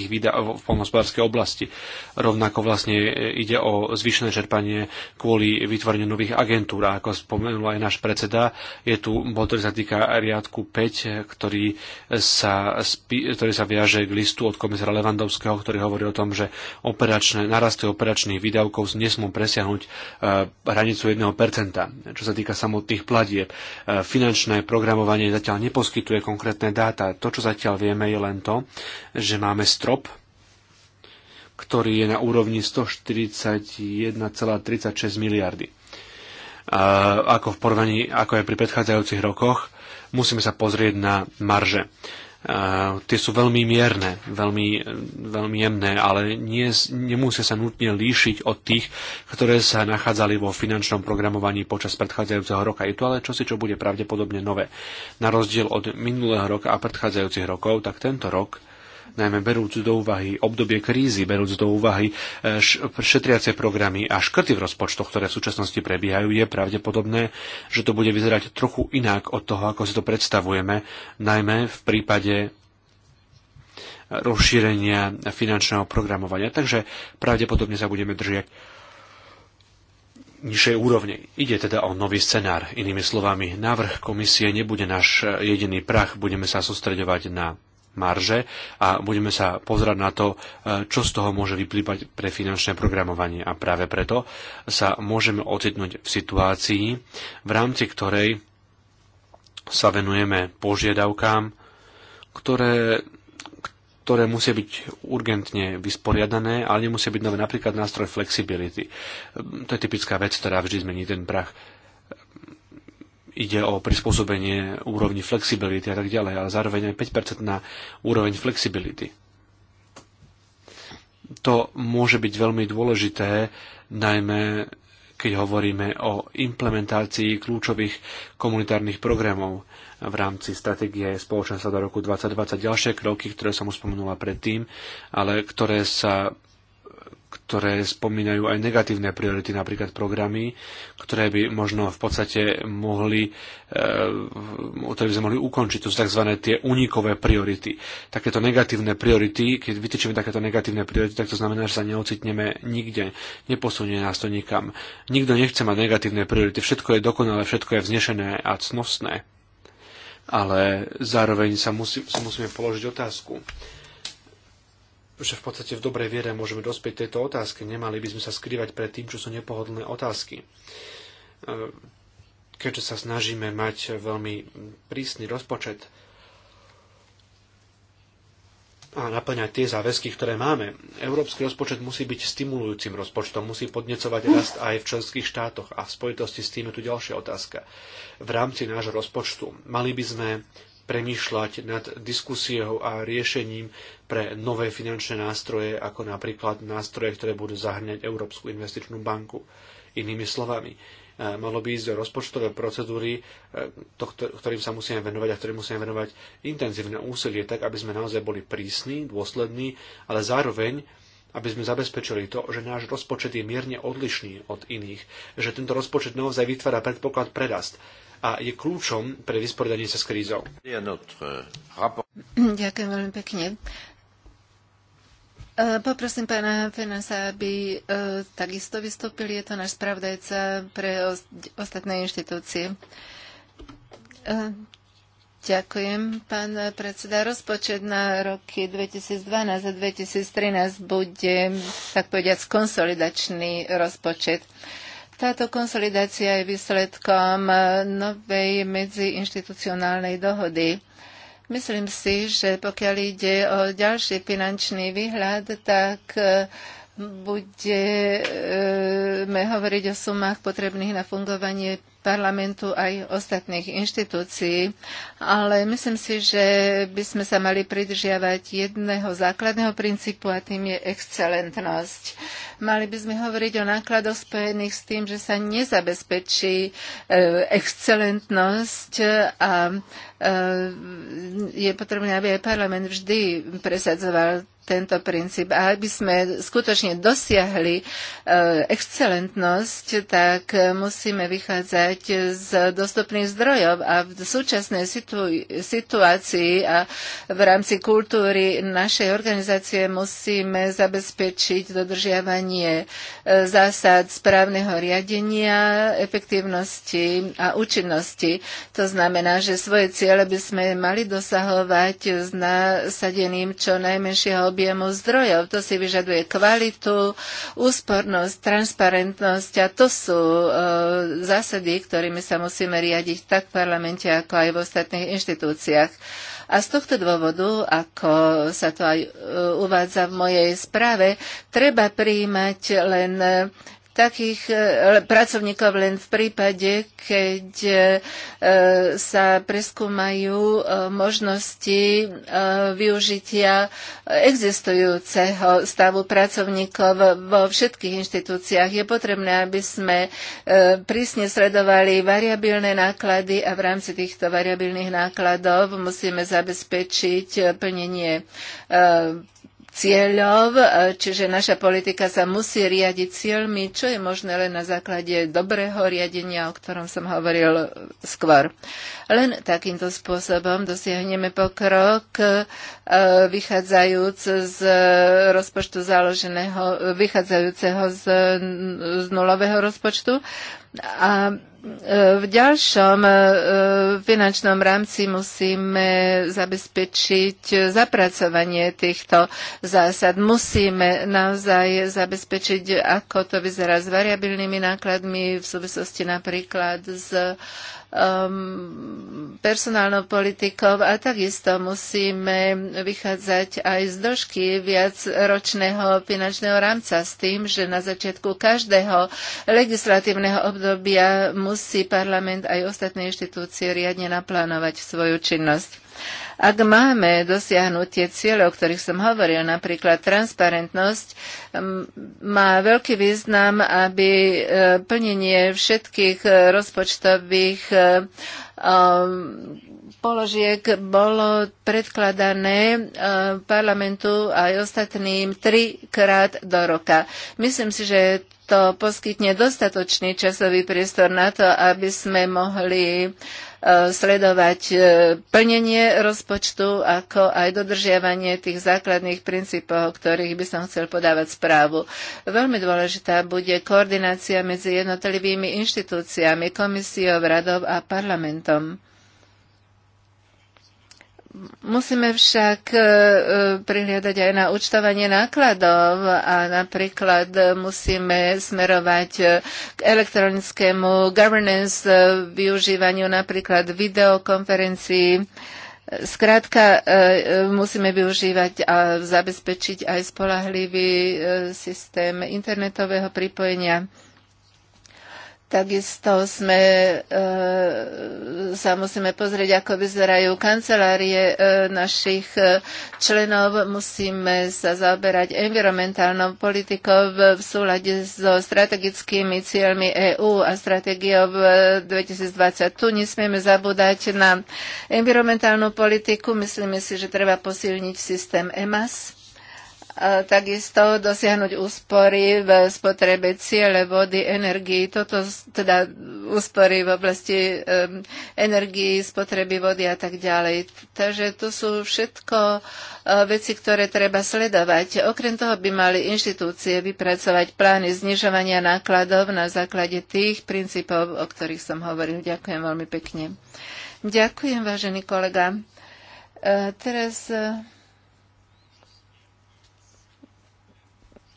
výda- v polnohospodárskej oblasti. Rovnako vlastne e, ide o zvyšné čerpanie kvôli vytvoreniu nových agentúr. A ako spomenul aj náš predseda, je tu bod, ktorý sa týka riadku 5, ktorý sa, ktorý sa viaže k listu od komisára Levandovského, ktorý hovorí o tom, že operačné ročné narasty operačných výdavkov nesmú presiahnuť e, hranicu 1%. Čo sa týka samotných platieb, e, finančné programovanie zatiaľ neposkytuje konkrétne dáta. To, čo zatiaľ vieme, je len to, že máme strop ktorý je na úrovni 141,36 miliardy. E, ako, v porovnaní, ako aj pri predchádzajúcich rokoch, musíme sa pozrieť na marže tie sú veľmi mierne, veľmi, veľmi jemné, ale nie, nemusia sa nutne líšiť od tých, ktoré sa nachádzali vo finančnom programovaní počas predchádzajúceho roka. Je to ale čosi, čo bude pravdepodobne nové. Na rozdiel od minulého roka a predchádzajúcich rokov, tak tento rok najmä berúc do úvahy obdobie krízy, berúc do úvahy e, šetriace programy a škrty v rozpočtoch, ktoré v súčasnosti prebiehajú, je pravdepodobné, že to bude vyzerať trochu inak od toho, ako si to predstavujeme, najmä v prípade rozšírenia finančného programovania. Takže pravdepodobne sa budeme držiať nižšej úrovne. Ide teda o nový scenár. Inými slovami, návrh komisie nebude náš jediný prach, budeme sa sústreďovať na marže a budeme sa pozerať na to, e, čo z toho môže vyplývať pre finančné programovanie. A práve preto sa môžeme ocitnúť v situácii, v rámci ktorej sa venujeme požiadavkám, ktoré ktoré musia byť urgentne vysporiadané, ale nemusia byť nové. Napríklad nástroj flexibility. E, to je typická vec, ktorá vždy zmení ten prach ide o prispôsobenie úrovni flexibility a tak ďalej, ale zároveň aj 5% na úroveň flexibility. To môže byť veľmi dôležité, najmä keď hovoríme o implementácii kľúčových komunitárnych programov v rámci stratégie spoločenstva do roku 2020. Ďalšie kroky, ktoré som už spomenula predtým, ale ktoré sa ktoré spomínajú aj negatívne priority, napríklad programy, ktoré by možno v podstate mohli, eh, ktoré by sme mohli ukončiť, to sú tzv. tie unikové priority. Takéto negatívne priority, keď vytýčime takéto negatívne priority, tak to znamená, že sa neocitneme nikde, neposunie nás to nikam. Nikto nechce mať negatívne priority, všetko je dokonalé, všetko je vznešené a cnostné. Ale zároveň sa musí, musíme položiť otázku že v podstate v dobrej viere môžeme dospieť tejto otázke. Nemali by sme sa skrývať pred tým, čo sú nepohodlné otázky. E, keďže sa snažíme mať veľmi prísny rozpočet a naplňať tie záväzky, ktoré máme, európsky rozpočet musí byť stimulujúcim rozpočtom, musí podnecovať rast aj v členských štátoch. A v spojitosti s tým je tu ďalšia otázka. V rámci nášho rozpočtu mali by sme premýšľať nad diskusiou a riešením pre nové finančné nástroje, ako napríklad nástroje, ktoré budú zahrňať Európsku investičnú banku. Inými slovami, e, malo by ísť o rozpočtové procedúry, e, to, ktorým sa musíme venovať a ktorým musíme venovať intenzívne úsilie, tak aby sme naozaj boli prísni, dôslední, ale zároveň aby sme zabezpečili to, že náš rozpočet je mierne odlišný od iných, že tento rozpočet naozaj vytvára predpoklad predast a je kľúčom pre vysporiadanie sa s krízou. Ďakujem veľmi pekne. E, poprosím pána Fenasa, aby e, takisto vystúpil. Je to náš spravdajca pre ostatné inštitúcie. E, ďakujem, pán predseda. Rozpočet na roky 2012 a 2013 bude, tak povediať, konsolidačný rozpočet. Táto konsolidácia je výsledkom eh, novej medziinstitucionálnej dohody. Myslím si, že pokiaľ ide o ďalší finančný výhľad, tak eh, budeme hovoriť o sumách potrebných na fungovanie parlamentu aj ostatných inštitúcií, ale myslím si, že by sme sa mali pridržiavať jedného základného princípu a tým je excelentnosť. Mali by sme hovoriť o nákladoch spojených s tým, že sa nezabezpečí e, excelentnosť a e, je potrebné, aby aj parlament vždy presadzoval tento princíp. A aby sme skutočne dosiahli e, excelentnosť, tak musíme vychádzať z dostupných zdrojov. A v súčasnej situ- situácii a v rámci kultúry našej organizácie musíme zabezpečiť dodržiavanie e, zásad správneho riadenia, efektívnosti a účinnosti. To znamená, že svoje ciele by sme mali dosahovať s nasadením čo najmenšieho objemu zdrojov. To si vyžaduje kvalitu, úspornosť, transparentnosť a to sú e, zásady, ktorými sa musíme riadiť tak v parlamente, ako aj v ostatných inštitúciách. A z tohto dôvodu, ako sa to aj e, uvádza v mojej správe, treba prijímať len takých e, pracovníkov len v prípade, keď e, sa preskúmajú e, možnosti využitia existujúceho stavu pracovníkov vo všetkých inštitúciách. Je potrebné, aby sme prísne sledovali variabilné náklady a v rámci týchto variabilných nákladov musíme zabezpečiť plnenie cieľov, e, čiže naša politika sa musí riadiť cieľmi, čo je možné len na základe dobrého riadenia, o ktorom som hovoril skôr. Len takýmto spôsobom dosiahneme pokrok, e, vychádzajúc z rozpočtu založeného, vychádzajúceho z, z nulového rozpočtu. A E, v ďalšom e, e, finančnom rámci musíme zabezpečiť zapracovanie týchto zásad. Musíme naozaj zabezpečiť, ako to vyzerá s variabilnými nákladmi v súvislosti napríklad s um, personálnou politikou a takisto musíme vychádzať aj z dĺžky viacročného finančného rámca s tým, že na začiatku každého legislatívneho obdobia musí parlament aj ostatné inštitúcie riadne naplánovať svoju činnosť. Ak máme dosiahnuť tie cieľe, o ktorých som hovoril, napríklad transparentnosť, má veľký význam, aby e, plnenie všetkých e, rozpočtových e, Um, položiek bolo predkladané um, parlamentu aj ostatným trikrát do roka. Myslím si, že to poskytne dostatočný časový priestor na to, aby sme mohli uh, sledovať e, plnenie rozpočtu, ako aj dodržiavanie tých základných princípov, o ktorých by som chcel podávať správu. Veľmi dôležitá bude koordinácia medzi jednotlivými inštitúciami, komisiou, radov a parlamentom. Musíme však e, e, prihliadať aj na účtovanie nákladov a napríklad musíme smerovať e, k elektronickému governance, využívaniu napríklad videokonferencií. Skrátka, musíme využívať a zabezpečiť aj spolahlivý systém internetového pripojenia. Takisto sme, e, sa musíme pozrieť, ako vyzerajú kancelárie e, našich e, členov. Musíme sa zaoberať environmentálnou politikou v súlade so strategickými cieľmi EÚ a stratégiou 2020. E, tu nesmieme zabúdať na environmentálnu politiku. Myslíme si, že treba posilniť systém EMAS takisto dosiahnuť úspory v spotrebe ciele vody, energii, toto teda úspory v oblasti um, energii, spotreby vody a tak ďalej. Takže to sú všetko uh, veci, ktoré treba sledovať. Okrem toho by mali inštitúcie vypracovať plány znižovania nákladov na základe tých princípov, o ktorých som hovoril. Ďakujem veľmi pekne. Ďakujem, vážený kolega. Uh, teraz uh,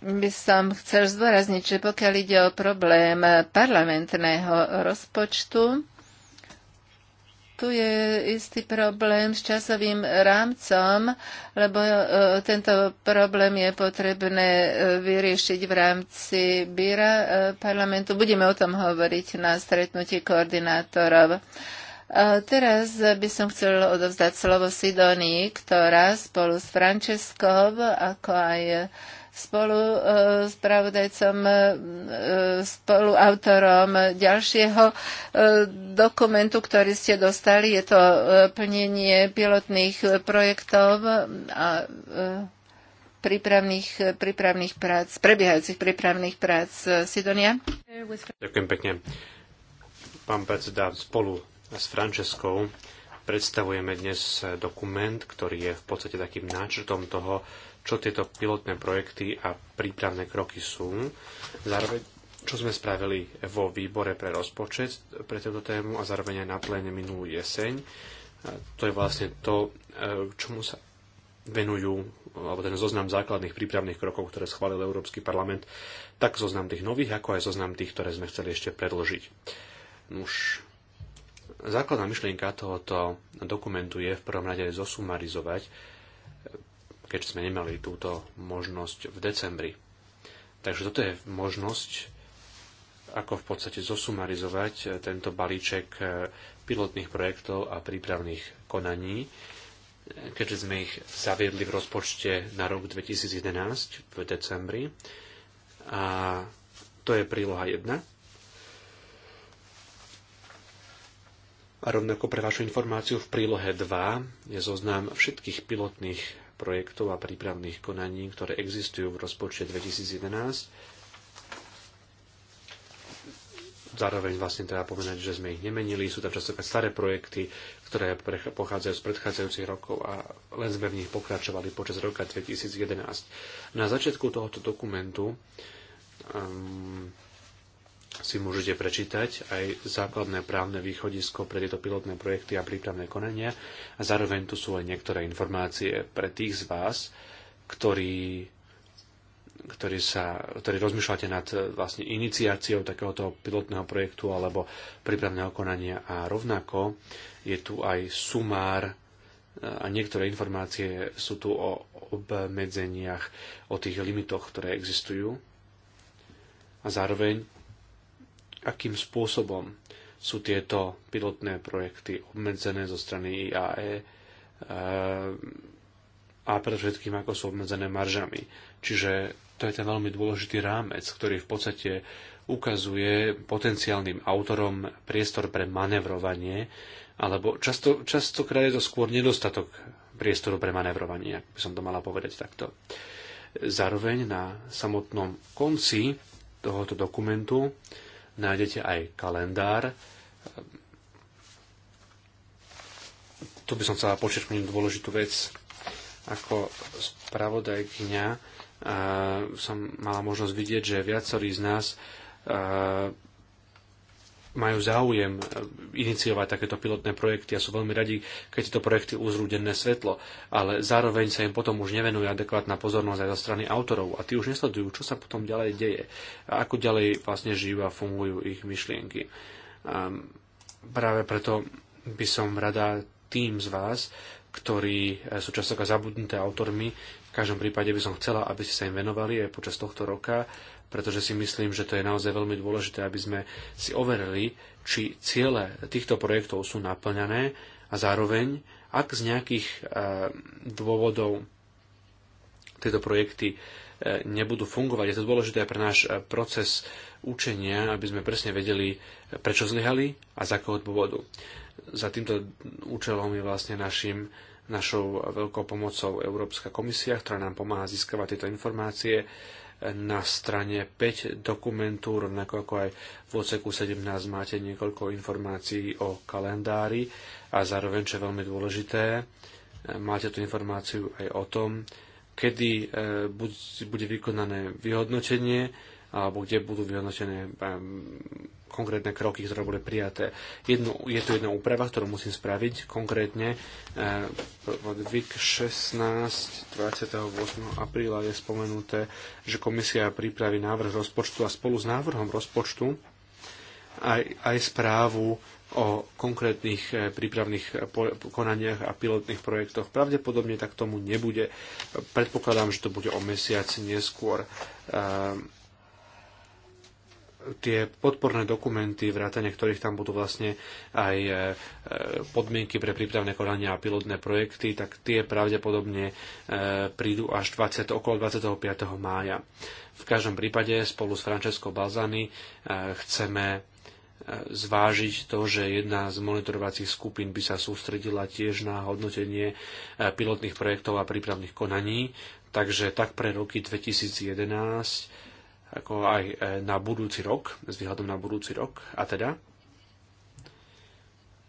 by som chcel zdôrazniť, že pokiaľ ide o problém parlamentného rozpočtu, tu je istý problém s časovým rámcom, lebo e, tento problém je potrebné e, vyriešiť v rámci Bíra e, parlamentu. Budeme o tom hovoriť na stretnutí koordinátorov. A teraz by som chcel odovzdať slovo Sidonii, ktorá spolu s Frančeskou, ako aj spolu e, spravodajcom, e, spoluautorom ďalšieho e, dokumentu, ktorý ste dostali. Je to plnenie pilotných projektov a prípravných, prípravných prác, prebiehajúcich prípravných prác Sidonia. Ďakujem pekne. Pán predseda, spolu s Frančeskou predstavujeme dnes dokument, ktorý je v podstate takým náčrtom toho, čo tieto pilotné projekty a prípravné kroky sú. Zároveň, čo sme spravili vo výbore pre rozpočet pre túto tému a zároveň aj na pléne minulú jeseň. To je vlastne to, e, čomu sa venujú, alebo ten zoznam základných prípravných krokov, ktoré schválil Európsky parlament, tak zoznam tých nových, ako aj zoznam tých, ktoré sme chceli ešte predložiť. Už základná myšlienka tohoto dokumentu je v prvom rade zosumarizovať keďže sme nemali túto možnosť v decembri. Takže toto je možnosť, ako v podstate zosumarizovať eh, tento balíček eh, pilotných projektov a prípravných konaní, eh, keďže sme ich zaviedli v rozpočte na rok 2011 v decembri. A to je príloha 1. A rovnako pre vašu informáciu v prílohe 2 je zoznam všetkých pilotných projektov a prípravných konaní, ktoré existujú v rozpočte 2011. Zároveň vlastne treba povedať, že sme ich nemenili, sú tam častokrát staré projekty, ktoré pochádzajú z predchádzajúcich rokov a len sme v nich pokračovali počas roka 2011. Na začiatku tohoto dokumentu um, si môžete prečítať aj základné právne východisko pre tieto pilotné projekty a prípravné konania a zároveň tu sú aj niektoré informácie pre tých z vás, ktorí ktorí, sa, ktorí rozmýšľate nad eh, vlastne iniciáciou takéhoto pilotného projektu alebo prípravného konania a rovnako je tu aj sumár eh, a niektoré informácie sú tu o obmedzeniach, o tých limitoch, ktoré existujú. A zároveň akým spôsobom sú tieto pilotné projekty obmedzené zo strany IAE eh, a predovšetkým ako sú obmedzené maržami. Čiže to je ten veľmi dôležitý rámec, ktorý v podstate ukazuje potenciálnym autorom priestor pre manevrovanie, alebo často, častokrát je to skôr nedostatok priestoru pre manevrovanie, ak by som to mala povedať takto. Zároveň na samotnom konci tohoto dokumentu nájdete aj kalendár. Tu by som chcela počerknúť dôležitú vec. Ako spravodajkňa eh, som mala možnosť vidieť, že viacerí z nás eh, majú záujem e, iniciovať takéto pilotné projekty a sú veľmi radi, keď tieto projekty uzrú denné svetlo, ale zároveň sa im potom už nevenuje adekvátna pozornosť aj zo strany autorov a tí už nesledujú, čo sa potom ďalej deje a ako ďalej vlastne žijú a fungujú ich myšlienky. A ehm, práve preto by som rada tým z vás, ktorí e, sú často zabudnuté autormi, každom prípade by som chcela, aby ste sa im venovali aj počas tohto roka, pretože si myslím, že to je naozaj veľmi dôležité, aby sme si overili, či ciele týchto projektov sú naplňané a zároveň, ak z nejakých eh, dôvodov tieto projekty eh, nebudú fungovať. Je to dôležité pre náš eh, proces učenia, aby sme presne vedeli, prečo zlyhali a z akého dôvodu. Za týmto účelom je vlastne našim našou veľkou pomocou Európska komisia, ktorá nám pomáha získavať tieto informácie na strane 5 dokumentu, rovnako ako aj v oceku 17 máte niekoľko informácií o kalendári a zároveň, čo je veľmi dôležité, e, máte tu informáciu aj o tom, kedy e, bude vykonané vyhodnotenie alebo kde budú vyhodnotené e, konkrétne kroky, ktoré boli prijaté. Jednu, je tu jedna úprava, ktorú musím spraviť, konkrétne VIK 16 28. apríla je spomenuté, že komisia pripraví návrh rozpočtu a spolu s návrhom rozpočtu aj, aj správu o konkrétnych eh, prípravných eh, konaniach a pilotných projektoch. Pravdepodobne tak tomu nebude. Predpokladám, že to bude o mesiac neskôr. Eh, tie podporné dokumenty, vrátane ktorých tam budú vlastne aj e, podmienky pre prípravné konania a pilotné projekty, tak tie pravdepodobne e, prídu až 20, okolo 25. mája. V každom prípade spolu s Francesco Balzani e, chceme zvážiť to, že jedna z monitorovacích skupín by sa sústredila tiež na hodnotenie pilotných projektov a prípravných konaní, takže tak pre roky 2011 ako aj e, na budúci rok, s výhľadom na budúci rok. A teda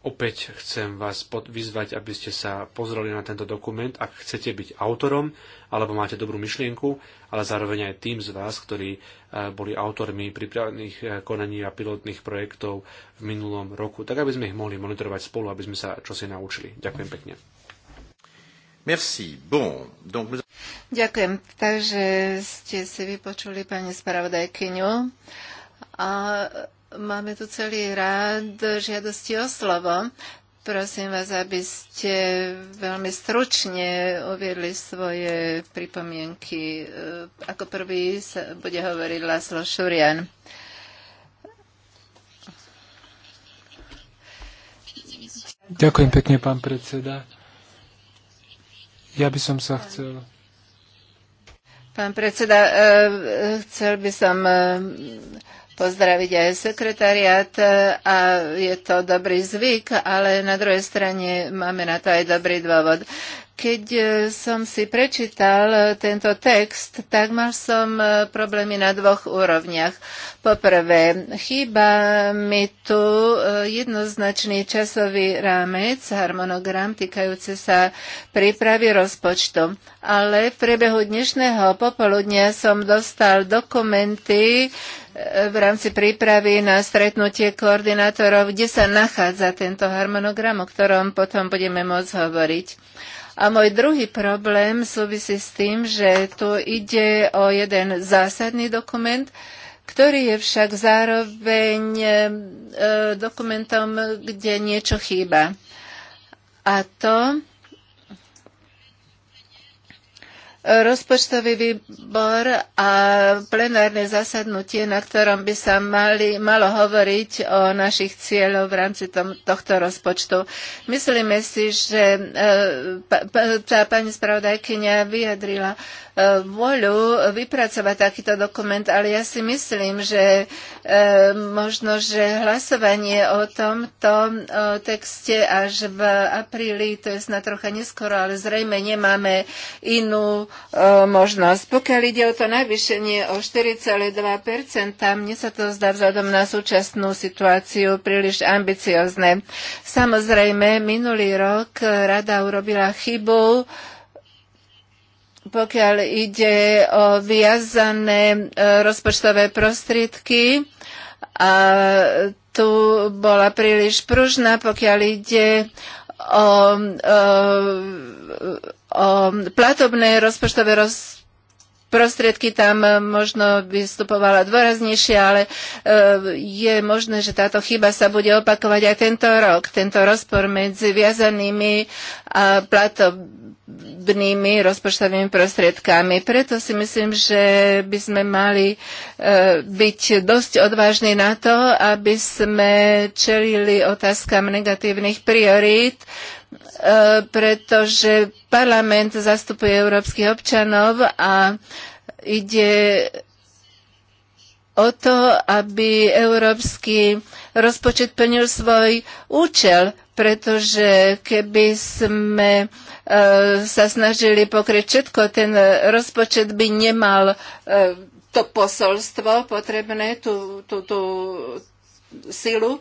opäť chcem vás vyzvať, aby ste sa pozreli na tento dokument, ak chcete byť autorom, alebo máte dobrú myšlienku, ale zároveň aj tým z vás, ktorí e, boli autormi pripravených e, konaní a pilotných projektov v minulom roku, tak aby sme ich mohli monitorovať spolu, aby sme sa čosi naučili. Ďakujem pekne. Merci. Bon, donc... Ďakujem. Takže ste si vypočuli pani spravodajkyňu. A máme tu celý rád žiadosti o slovo. Prosím vás, aby ste veľmi stručne uviedli svoje pripomienky. E, ako prvý sa bude hovoriť Laslo Šurian. Ďakujem pekne, pán predseda. Ja by som sa chcel Pán predseda, e, chcel by som e, pozdraviť aj sekretariat e, a je to dobrý zvyk, ale na druhej strane máme na to aj dobrý dôvod. Keď e, som si prečítal e, tento text, tak mal som e, problémy na dvoch úrovniach. Poprvé, chýba mi tu jednoznačný časový rámec, harmonogram týkajúce sa prípravy rozpočtu. Ale v priebehu dnešného popoludnia som dostal dokumenty, v rámci prípravy na stretnutie koordinátorov, kde sa nachádza tento harmonogram, o ktorom potom budeme môcť hovoriť. A môj druhý problém súvisí s tým, že tu ide o jeden zásadný dokument, ktorý je však zároveň eh, dokumentom, kde niečo chýba. A to Rozpočtový výbor a plenárne zasadnutie, na ktorom by sa mali, malo hovoriť o našich cieľoch v rámci tom, tohto rozpočtu. Myslíme si, že e, tá pani spravodajkynia vyjadrila vôľu vypracovať takýto dokument, ale ja si myslím, že e, možno, že hlasovanie o tomto texte až v apríli, to je snad trocha neskoro, ale zrejme nemáme inú e, možnosť. Pokiaľ ide o to navýšenie o 4,2%, mne sa to zdá vzhľadom na súčasnú situáciu príliš ambiciozne. Samozrejme, minulý rok rada urobila chybu, pokiaľ ide o viazané e, rozpočtové prostriedky, a tu bola príliš pružná, pokiaľ ide o, o, e, o platobné rozpočtové rozpočtové prostriedky tam možno vystupovala dôraznejšie, ale e, je možné, že táto chyba sa bude opakovať aj tento rok. Tento rozpor medzi viazanými a plato, potrebnými rozpočtovými prostriedkami. Preto si myslím, že by sme mali e, byť dosť odvážni na to, aby sme čelili otázkam negatívnych priorít, e, pretože parlament zastupuje európskych občanov a ide o to, aby európsky rozpočet plnil svoj účel, pretože keby sme uh, E, sa snažili pokryť všetko. Ten rozpočet by nemal e, to posolstvo potrebné, tú, tú, tú silu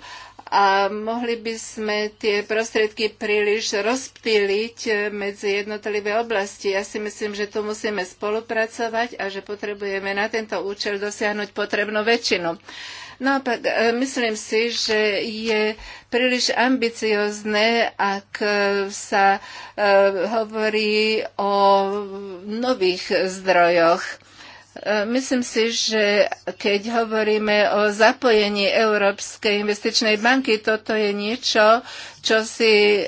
a mohli by sme tie prostriedky príliš rozptýliť e, medzi jednotlivé oblasti. Ja si myslím, že tu musíme spolupracovať a že potrebujeme na tento účel dosiahnuť potrebnú väčšinu. No a myslím si, že je príliš ambiciozne, ak e, sa e, hovorí o nových zdrojoch. E, myslím si, že keď hovoríme o zapojení Európskej investičnej banky, toto je niečo, čo si e,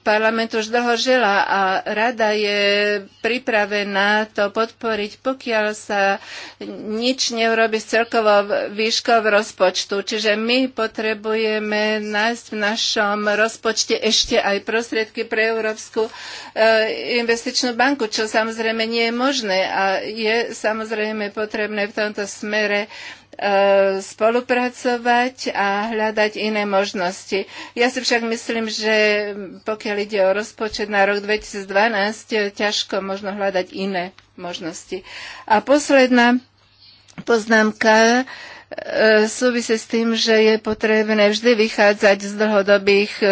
parlament už dlho žila, a rada je pripravená to podporiť, pokiaľ sa nič neurobi s celkovou výškou rozpočtu. Čiže my potrebujeme nájsť v našom rozpočte ešte aj prostriedky pre Európsku e, investičnú banku, čo samozrejme nie je možné a je samozrejme potrebné v tomto smere e, E, spolupracovať a hľadať iné možnosti. Ja si však myslím, že pokiaľ ide o rozpočet na rok 2012, ťažko možno hľadať iné možnosti. A posledná poznámka e, súvisí s tým, že je potrebné vždy vychádzať z dlhodobých e,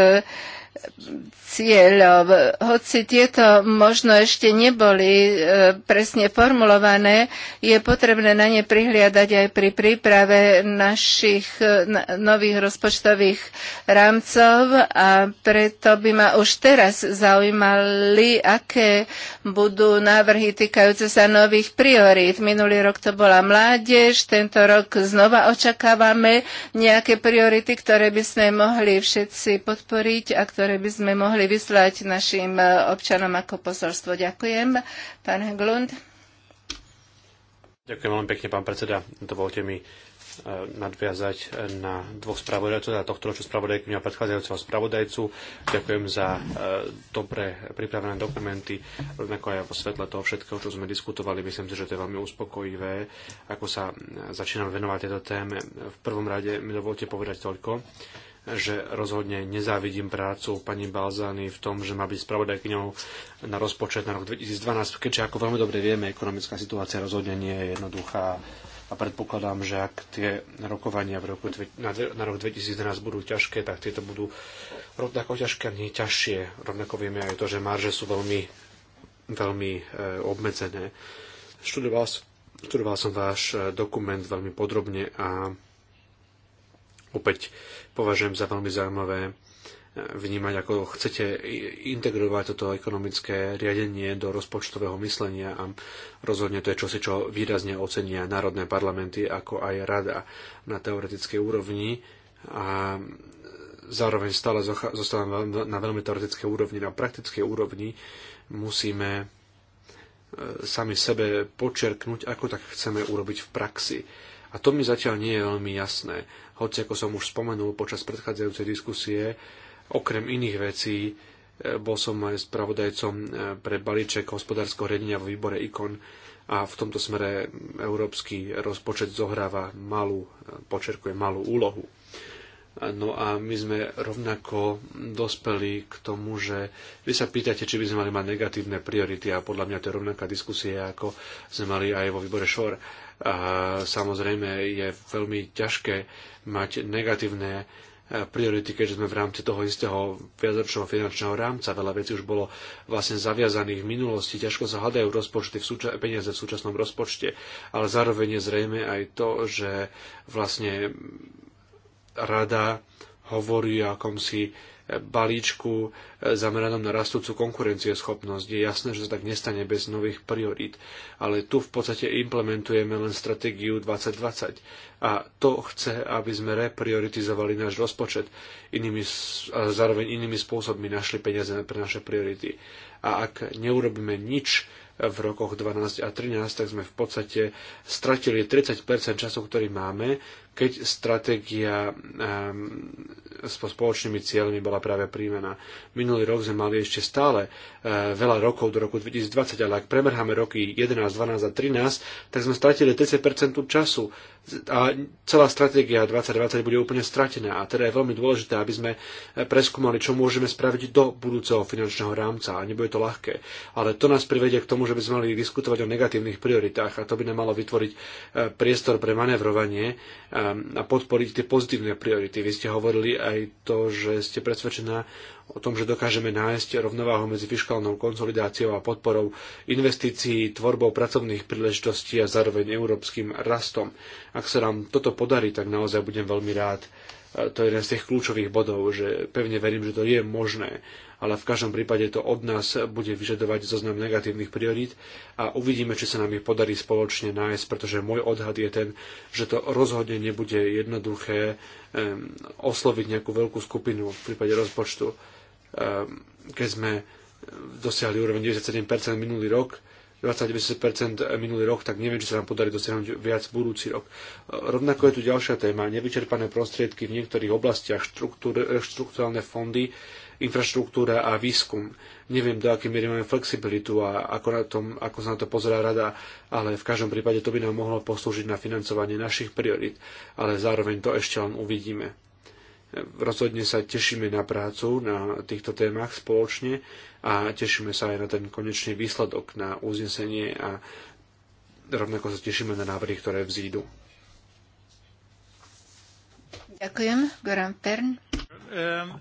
cieľ, Hoci tieto možno ešte neboli e, presne formulované, je potrebné na ne prihliadať aj pri príprave našich e, nových rozpočtových rámcov a preto by ma už teraz zaujímali, aké budú návrhy týkajúce sa nových priorít. Minulý rok to bola mládež, tento rok znova očakávame nejaké priority, ktoré by sme mohli všetci podporiť a ktoré by sme mohli mohli vyslať našim e, občanom ako posolstvo. Ďakujem. Pán Glund. Ďakujem veľmi pekne, pán predseda. Dovolte mi e, nadviazať na dvoch spravodajcov, teda tohto ročného spravodajku a predchádzajúceho spravodajcu. Ďakujem za e, dobre pripravené dokumenty, rovnako aj vo svetle toho všetkého, čo sme diskutovali. Myslím si, že to je veľmi uspokojivé, ako sa začíname venovať tejto téme. V prvom rade mi dovolte povedať toľko, že rozhodne nezávidím prácu pani Balzány v tom, že má byť spravodajkňou na rozpočet na rok 2012, keďže ako veľmi dobre vieme, ekonomická situácia rozhodne nie je jednoduchá a predpokladám, že ak tie rokovania v roku, na, na rok 2011 budú ťažké, tak tieto budú rovnako ťažké a nie ťažšie. Rovnako vieme aj to, že marže sú veľmi, veľmi e, obmedzené. Študoval, študoval som váš e, dokument veľmi podrobne a opäť považujem za veľmi zaujímavé eh, vnímať, ako chcete integrovať toto ekonomické riadenie do rozpočtového myslenia a rozhodne to je čosi, čo výrazne ocenia národné parlamenty, ako aj rada na teoretickej úrovni a zároveň stále zostávam na veľmi teoretickej úrovni, na praktickej úrovni musíme eh, sami sebe počerknúť, ako tak chceme urobiť v praxi a to mi zatiaľ nie je veľmi jasné. Hoci, ako som už spomenul počas predchádzajúcej diskusie, okrem iných vecí, e, bol som aj spravodajcom e, pre balíček hospodárskeho riadenia vo výbore IKON a v tomto smere európsky rozpočet zohráva malú, e, počerkuje malú úlohu. No a my sme rovnako dospeli k tomu, že vy sa pýtate, či by sme mali mať negatívne priority a podľa mňa to je rovnaká diskusia, ako sme mali aj vo výbore ŠOR Samozrejme je veľmi ťažké mať negatívne e, priority, keďže sme v rámci toho istého viacročného finančného rámca. Veľa vecí už bolo vlastne zaviazaných v minulosti. Ťažko sa hľadajú rozpočty v súča- peniaze v súčasnom rozpočte, ale zároveň je zrejme aj to, že vlastne rada hovorí o akomsi balíčku e, zameranom na rastúcu konkurencieschopnosť. Je jasné, že sa tak nestane bez nových priorít, ale tu v podstate implementujeme len stratégiu 2020 a to chce, aby sme reprioritizovali náš rozpočet inými, a zároveň inými spôsobmi našli peniaze pre naše priority. A ak neurobíme nič, v rokoch 12 a 13, tak sme v podstate stratili 30 času, ktorý máme keď stratégia ehm, so spoločnými cieľmi bola práve príjmená. Minulý rok sme mali ešte stále eh, veľa rokov do roku 2020, ale ak premerháme roky 11, 12 a 13, tak sme stratili 30% času a celá stratégia 2020 bude úplne stratená. A teda je veľmi dôležité, aby sme eh, preskúmali, čo môžeme spraviť do budúceho finančného rámca. A nebude to ľahké. Ale to nás privedie k tomu, že by sme mali diskutovať o negatívnych prioritách a to by nám malo vytvoriť eh, priestor pre manevrovanie a podporiť tie pozitívne priority. Vy ste hovorili aj to, že ste presvedčená o tom, že dokážeme nájsť rovnováhu medzi fiskálnou konsolidáciou a podporou investícií, tvorbou pracovných príležitostí a zároveň európskym rastom. Ak sa nám toto podarí, tak naozaj budem veľmi rád. To je jeden z tých kľúčových bodov, že pevne verím, že to je možné ale v každom prípade to od nás bude vyžadovať zoznam negatívnych priorít a uvidíme, či sa nám ich podarí spoločne nájsť, pretože môj odhad je ten, že to rozhodne nebude jednoduché osloviť nejakú veľkú skupinu v prípade rozpočtu. keď sme dosiahli úroveň 97% minulý rok, 29% minulý rok, tak neviem, či sa nám podarí dosiahnuť viac budúci rok. Rovnako je tu ďalšia téma, nevyčerpané prostriedky v niektorých oblastiach, štruktúr, štruktúrálne fondy infraštruktúra a výskum. Neviem, do akej miery máme flexibilitu a ako, na tom, ako sa na to pozerá rada, ale v každom prípade to by nám mohlo poslúžiť na financovanie našich priorit, ale zároveň to ešte len uvidíme. Rozhodne sa tešíme na prácu na týchto témach spoločne a tešíme sa aj na ten konečný výsledok, na uznesenie a rovnako sa tešíme na návrhy, ktoré vzídu. Ďakujem. Goran Pern. Um,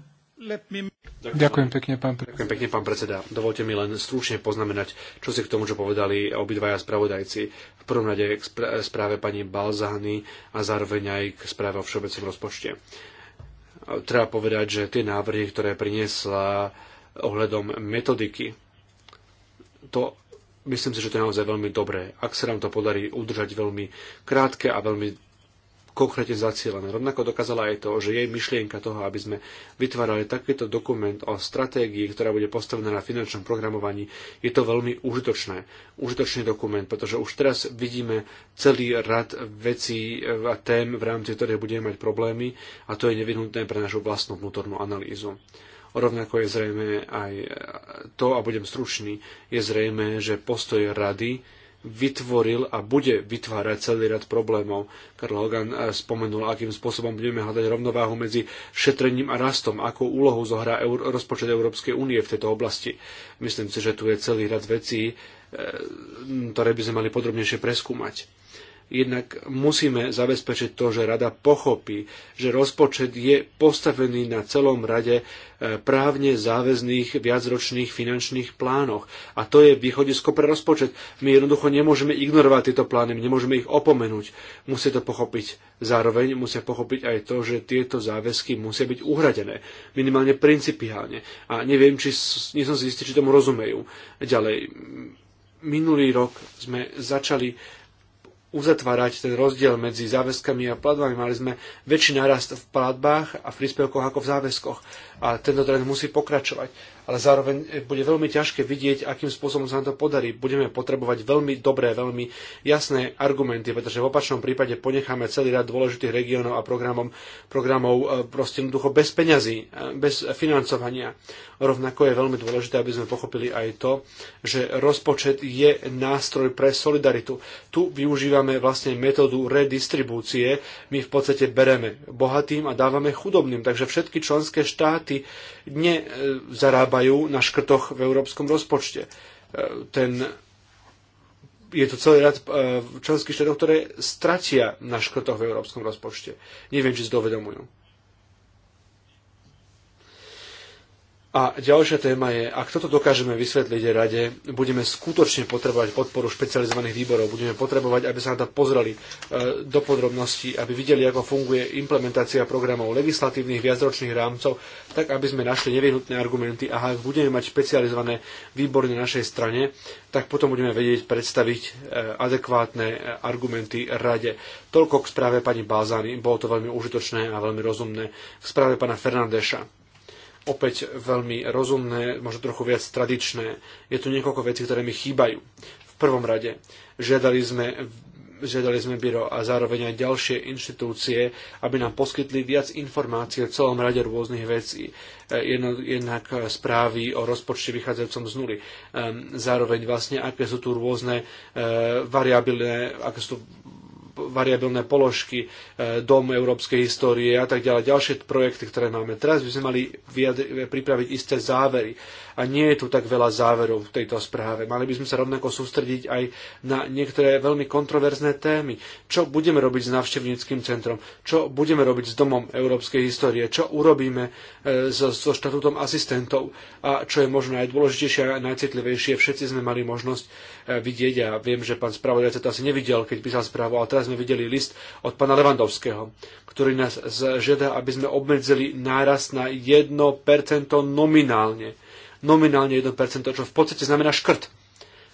me... Ďakujem, Ďakujem pekne, pán predseda. Ďakujem pekne, pán predseda. Dovolte mi len stručne poznamenať, čo si k tomu, čo povedali obidvaja spravodajci. V prvom rade k správe pani Balzány a zároveň aj k správe o všeobecnom rozpočte. Treba povedať, že tie návrhy, ktoré priniesla ohľadom metodiky, to myslím si, že to je naozaj veľmi dobré. Ak sa nám to podarí udržať veľmi krátke a veľmi konkrétne zacielené. Rovnako dokázala aj to, že jej myšlienka toho, aby sme vytvárali takýto dokument o stratégii, ktorá bude postavená na finančnom programovaní, je to veľmi užitočné. Užitočný dokument, pretože už teraz vidíme celý rad vecí a tém, v rámci ktorých budeme mať problémy a to je nevyhnutné pre našu vlastnú vnútornú analýzu. Rovnako je zrejme aj to, a budem stručný, je zrejme, že postoj rady vytvoril a bude vytvárať celý rad problémov. Karl Hogan eh, spomenul, akým spôsobom budeme hľadať rovnováhu medzi šetrením a rastom, akú úlohu zohrá eur, rozpočet Európskej únie v tejto oblasti. Myslím si, že tu je celý rad vecí, eh, ktoré by sme mali podrobnejšie preskúmať jednak musíme zabezpečiť to, že rada pochopí, že rozpočet je postavený na celom rade e, právne záväzných viacročných finančných plánoch. A to je východisko pre rozpočet. My jednoducho nemôžeme ignorovať tieto plány, nemôžeme ich opomenúť. Musia to pochopiť. Zároveň musia pochopiť aj to, že tieto záväzky musia byť uhradené. Minimálne principiálne. A neviem, či nie som si istý, či tomu rozumejú. Ďalej, minulý rok sme začali uzatvárať ten rozdiel medzi záväzkami a platbami. Mali sme väčší nárast v platbách a v príspevkoch ako v záväzkoch. A tento trend musí pokračovať. Ale zároveň e, bude veľmi ťažké vidieť, akým spôsobom sa nám to podarí. Budeme potrebovať veľmi dobré, veľmi jasné argumenty, pretože v opačnom prípade ponecháme celý rad dôležitých regiónov a programov, programov e, proste jednoducho bez peňazí, e, bez financovania. Rovnako je veľmi dôležité, aby sme pochopili aj to, že rozpočet je nástroj pre solidaritu. Tu využívame máme vlastne metódu redistribúcie. My v podstate bereme bohatým a dávame chudobným. Takže všetky členské štáty nezarábajú e, na škrtoch v európskom rozpočte. E, ten je to celý rad e, členských štátov, ktoré stratia na škrtoch v európskom rozpočte. Neviem, či si to uvedomujú. A ďalšia téma je, ak toto dokážeme vysvetliť rade, budeme skutočne potrebovať podporu špecializovaných výborov, budeme potrebovať, aby sa na to pozreli e, do podrobností, aby videli, ako funguje implementácia programov legislatívnych viacročných rámcov, tak aby sme našli nevyhnutné argumenty a ak budeme mať špecializované výbory na našej strane, tak potom budeme vedieť predstaviť e, adekvátne e, argumenty rade. Toľko k správe pani Bázany, bolo to veľmi užitočné a veľmi rozumné. K správe pana Fernandeša opäť veľmi rozumné, možno trochu viac tradičné. Je tu niekoľko vecí, ktoré mi chýbajú. V prvom rade žiadali sme Žiadali sme byro a zároveň aj ďalšie inštitúcie, aby nám poskytli viac informácií o celom rade rôznych vecí. E, jednak správy o rozpočte vychádzajúcom z nuly. E, zároveň vlastne, aké sú tu rôzne e, variabilné, aké sú tu variabilné položky, e, Dom európskej histórie a tak ďalej. Ďalšie projekty, ktoré máme teraz, by sme mali pripraviť isté závery a nie je tu tak veľa záverov v tejto správe. Mali by sme sa rovnako sústrediť aj na niektoré veľmi kontroverzné témy. Čo budeme robiť s návštevníckým centrom? Čo budeme robiť s Domom európskej histórie? Čo urobíme e, so, so štatútom asistentov? A čo je možno najdôležitejšie a najcitlivejšie, všetci sme mali možnosť e, vidieť a viem, že pán spravodajca to asi nevidel, keď písal správu, ale teraz sme videli list od pána Levandovského, ktorý nás žiada, aby sme obmedzili nárast na 1% nominálne nominálne 1%, čo v podstate znamená škrt.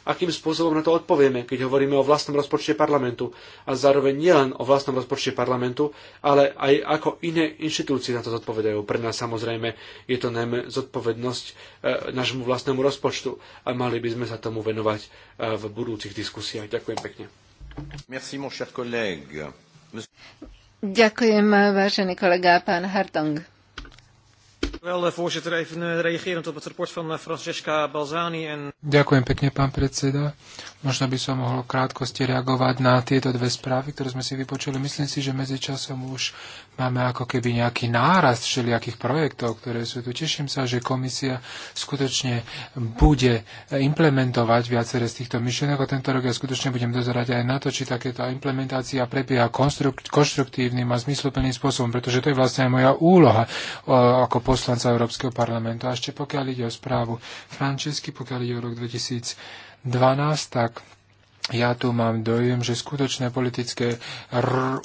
Akým spôsobom na to odpovieme, keď hovoríme o vlastnom rozpočte parlamentu a zároveň nielen o vlastnom rozpočte parlamentu, ale aj ako iné inštitúcie na to zodpovedajú. Pre nás samozrejme je to najmä zodpovednosť e, nášmu vlastnému rozpočtu a mali by sme sa tomu venovať e, v budúcich diskusiách. Ďakujem pekne. Merci, mon cher collègue. Ďakujem, vážený kolega, pán Hartong. Eh, eh, eh, Ďakujem pekne, pán predseda. Možno by som mohol krátkosti reagovať na tieto dve správy, ktoré sme si vypočuli. Myslím si, že medzičasom už máme ako keby nejaký nárast všelijakých projektov, ktoré sú tu. Teším sa, že komisia skutočne bude implementovať viaceré z týchto myšlienok a tento rok ja skutočne budem dozerať aj na to, či takéto implementácia prebieha konštruktívnym a zmysluplným spôsobom, pretože to je vlastne aj moja úloha ako poslanca Európskeho parlamentu. A ešte pokiaľ ide o správu Francesky, pokiaľ ide o rok 2000 tak ja tu mám dojem, že skutočné politické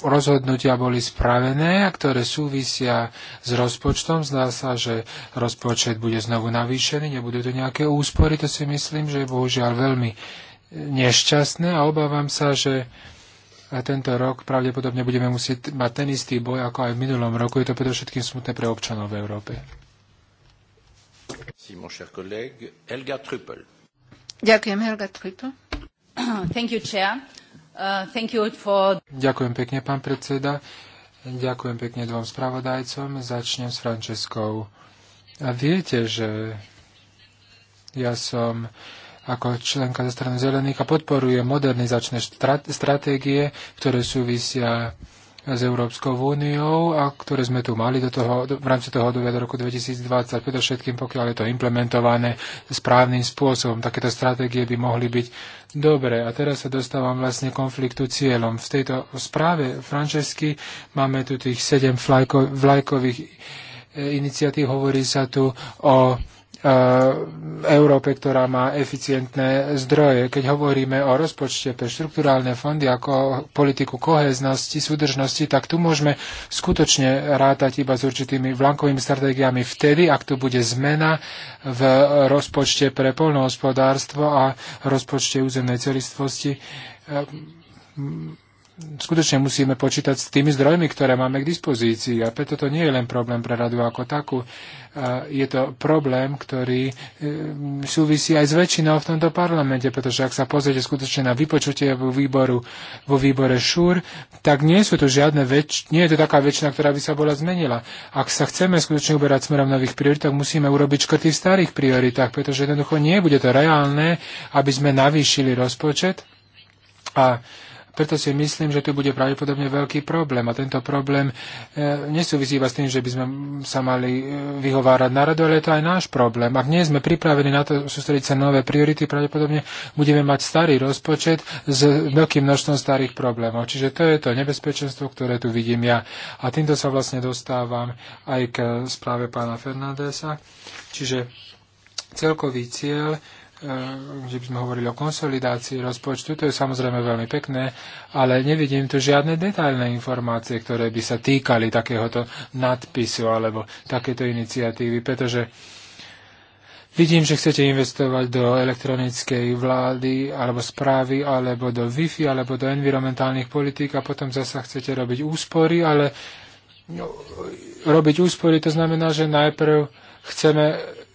rozhodnutia boli spravené a ktoré súvisia s rozpočtom. Zdá sa, že rozpočet bude znovu navýšený, nebudú to nejaké úspory, to si myslím, že je bohužiaľ veľmi e, nešťastné a obávam sa, že e, tento rok pravdepodobne budeme musieť mať ten istý boj ako aj v minulom roku. Je to predovšetkým smutné pre občanov v Európe. Si, mon cher collègue. Elga Truppel. Ďakujem, Helga Thank you, Chair. Uh, thank you for... Ďakujem pekne, pán predseda. Ďakujem pekne dvom spravodajcom. Začnem s Frančeskou. A viete, že ja som ako členka ze strany Zelených a podporujem modernizačné štra- stratégie, ktoré súvisia s Európskou úniou a ktoré sme tu mali do toho, do, v rámci toho obdobia do roku 2020, predovšetkým pokiaľ je to implementované správnym spôsobom. Takéto stratégie by mohli byť dobré. A teraz sa dostávam vlastne konfliktu cieľom. V tejto správe Francesky máme tu tých sedem vlajko, vlajkových e, iniciatív, hovorí sa tu o Európe, ktorá má eficientné zdroje. Keď hovoríme o rozpočte pre štruktúrálne fondy ako politiku koheznosti, súdržnosti, tak tu môžeme skutočne rátať iba s určitými vlankovými stratégiami vtedy, ak tu bude zmena v rozpočte pre polnohospodárstvo a rozpočte územnej celistvosti skutočne musíme počítať s tými zdrojmi, ktoré máme k dispozícii. A preto to nie je len problém pre radu ako takú. Je to problém, ktorý e, súvisí aj s väčšinou v tomto parlamente, pretože ak sa pozriete skutočne na vypočutie vo, výboru, vo výbore ŠUR, tak nie sú to žiadne väč- nie je to taká väčšina, ktorá by sa bola zmenila. Ak sa chceme skutočne uberať smerom nových priorit, tak musíme urobiť škrty v starých prioritách, pretože jednoducho nie bude to reálne, aby sme navýšili rozpočet a preto si myslím, že tu bude pravdepodobne veľký problém a tento problém e, nesúvisí iba s tým, že by sme sa mali e, vyhovárať národu, ale je to aj náš problém. Ak nie sme pripravení na to sústrediť sa nové priority, pravdepodobne budeme mať starý rozpočet s veľkým množstvom starých problémov. Čiže to je to nebezpečenstvo, ktoré tu vidím ja. A týmto sa vlastne dostávam aj k správe pána Fernandesa. Čiže celkový cieľ Ehm, že by sme hovorili o konsolidácii rozpočtu, to je samozrejme veľmi pekné, ale nevidím tu žiadne detailné informácie, ktoré by sa týkali takéhoto nadpisu alebo takéto iniciatívy, pretože Vidím, že chcete investovať do elektronickej vlády, alebo správy, alebo do Wi-Fi, alebo do environmentálnych politík a potom zasa chcete robiť úspory, ale no, robiť úspory to znamená, že najprv chceme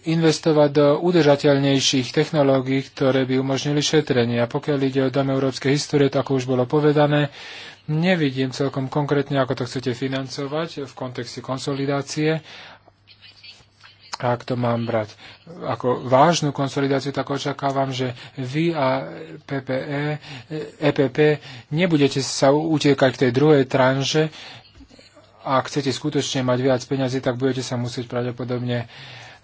investovať do udržateľnejších technológií, ktoré by umožnili šetrenie. A pokiaľ ide o Dom európskej histórie, to ako už bolo povedané, nevidím celkom konkrétne, ako to chcete financovať v kontexte konsolidácie. ak to mám brať ako vážnu konsolidáciu, tak očakávam, že vy a PPE, EPP nebudete sa utiekať k tej druhej tranže, a ak chcete skutočne mať viac peniazy, tak budete sa musieť pravdepodobne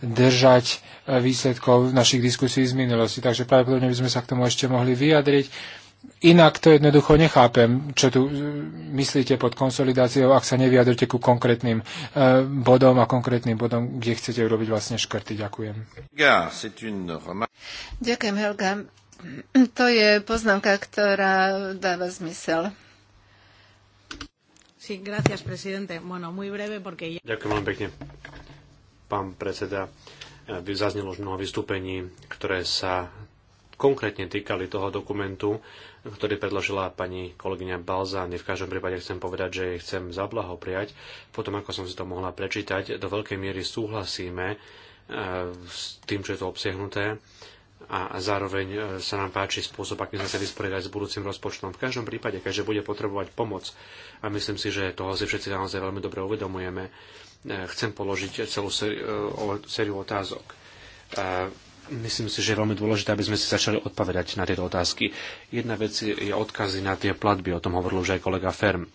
držať e, výsledkov našich diskusí z minulosti. Takže pravdepodobne by sme sa k tomu ešte mohli vyjadriť. Inak to jednoducho nechápem, čo tu e, myslíte pod konsolidáciou, ak sa nevyjadrite ku konkrétnym e, bodom a konkrétnym bodom, kde chcete urobiť vlastne škrty. Ďakujem. Ďakujem, Helga. To je poznámka, ktorá dáva zmysel. Ďakujem veľmi pekne pán predseda, e, zaznelo už mnoho vystúpení, ktoré sa konkrétne týkali toho dokumentu, ktorý predložila pani kolegyňa Balzány. V každom prípade chcem povedať, že jej chcem zablahopriať. Potom, ako som si to mohla prečítať, do veľkej miery súhlasíme e, s tým, čo je to obsiahnuté a zároveň e, sa nám páči spôsob, akým sme sa vysporiadať s budúcim rozpočtom. V každom prípade, keďže bude potrebovať pomoc, a myslím si, že toho si všetci naozaj veľmi dobre uvedomujeme, E, chcem položiť celú e, sériu otázok. E, myslím si, že je veľmi dôležité, aby sme si začali odpovedať na tieto otázky. Jedna vec je odkazy na tie platby, o tom hovoril už aj kolega Ferm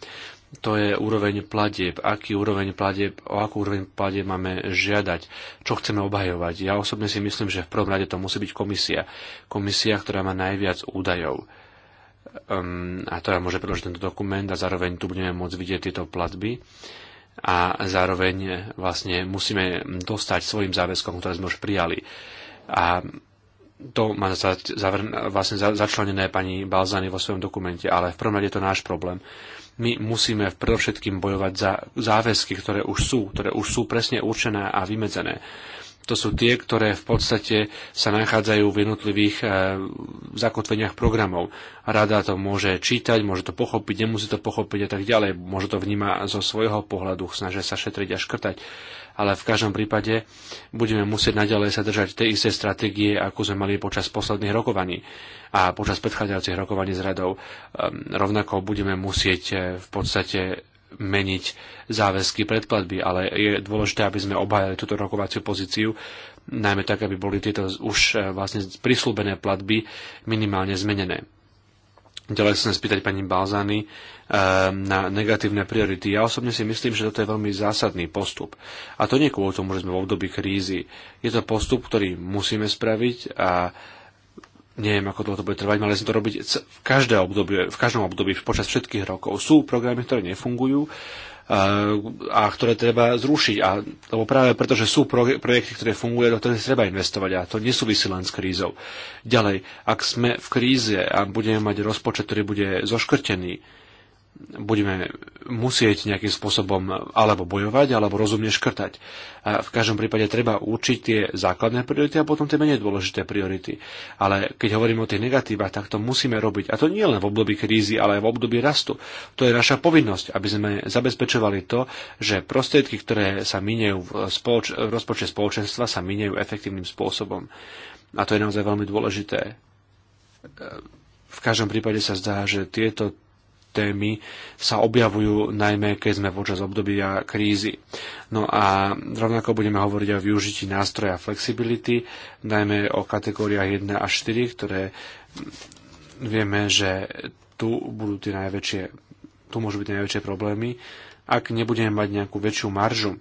to je úroveň platieb, aký úroveň platieb, o akú úroveň platieb máme žiadať, čo chceme obhajovať. Ja osobne si myslím, že v prvom rade to musí byť komisia. Komisia, ktorá má najviac údajov. Um, a to ja môže predložiť tento dokument a zároveň tu budeme môcť vidieť tieto platby. Uh, a zároveň eh, vlastne musíme mm, dostať svojim záväzkom, ktoré sme už prijali. A to má za, za, vlastne za, začlenené pani Balzany vo svojom dokumente, ale v prvom rade je to náš problém. My musíme predovšetkým bojovať za záväzky, ktoré už sú, ktoré už sú presne určené a vymedzené. To sú tie, ktoré v podstate sa nachádzajú v jednotlivých eh, zakotveniach programov. Rada to môže čítať, môže to pochopiť, nemusí to pochopiť a tak ďalej. Môže to vníma zo svojho pohľadu, snažia sa šetriť a škrtať. Ale v každom prípade budeme musieť naďalej sa držať tej istej stratégie, ako sme mali počas posledných rokovaní a počas predchádzajúcich rokovaní s radou. Ehm, rovnako budeme musieť eh, v podstate meniť záväzky predplatby, ale je dôležité, aby sme obhajali túto rokovaciu pozíciu, najmä tak, aby boli tieto už e, vlastne prislúbené platby minimálne zmenené. Ďalej chcem spýtať pani Balzany e, na negatívne priority. Ja osobne si myslím, že toto je veľmi zásadný postup. A to nie kvôli tomu, že sme v období krízy. Je to postup, ktorý musíme spraviť a Neviem, ako dlho to bude trvať, ale sme to robiť v, každé obdobie, v každom období, počas všetkých rokov. Sú programy, ktoré nefungujú a, eh, a ktoré treba zrušiť. A, lebo práve preto, že sú pro, projekty, ktoré fungujú, do ktorých treba investovať a to nesúvisí len s krízou. Ďalej, ak sme v kríze a budeme mať rozpočet, ktorý bude zoškrtený, budeme musieť nejakým spôsobom alebo bojovať, alebo rozumne škrtať. A v každom prípade treba určiť tie základné priority a potom tie menej dôležité priority. Ale keď hovorím o tých negatívach, tak to musíme robiť. A to nie len v období krízy, ale aj v období rastu. To je naša povinnosť, aby sme zabezpečovali to, že prostriedky, ktoré sa minejú v, spoloč- v rozpočte spoločenstva, sa minejú efektívnym spôsobom. A to je naozaj veľmi dôležité. V každom prípade sa zdá, že tieto témy sa objavujú najmä, keď sme počas obdobia krízy. No a rovnako budeme hovoriť o využití nástroja flexibility, najmä o kategóriách 1 až 4, ktoré vieme, že tu budú tie najväčšie, tu môžu byť najväčšie problémy, ak nebudeme mať nejakú väčšiu maržu e,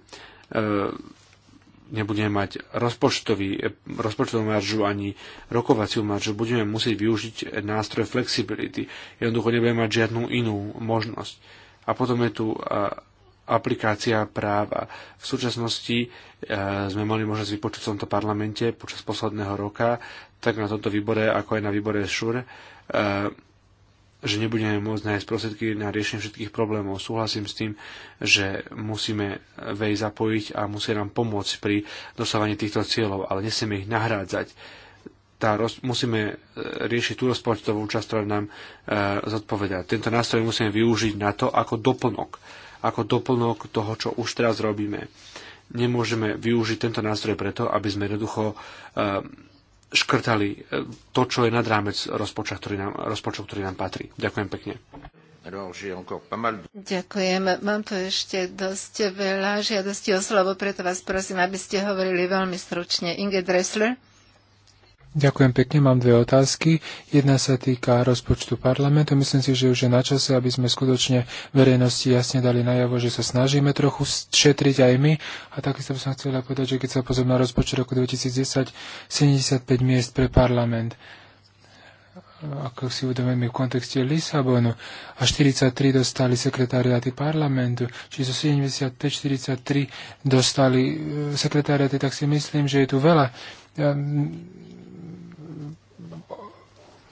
nebudeme mať rozpočtový, eh, rozpočtovú maržu ani rokovaciu maržu, budeme musieť využiť nástroj flexibility. Jednoducho nebudeme mať žiadnu inú možnosť. A potom je tu eh, aplikácia práva. V súčasnosti eh, sme mali možnosť vypočuť v tomto parlamente počas posledného roka, tak na tomto výbore, ako aj na výbore ŠUR, že nebudeme môcť nájsť prostriedky na riešenie všetkých problémov. Súhlasím s tým, že musíme vej zapojiť a musia nám pomôcť pri dosahovaní týchto cieľov, ale nesieme ich nahrádzať tá roz, musíme e, riešiť tú rozpočtovú časť, ktorá nám e, zodpovedá. Tento nástroj musíme využiť na to ako doplnok, ako doplnok toho, čo už teraz robíme. Nemôžeme využiť tento nástroj preto, aby sme jednoducho e, škrtali e, to, čo je nad rámec rozpočtu, ktorý nám, rozpočtu, ktorý nám patrí. Ďakujem pekne. Ďakujem. Mám tu ešte dosť veľa žiadosti o slovo, preto vás prosím, aby ste hovorili veľmi stručne. Inge Dressler. Ďakujem pekne, mám dve otázky. Jedna sa týka rozpočtu parlamentu. Myslím si, že už je na čase, aby sme skutočne verejnosti jasne dali najavo, že sa snažíme trochu šetriť aj my. A takisto by som chcela povedať, že keď sa pozriem na rozpočet roku 2010, 75 miest pre parlament ako si uvedomujeme v kontexte Lisabonu, a 43 dostali sekretariáty parlamentu, čiže zo 75, 43 dostali e, sekretariáty, tak si myslím, že je tu veľa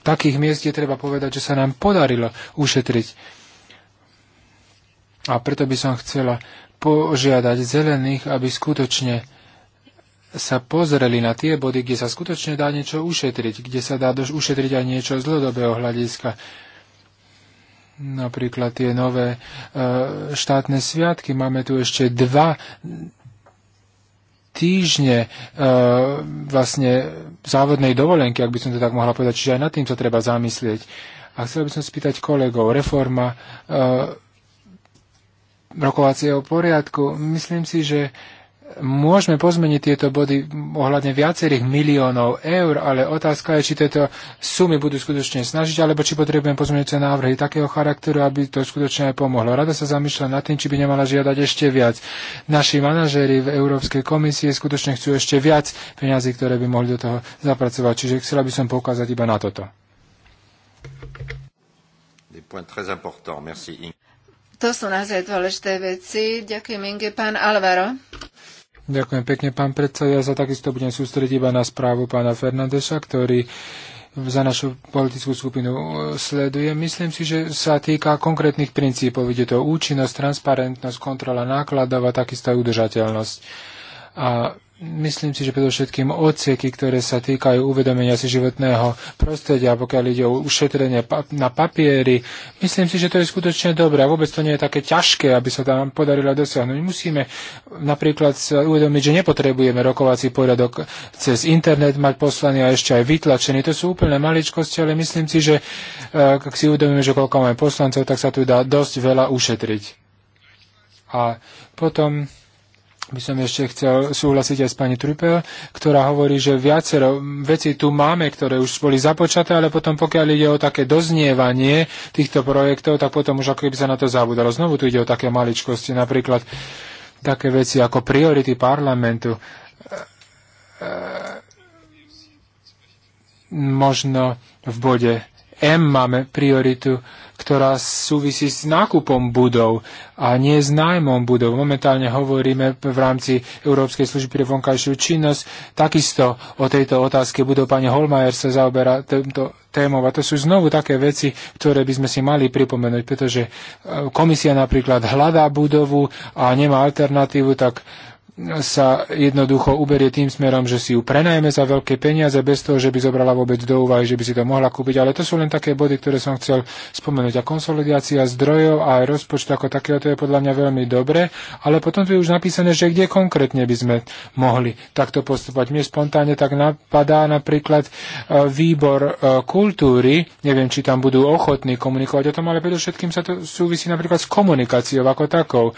takých miest, je treba povedať, že sa nám podarilo ušetriť. A preto by som chcela požiadať zelených, aby skutočne sa pozreli na tie body, kde sa skutočne dá niečo ušetriť, kde sa dá ušetriť aj niečo z dlhodobého hľadiska. Napríklad tie nové e, štátne sviatky. Máme tu ešte dva týždne e, vlastne závodnej dovolenky, ak by som to tak mohla povedať, čiže aj nad tým sa treba zamyslieť. A chcel by som spýtať kolegov, reforma e, rokovacieho poriadku, myslím si, že môžeme pozmeniť tieto body ohľadne viacerých miliónov eur, ale otázka je, či tieto sumy budú skutočne snažiť, alebo či potrebujeme pozmeňujúce návrhy takého charakteru, aby to skutočne aj pomohlo. Rada sa zamýšľa nad tým, či by nemala žiadať ešte viac. Naši manažéri v Európskej komisie skutočne chcú ešte viac peniazy, ktoré by mohli do toho zapracovať. Čiže chcela by som poukázať iba na toto. To sú naozaj dôležité veci. Ďakujem Inge. Pán Alvaro. Ďakujem pekne, pán predseda. Ja sa takisto budem sústrediť iba na správu pána Fernandeša, ktorý za našu politickú skupinu e, sleduje. Myslím si, že sa týka konkrétnych princípov. Ide to účinnosť, transparentnosť, kontrola nákladov a takisto aj udržateľnosť. A myslím si, že predovšetkým odseky, ktoré sa týkajú uvedomenia si životného prostredia, pokiaľ ide o ušetrenie pa- na papiery, myslím si, že to je skutočne dobré. A vôbec to nie je také ťažké, aby sa tam podarilo dosiahnuť. Musíme napríklad sa uvedomiť, že nepotrebujeme rokovací poriadok cez internet mať poslaný a ešte aj vytlačený. To sú úplne maličkosti, ale myslím si, že e, ak si uvedomíme, že koľko máme poslancov, tak sa tu dá dosť veľa ušetriť. A potom by som ešte chcel súhlasiť aj s pani Trupel, ktorá hovorí, že viacero veci tu máme, ktoré už boli započaté, ale potom pokiaľ ide o také doznievanie týchto projektov, tak potom už ako keby sa na to zabudalo. Znovu tu ide o také maličkosti, napríklad také veci ako priority parlamentu. Možno v bode M máme prioritu ktorá súvisí s nákupom budov a nie s nájmom budov. Momentálne hovoríme v rámci Európskej služby pre vonkajšiu činnosť takisto o tejto otázke budov. Pani Holmajer sa zaoberá tento témou a to sú znovu také veci, ktoré by sme si mali pripomenúť, pretože e, komisia napríklad hľadá budovu a nemá alternatívu, tak sa jednoducho uberie tým smerom, že si ju prenajme za veľké peniaze bez toho, že by zobrala vôbec do úvahy, že by si to mohla kúpiť. Ale to sú len také body, ktoré som chcel spomenúť. A konsolidácia zdrojov a aj rozpočtu ako takého, to je podľa mňa veľmi dobre. Ale potom tu je už napísané, že kde konkrétne by sme mohli takto postupovať. Mne spontánne tak napadá napríklad e, výbor e, kultúry. Neviem, či tam budú ochotní komunikovať o tom, ale predovšetkým sa to súvisí napríklad s komunikáciou ako takou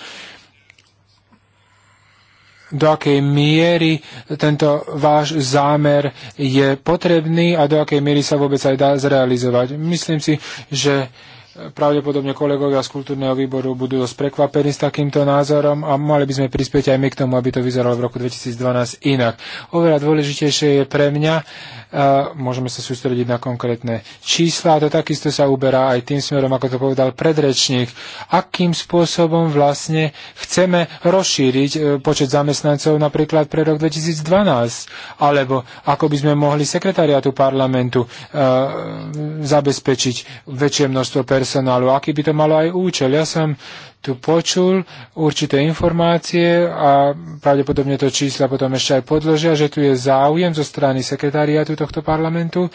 do akej miery tento váš zámer je potrebný a do akej miery sa vôbec aj dá zrealizovať. Myslím si, že pravdepodobne kolegovia z kultúrneho výboru budú dosť prekvapení s takýmto názorom a mali by sme prispieť aj my k tomu, aby to vyzeralo v roku 2012 inak. Oveľa dôležitejšie je pre mňa, môžeme sa sústrediť na konkrétne čísla a to takisto sa uberá aj tým smerom, ako to povedal predrečník, akým spôsobom vlastne chceme rozšíriť e, počet zamestnancov napríklad pre rok 2012, alebo ako by sme mohli sekretariatu parlamentu e, zabezpečiť väčšie množstvo personálu, aký by to malo aj účel. Ja som tu počul určité informácie a pravdepodobne to čísla potom ešte aj podložia, že tu je záujem zo strany sekretariátu tohto parlamentu,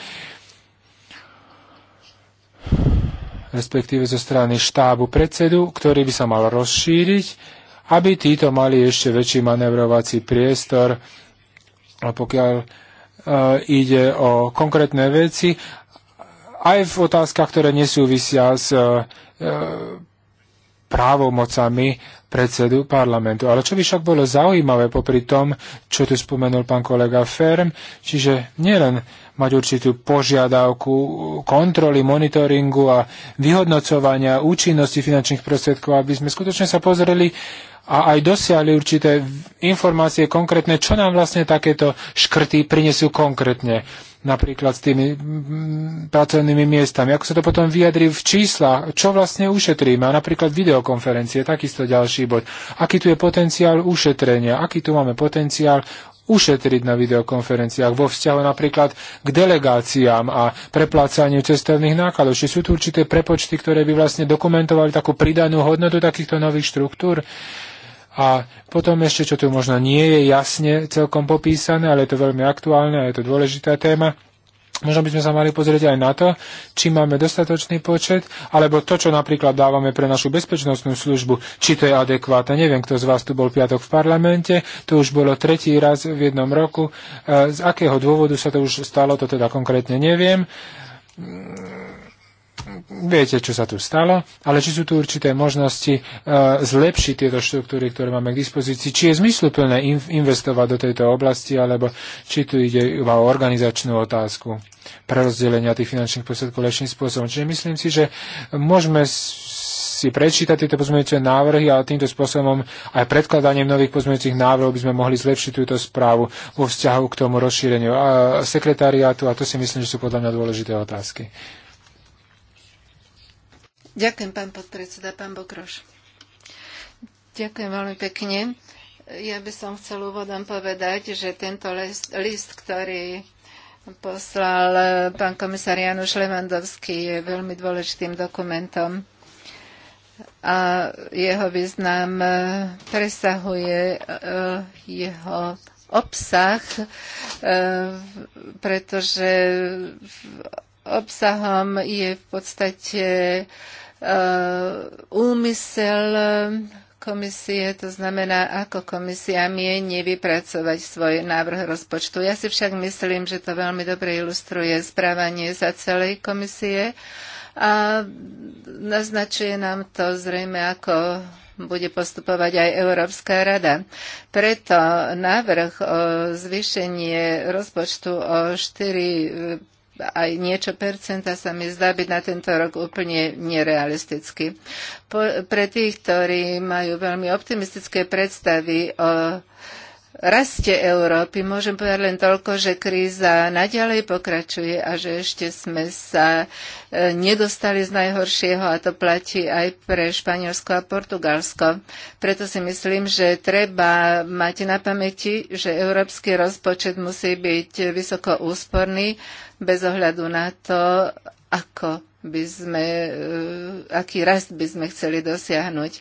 respektíve zo strany štábu predsedu, ktorý by sa mal rozšíriť, aby títo mali ešte väčší manevrovací priestor, a pokiaľ e, ide o konkrétne veci, aj v otázkach, ktoré nesúvisia s e, právomocami predsedu parlamentu. Ale čo by však bolo zaujímavé popri tom, čo tu spomenul pán kolega Ferm, čiže nielen mať určitú požiadavku kontroly, monitoringu a vyhodnocovania účinnosti finančných prostriedkov, aby sme skutočne sa pozreli a aj dosiahli určité informácie konkrétne, čo nám vlastne takéto škrty prinesú konkrétne napríklad s tými pracovnými miestami. Ako sa to potom vyjadrí v čísla, čo vlastne ušetríme, a napríklad videokonferencie, takisto ďalší bod. Aký tu je potenciál ušetrenia, aký tu máme potenciál ušetriť na videokonferenciách vo vzťahu napríklad k delegáciám a preplácaniu cestovných nákladov. Či sú tu určité prepočty, ktoré by vlastne dokumentovali takú pridanú hodnotu takýchto nových štruktúr? A potom ešte, čo tu možno nie je jasne celkom popísané, ale je to veľmi aktuálne a je to dôležitá téma, Možno by sme sa mali pozrieť aj na to, či máme dostatočný počet, alebo to, čo napríklad dávame pre našu bezpečnostnú službu, či to je adekvátne. Neviem, kto z vás tu bol piatok v parlamente, to už bolo tretí raz v jednom roku. E, z akého dôvodu sa to už stalo, to teda konkrétne neviem viete, čo sa tu stalo, ale či sú tu určité možnosti uh, zlepšiť tieto štruktúry, ktoré máme k dispozícii, či je zmysluplné in, investovať do tejto oblasti, alebo či tu ide iba o organizačnú otázku prerozdelenia tých finančných prostriedkov lepším spôsobom. Čiže myslím si, že môžeme si prečítať tieto pozmeňujúce návrhy a týmto spôsobom aj predkladaním nových pozmeňujúcich návrhov by sme mohli zlepšiť túto správu vo vzťahu k tomu rozšíreniu a eh, sekretariátu a to si myslím, že sú podľa mňa dôležité otázky. Ďakujem, pán podpredseda, pán Bokroš. Ďakujem veľmi pekne. Ja by som chcel úvodom povedať, že tento list, list ktorý poslal eh, pán komisár Januš Levandovský, je veľmi dôležitým dokumentom a jeho význam eh, presahuje eh, jeho obsah, pretože obsahom je v podstate Eh, úmysel eh, komisie, to znamená, ako komisia mieni vypracovať svoj návrh rozpočtu. Ja si však myslím, že to veľmi dobre ilustruje správanie sa celej komisie a naznačuje nám to zrejme, ako bude postupovať aj Európska rada. Preto návrh o zvýšenie rozpočtu o 4 aj niečo percenta sa mi zdá byť na tento rok úplne nerealisticky. Po, pre tých, ktorí majú veľmi optimistické predstavy o raste Európy. Môžem povedať len toľko, že kríza naďalej pokračuje a že ešte sme sa e, nedostali z najhoršieho a to platí aj pre Španielsko a Portugalsko. Preto si myslím, že treba mať na pamäti, že európsky rozpočet musí byť vysoko úsporný bez ohľadu na to, ako by sme, e, aký rast by sme chceli dosiahnuť.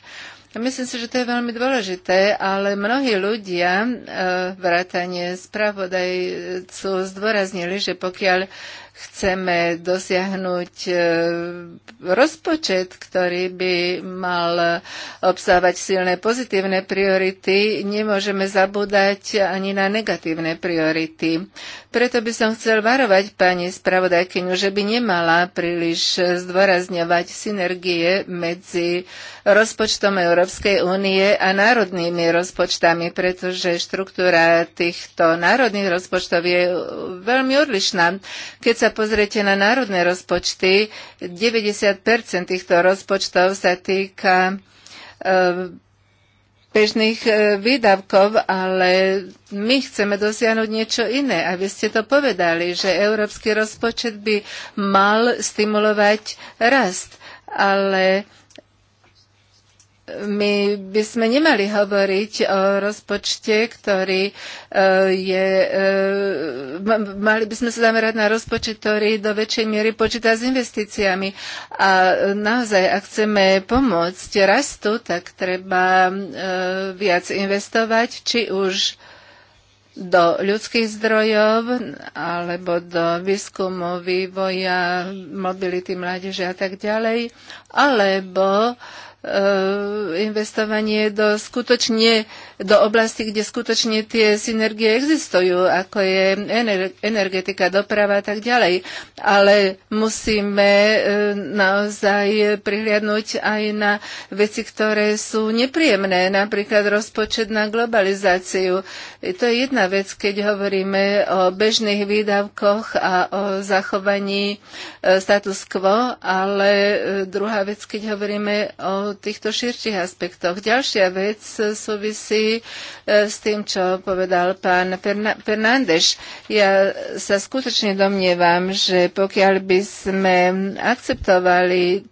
Myslím si, že to je veľmi dôležité, ale mnohí ľudia, e, vrátanie spravodajcu, zdôraznili, že pokiaľ chceme dosiahnuť e, rozpočet, ktorý by mal obsávať silné pozitívne priority, nemôžeme zabúdať ani na negatívne priority. Preto by som chcel varovať pani spravodajkyňu, že by nemala príliš zdôrazňovať synergie medzi rozpočtom Európskej únie a národnými rozpočtami, pretože štruktúra týchto národných rozpočtov je veľmi odlišná. Keď sa pozriete na národné rozpočty, 90% týchto rozpočtov sa týka e, bežných e, výdavkov, ale my chceme dosiahnuť niečo iné. A vy ste to povedali, že európsky rozpočet by mal stimulovať rast. Ale my by sme nemali hovoriť o rozpočte, ktorý eh, je... Eh, mali by sme sa zamerať na rozpočet, ktorý do väčšej miery počíta s investíciami. A naozaj, ak chceme pomôcť rastu, tak treba eh, viac investovať, či už do ľudských zdrojov alebo do výskumu, vývoja, mobility mládeže a tak ďalej, alebo uh, E, investovanie do skutočne, do oblasti, kde skutočne tie synergie existujú, ako je energetika, doprava a tak ďalej. Ale musíme e, naozaj prihliadnúť aj na veci, ktoré sú nepríjemné, napríklad rozpočet na globalizáciu. To je jedna vec, keď hovoríme o bežných výdavkoch a o zachovaní e, status quo, ale druhá vec, keď hovoríme o o týchto širších aspektoch. Ďalšia vec súvisí e, s tým, čo povedal pán Fernández. Ja sa skutočne domnievam, že pokiaľ by sme akceptovali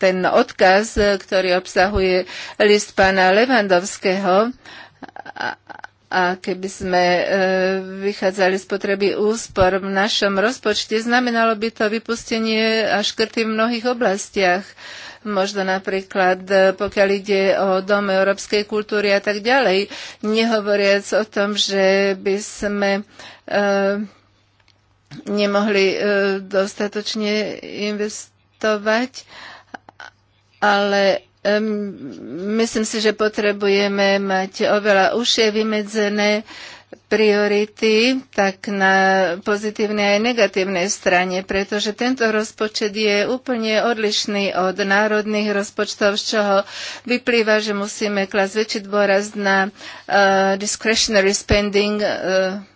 ten odkaz, ktorý obsahuje list pána Levandovského, a keby sme e, vychádzali z potreby úspor v našom rozpočte, znamenalo by to vypustenie a škrty v mnohých oblastiach možno napríklad e, pokiaľ ide o Dom európskej kultúry a tak ďalej, nehovoriac o tom, že by sme e, nemohli e, dostatočne investovať, ale myslím si, že potrebujeme mať oveľa užšie vymedzené e, priority, tak na pozitívnej aj negatívnej strane, pretože tento rozpočet je úplne odlišný od národných rozpočtov, z čoho vyplýva, že musíme klasť väčší dôraz na uh, discretionary spending, uh,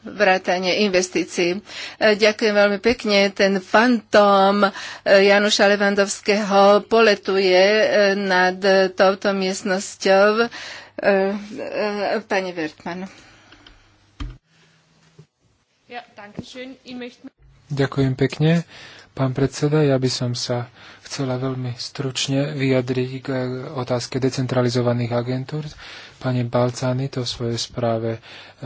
vrátanie investícií. Uh, ďakujem veľmi pekne. Ten fantóm uh, Januša Levandovského poletuje uh, nad touto miestnosťou. Uh, uh, pani Wertmann. Ďakujem pekne. Pán predseda, ja by som sa chcela veľmi stručne vyjadriť k otázke decentralizovaných agentúr. Pani Balcány to v svojej správe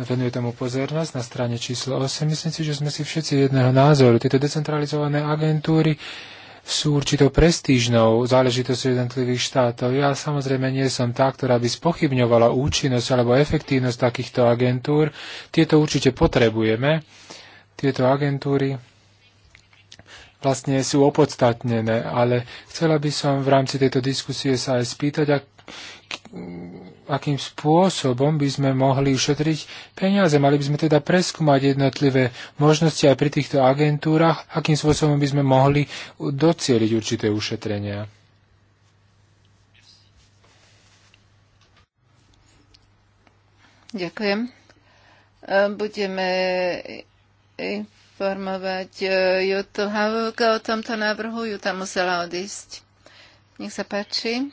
venuje tomu pozornosť na strane číslo 8. Myslím si, že sme si všetci jedného názoru. Tieto decentralizované agentúry sú určitou prestížnou záležitosťou jednotlivých štátov. Ja samozrejme nie som tá, ktorá by spochybňovala účinnosť alebo efektívnosť takýchto agentúr. Tieto určite potrebujeme. Tieto agentúry vlastne sú opodstatnené, ale chcela by som v rámci tejto diskusie sa aj spýtať, ak Mm, akým spôsobom by sme mohli ušetriť peniaze. Mali by sme teda preskúmať jednotlivé možnosti aj pri týchto agentúrach, akým spôsobom by sme mohli docieliť určité ušetrenia. Ďakujem. E, budeme informovať e, Jutu Havlka o tomto návrhu. Juta musela odísť. Nech sa páči.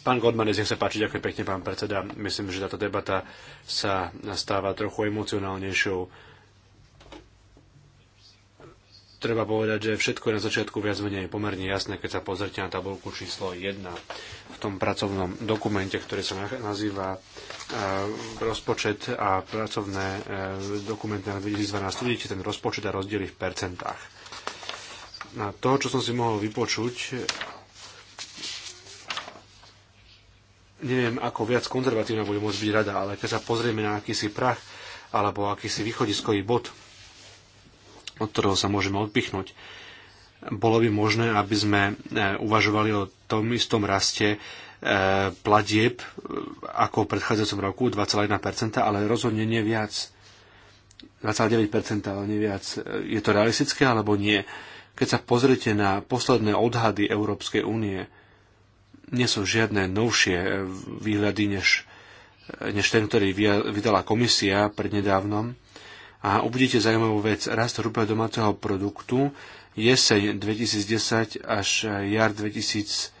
Pán Godman, nech sa páči, ďakujem pekne, pán predseda. Myslím, že táto debata sa stáva trochu emocionálnejšou. Treba povedať, že všetko je na začiatku viac menej pomerne jasné, keď sa pozrite na tabulku číslo 1 v tom pracovnom dokumente, ktorý sa nazýva e, rozpočet a pracovné e, dokumenty na 2012. Vidíte ten rozpočet a rozdiely v percentách. Na to, čo som si mohol vypočuť neviem, ako viac konzervatívna bude môcť byť rada, ale keď sa pozrieme na akýsi prach alebo akýsi východiskový bod, od ktorého sa môžeme odpichnúť, bolo by možné, aby sme e, uvažovali o tom istom raste e, platieb e, ako v predchádzajúcom roku 2,1%, ale rozhodne nie viac. 2,9%, ale nie viac. Je to realistické alebo nie? Keď sa pozrite na posledné odhady Európskej únie, nie sú žiadne novšie e, výhľady, než, e, než ten, ktorý vydala komisia prednedávnom. A uvidíte zaujímavú vec. Rast hrubého domáceho produktu jeseň 2010 až e, jar 2010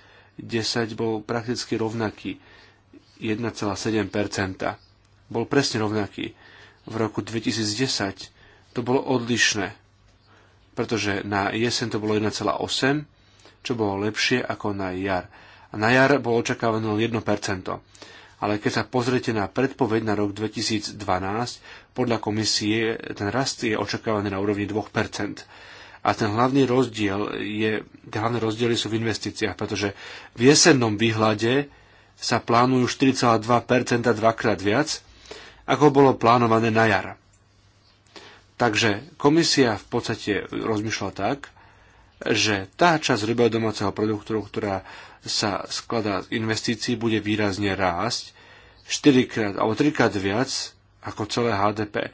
bol prakticky rovnaký. 1,7%. Bol presne rovnaký. V roku 2010 to bolo odlišné, pretože na jeseň to bolo 1,8, čo bolo lepšie ako na jar na jar bolo očakávané len 1%. Ale keď sa pozriete na predpoveď na rok 2012, podľa komisie ten rast je očakávaný na úrovni 2%. A ten hlavný rozdiel je, tie hlavné rozdiely sú v investíciách, pretože v jesennom výhľade sa plánujú 4,2% dvakrát viac, ako bolo plánované na jar. Takže komisia v podstate rozmýšľa tak, že tá časť hrubého domáceho produktu, ktorá sa skladá z investícií, bude výrazne rásť 4 krát alebo 3 krát viac ako celé HDP.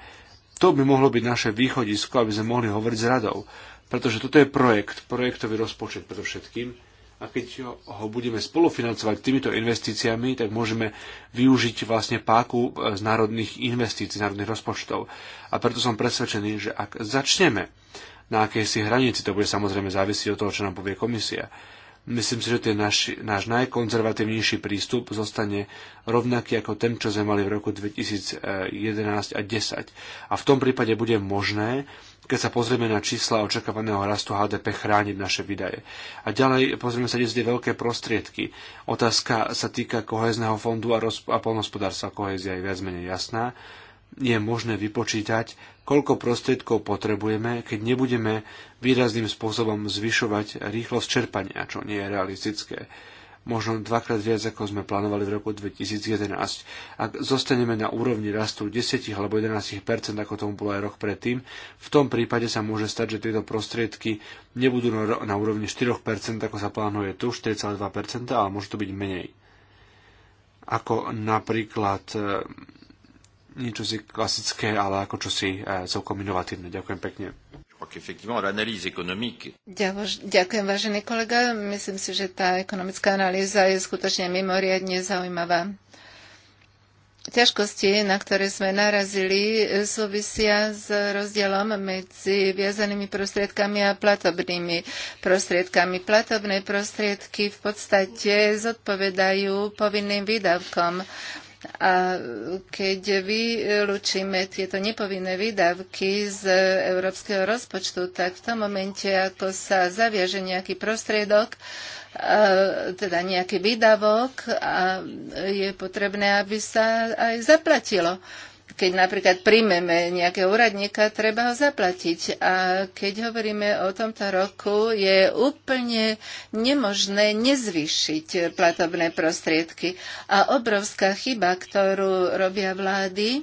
To by mohlo byť naše východisko, aby sme mohli hovoriť s radou. Pretože toto je projekt, projektový rozpočet všetkým. a keď ho budeme spolufinancovať týmito investíciami, tak môžeme využiť vlastne páku e, z národných investícií, národných rozpočtov. A preto som presvedčený, že ak začneme na akejsi hranici. To bude samozrejme závisieť od toho, čo nám povie komisia. Myslím si, že ten náš, náš najkonzervatívnejší prístup zostane rovnaký ako ten, čo sme mali v roku 2011 a 10. A v tom prípade bude možné, keď sa pozrieme na čísla očakávaného rastu HDP, chrániť naše výdaje. A ďalej pozrieme sa, kde sú veľké prostriedky. Otázka sa týka kohezného fondu a, rozp- a polnospodárstva. Kohézia je viac menej jasná. Je možné vypočítať, koľko prostriedkov potrebujeme, keď nebudeme výrazným spôsobom zvyšovať rýchlosť čerpania, čo nie je realistické. Možno dvakrát viac, ako sme plánovali v roku 2011. Ak zostaneme na úrovni rastu 10 alebo 11 ako tomu bolo aj rok predtým, v tom prípade sa môže stať, že tieto prostriedky nebudú na úrovni 4 ako sa plánuje tu, 4,2 ale môže to byť menej. Ako napríklad niečo si klasické, ale ako čosi e, celkom inovatívne. Ďakujem pekne. Ďakujem, vážený kolega. Myslím si, že tá ekonomická analýza je skutočne mimoriadne zaujímavá. Ťažkosti, na ktoré sme narazili, súvisia s rozdielom medzi viazanými prostriedkami a platobnými prostriedkami. Platobné prostriedky v podstate zodpovedajú povinným výdavkom a keď vylúčime tieto nepovinné výdavky z európskeho rozpočtu, tak v tom momente, ako sa zaviaže nejaký prostriedok, teda nejaký výdavok a je potrebné, aby sa aj zaplatilo keď napríklad príjmeme nejakého úradníka, treba ho zaplatiť. A keď hovoríme o tomto roku, je úplne nemožné nezvýšiť platobné prostriedky. A obrovská chyba, ktorú robia vlády, e,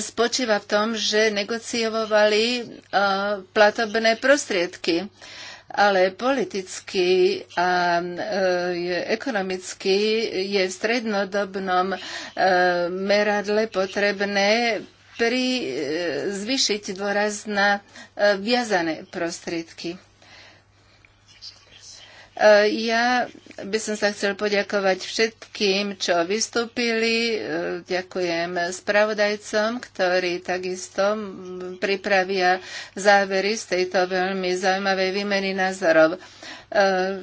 spočíva v tom, že negociovali e, platobné prostriedky ale politicky a e, ekonomicky je v strednodobnom e, meradle potrebné pri e, zvyšiť dôraz na viazané prostriedky. Ja by som sa chcel poďakovať všetkým, čo vystúpili. Ďakujem spravodajcom, ktorí takisto pripravia závery z tejto veľmi zaujímavej výmeny názorov. E,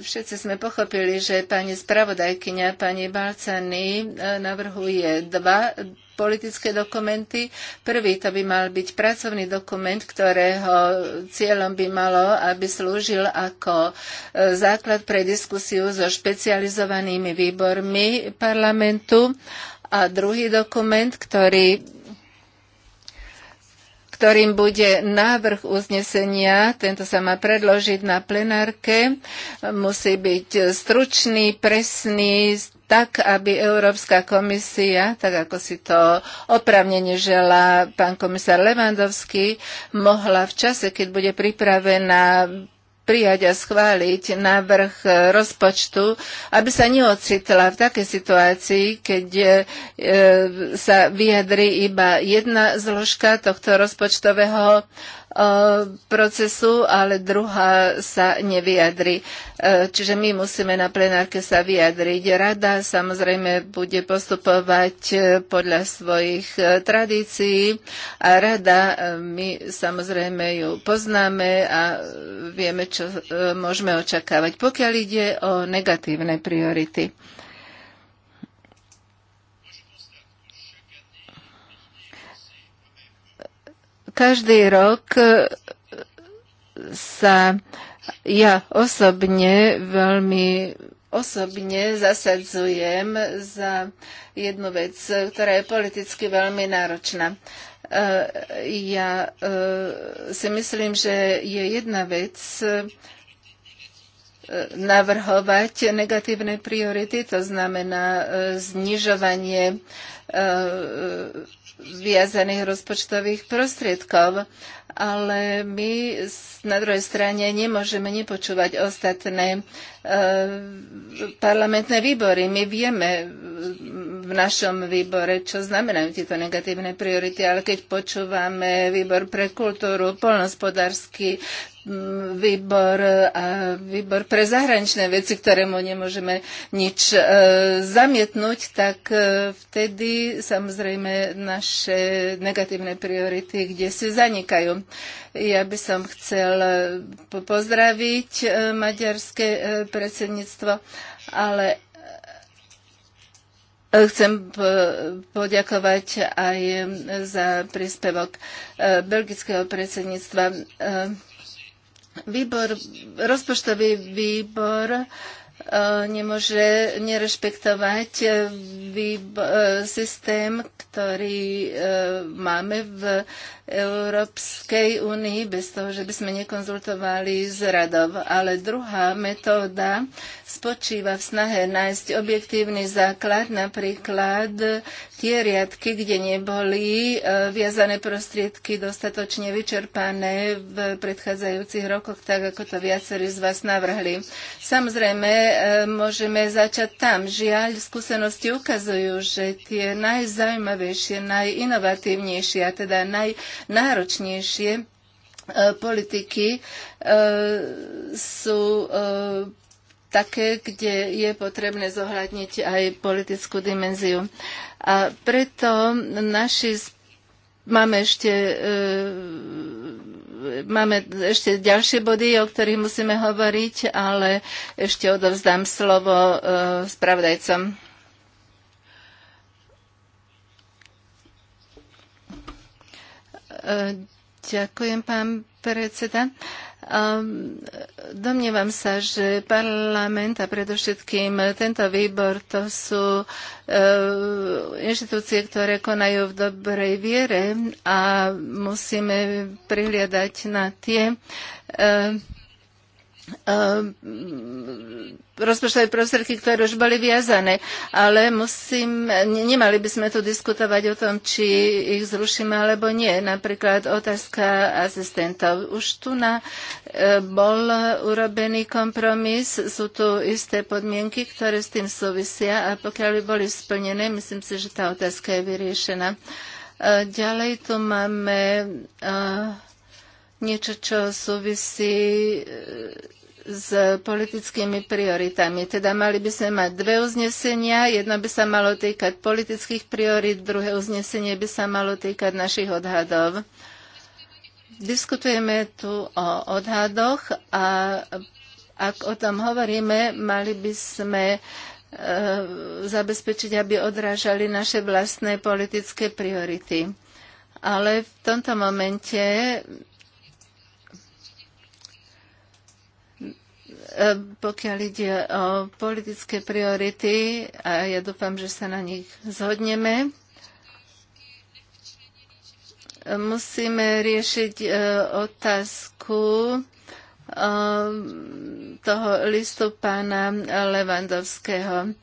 všetci sme pochopili, že pani spravodajkyňa, pani Balcany e, navrhuje dva politické dokumenty. Prvý to by mal byť pracovný dokument, ktorého cieľom by malo, aby slúžil ako e, základ pre diskusiu so špecializovanými výbormi parlamentu. A druhý dokument, ktorý ktorým bude návrh uznesenia, tento sa má predložiť na plenárke, musí byť stručný, presný, s tak, aby Európska komisia, tak ako si to opravnene želá pán komisár Levandovský, mohla v čase, keď bude pripravená prijať a schváliť návrh rozpočtu, aby sa neocitla v takej situácii, keď e, sa vyjadri iba jedna zložka tohto rozpočtového Eh, procesu, ale druhá sa nevyjadri. Eh, čiže my musíme na plenárke sa vyjadriť. Rada samozrejme bude postupovať eh, podľa svojich tradícií a rada, my samozrejme ju poznáme a vieme, čo môžeme očakávať, pokiaľ ide o negatívne priority. Každý rok e, sa ja osobne veľmi osobne zasadzujem za jednu vec, ktorá je politicky veľmi náročná. E, ja e, si myslím, že je jedna vec navrhovať negatívne priority, to znamená znižovanie viazaných rozpočtových prostriedkov ale my na druhej strane nemôžeme nepočúvať ostatné e, parlamentné výbory. My vieme e, v našom výbore, čo znamenajú tieto negatívne priority, ale keď počúvame výbor pre kultúru, polnospodársky výbor e, a výbor pre zahraničné veci, ktorému nemôžeme nič e, zamietnúť, tak e, vtedy samozrejme naše negatívne priority kde si zanikajú. Ja by som chcel eh, pozdraviť eh, maďarské eh, predsedníctvo, ale Chcem poďakovať aj za príspevok belgického predsedníctva. Výbor, rozpočtový výbor nemôže nerešpektovať systém, ktorý máme v Európskej únii bez toho, že by sme nekonzultovali s radov. Ale druhá metóda spočíva v snahe nájsť objektívny základ, napríklad tie riadky, kde neboli e, viazané prostriedky dostatočne vyčerpané v predchádzajúcich rokoch, tak ako to viacerí z vás navrhli. Samozrejme, e, môžeme začať tam. Žiaľ, skúsenosti ukazujú, že tie najzaujímavejšie, najinovatívnejšie a teda naj náročnejšie e, politiky e, sú e, také, kde je potrebné zohľadniť aj politickú dimenziu. A preto naši máme ešte máme ešte ďalšie body, o ktorých musíme hovoriť, ale ešte odovzdám slovo spravodajcom. E, ďakujem, pán predseda. E, domnievam sa, že parlament a predovšetkým tento výbor to sú e, inštitúcie, ktoré konajú v dobrej viere a musíme prihliadať na tie Ehm, rozpočtové prostriedky, ktoré už boli viazané. Ale musím, nemali by sme tu diskutovať o tom, či ich zrušíme alebo nie. Napríklad otázka asistentov. Už tu na, e, bol urobený kompromis, sú tu isté podmienky, ktoré s tým súvisia a pokiaľ by boli splnené, myslím si, že tá otázka je vyriešená. E, ďalej tu máme uh, niečo, čo súvisí e, s politickými prioritami. Teda mali by sme mať dve uznesenia. Jedno by sa malo týkať politických priorit, druhé uznesenie by sa malo týkať našich odhadov. Diskutujeme tu o odhadoch a ak o tom hovoríme, mali by sme e, zabezpečiť, aby odrážali naše vlastné politické priority. Ale v tomto momente pokiaľ ide o politické priority, a ja dúfam, že sa na nich zhodneme, musíme riešiť e, otázku toho listu pána Levandovského.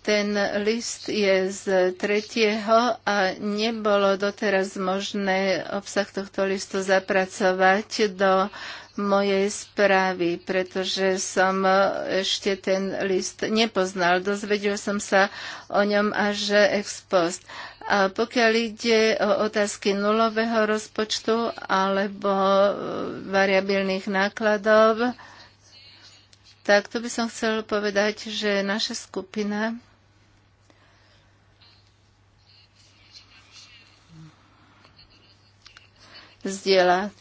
Ten list je z tretieho a nebolo doteraz možné obsah tohto listu zapracovať do mojej správy, pretože som ešte ten list nepoznal. Dozvedel som sa o ňom až ex post. A pokiaľ ide o otázky nulového rozpočtu alebo variabilných nákladov, tak to by som chcel povedať, že naša skupina zdieľa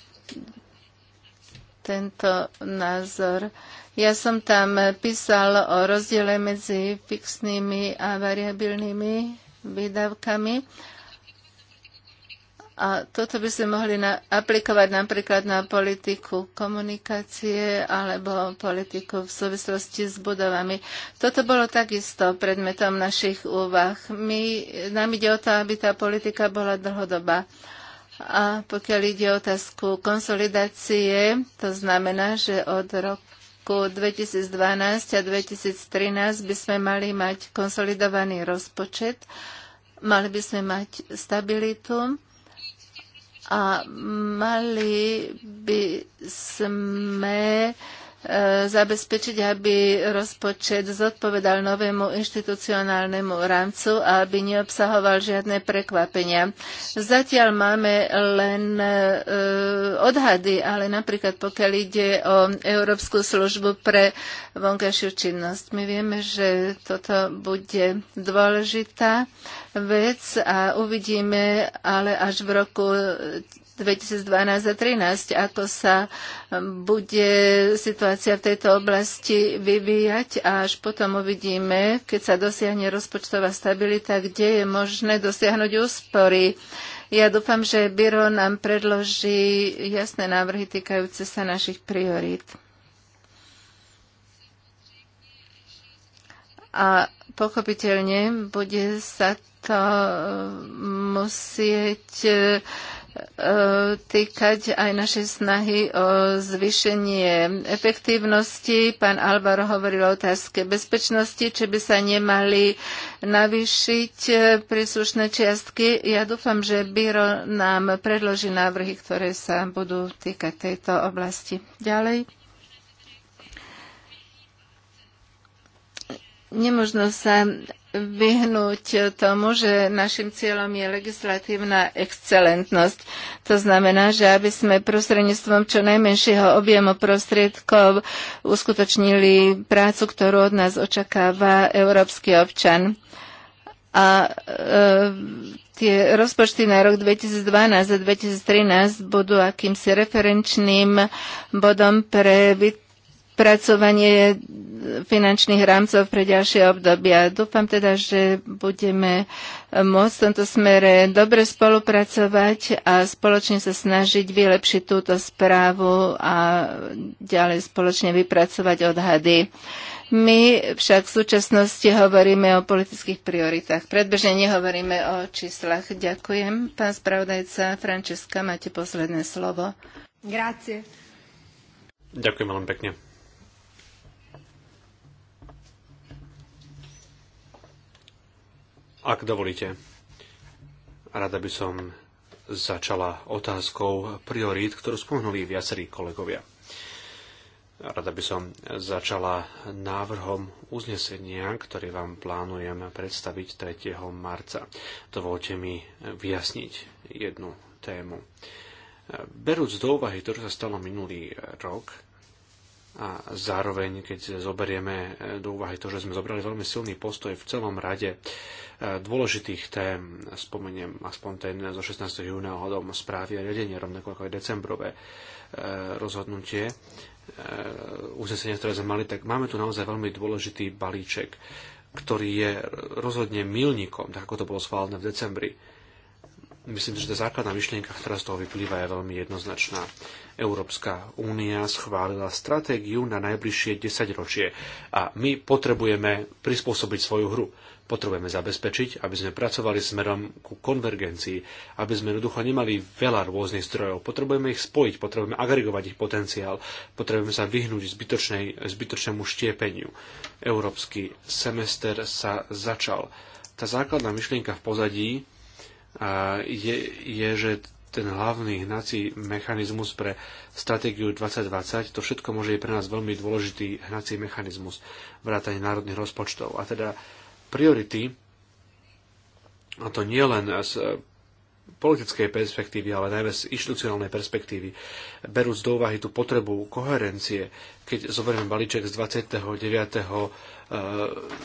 tento názor. Ja som tam písal o rozdiele medzi fixnými a variabilnými výdavkami. A toto by sme mohli na, aplikovať napríklad na politiku komunikácie alebo politiku v súvislosti s budovami. Toto bolo takisto predmetom našich úvah. My, nám ide o to, aby tá politika bola dlhodobá. Uh, a pokiaľ ide o otázku konsolidácie, to znamená, že od roku 2012 a 2013 by sme mali mať konsolidovaný rozpočet, mali by sme mať stabilitu a mali by sme E, zabezpečiť, aby rozpočet zodpovedal novému inštitucionálnemu rámcu a aby neobsahoval žiadne prekvapenia. Zatiaľ máme len e, odhady, ale napríklad pokiaľ ide o Európsku službu pre vonkajšiu činnosť. My vieme, že toto bude dôležitá vec a uvidíme ale až v roku 2012 a 2013, ako sa um, bude situácia v tejto oblasti vyvíjať a až potom uvidíme, keď sa dosiahne rozpočtová stabilita, kde je možné dosiahnuť úspory. Ja dúfam, že Biro nám predloží jasné návrhy týkajúce sa našich priorít. A pochopiteľne bude sa to uh, musieť uh, týkať aj naše snahy o zvýšenie efektívnosti. Pán Alvar hovoril o otázke bezpečnosti, či by sa nemali navýšiť eh, príslušné čiastky. Ja dúfam, že Biro nám predloží návrhy, ktoré sa budú týkať tejto oblasti. Ďalej. Nemožno sa vyhnúť tomu, že našim cieľom je legislatívna excelentnosť. To znamená, že aby sme prostredníctvom čo najmenšieho objemu prostriedkov uskutočnili prácu, ktorú od nás očakáva európsky občan. A e, tie rozpočty na rok 2012 a 2013 budú akýmsi referenčným bodom pre vyt- Spracovanie finančných rámcov pre ďalšie obdobia. Dúfam teda, že budeme môcť v tomto smere dobre spolupracovať a spoločne sa snažiť vylepšiť túto správu a ďalej spoločne vypracovať odhady. My však v súčasnosti hovoríme o politických prioritách. Predbežne nehovoríme o číslach. Ďakujem. Pán spravodajca Frančeska, máte posledné slovo. Grazie. Ďakujem veľmi pekne. Ak dovolíte, rada by som začala otázkou priorít, ktorú spomenuli viacerí kolegovia. Rada by som začala návrhom uznesenia, ktorý vám plánujem predstaviť 3. marca. Dovolte mi vyjasniť jednu tému. Berúc do úvahy to, čo sa stalo minulý rok, a zároveň, keď zoberieme e, do úvahy to, že sme zobrali veľmi silný postoj v celom rade e, dôležitých tém, spomeniem aspoň ten zo 16. júna ohľadom správy a riadenia, rovnako ako aj decembrové e, rozhodnutie, uznesenia, ktoré sme mali, tak máme tu naozaj veľmi dôležitý balíček, ktorý je rozhodne milníkom, tak ako to bolo schválené v decembri Myslím, že tá základná myšlienka, ktorá z toho vyplýva, je veľmi jednoznačná. Európska únia schválila stratégiu na najbližšie 10 ročie a my potrebujeme prispôsobiť svoju hru. Potrebujeme zabezpečiť, aby sme pracovali smerom ku konvergencii, aby sme jednoducho nemali veľa rôznych zdrojov. Potrebujeme ich spojiť, potrebujeme agregovať ich potenciál, potrebujeme sa vyhnúť zbytočnému štiepeniu. Európsky semester sa začal. Tá základná myšlienka v pozadí je, je že ten hlavný hnací mechanizmus pre stratégiu 2020, to všetko môže je pre nás veľmi dôležitý hnací mechanizmus vrátane národných rozpočtov. A teda priority, a to nie len z politickej perspektívy, ale najmä z inštitucionálnej perspektívy, berú do úvahy tú potrebu koherencie, keď zoberieme balíček z 29 Eh,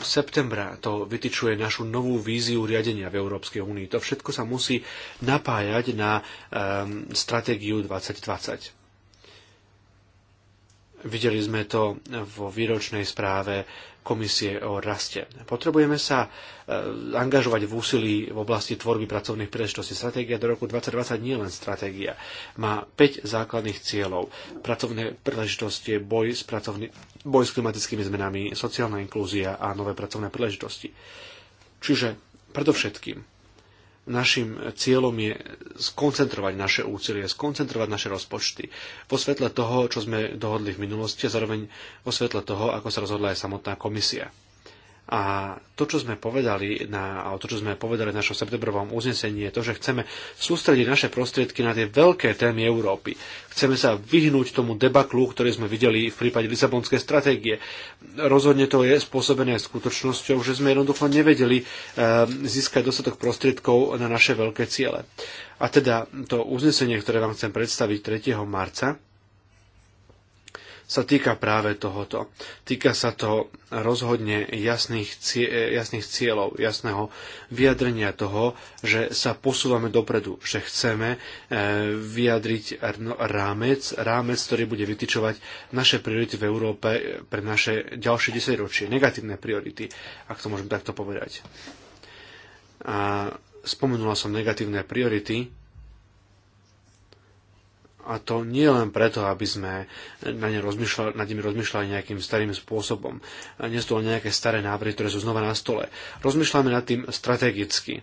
septembra to vytyčuje našu novú víziu riadenia v Európskej únii. To všetko sa musí napájať na ehm, stratégiu 2020. Videli sme to vo výročnej správe komisie o raste. Potrebujeme sa eh, angažovať v úsilí v oblasti tvorby pracovných príležitostí. Stratégia do roku 2020 nie je len stratégia. Má 5 základných cieľov. Pracovné príležitosti, boj s, pracovný, boj s klimatickými zmenami, sociálna inklúzia a nové pracovné príležitosti. Čiže predovšetkým našim cieľom je skoncentrovať naše úsilie, skoncentrovať naše rozpočty vo svetle toho, čo sme dohodli v minulosti a zároveň vo svetle toho, ako sa rozhodla aj samotná komisia. A to, čo sme povedali na, a to, čo sme povedali v našom septembrovom uznesení, je to, že chceme sústrediť naše prostriedky na tie veľké témy Európy. Chceme sa vyhnúť tomu debaklu, ktorý sme videli v prípade Lisabonskej stratégie. Rozhodne to je spôsobené skutočnosťou, že sme jednoducho nevedeli eh, získať dostatok prostriedkov na naše veľké ciele. A teda to uznesenie, ktoré vám chcem predstaviť 3. marca, sa týka práve tohoto. Týka sa to rozhodne jasných, jasných cieľov, jasného vyjadrenia toho, že sa posúvame dopredu, že chceme e, vyjadriť rámec, rámec, ktorý bude vytičovať naše priority v Európe e, pre naše ďalšie 10 ročie, negatívne priority, ak to môžem takto povedať. A spomenula som negatívne priority, a to nie len preto, aby sme na ne rozmýšľali, nad nimi rozmýšľali nejakým starým spôsobom. Nie sú to nejaké staré návrhy, ktoré sú znova na stole. Rozmýšľame nad tým strategicky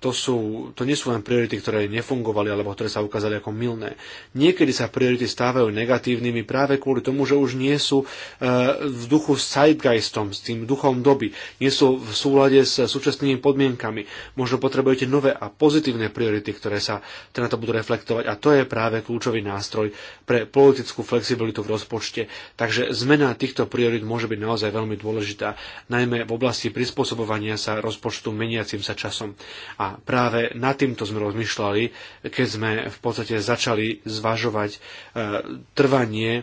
to, sú, to nie sú len priority, ktoré nefungovali alebo ktoré sa ukázali ako milné. Niekedy sa priority stávajú negatívnymi práve kvôli tomu, že už nie sú e, v duchu s zeitgeistom, s tým duchom doby, nie sú v súlade s súčasnými podmienkami. Možno potrebujete nové a pozitívne priority, ktoré sa na teda to budú reflektovať a to je práve kľúčový nástroj pre politickú flexibilitu v rozpočte. Takže zmena týchto priorit môže byť naozaj veľmi dôležitá, najmä v oblasti prispôsobovania sa rozpočtu meniacim sa časom časom. A práve nad týmto sme rozmýšľali, keď sme v podstate začali zvažovať e, trvanie e,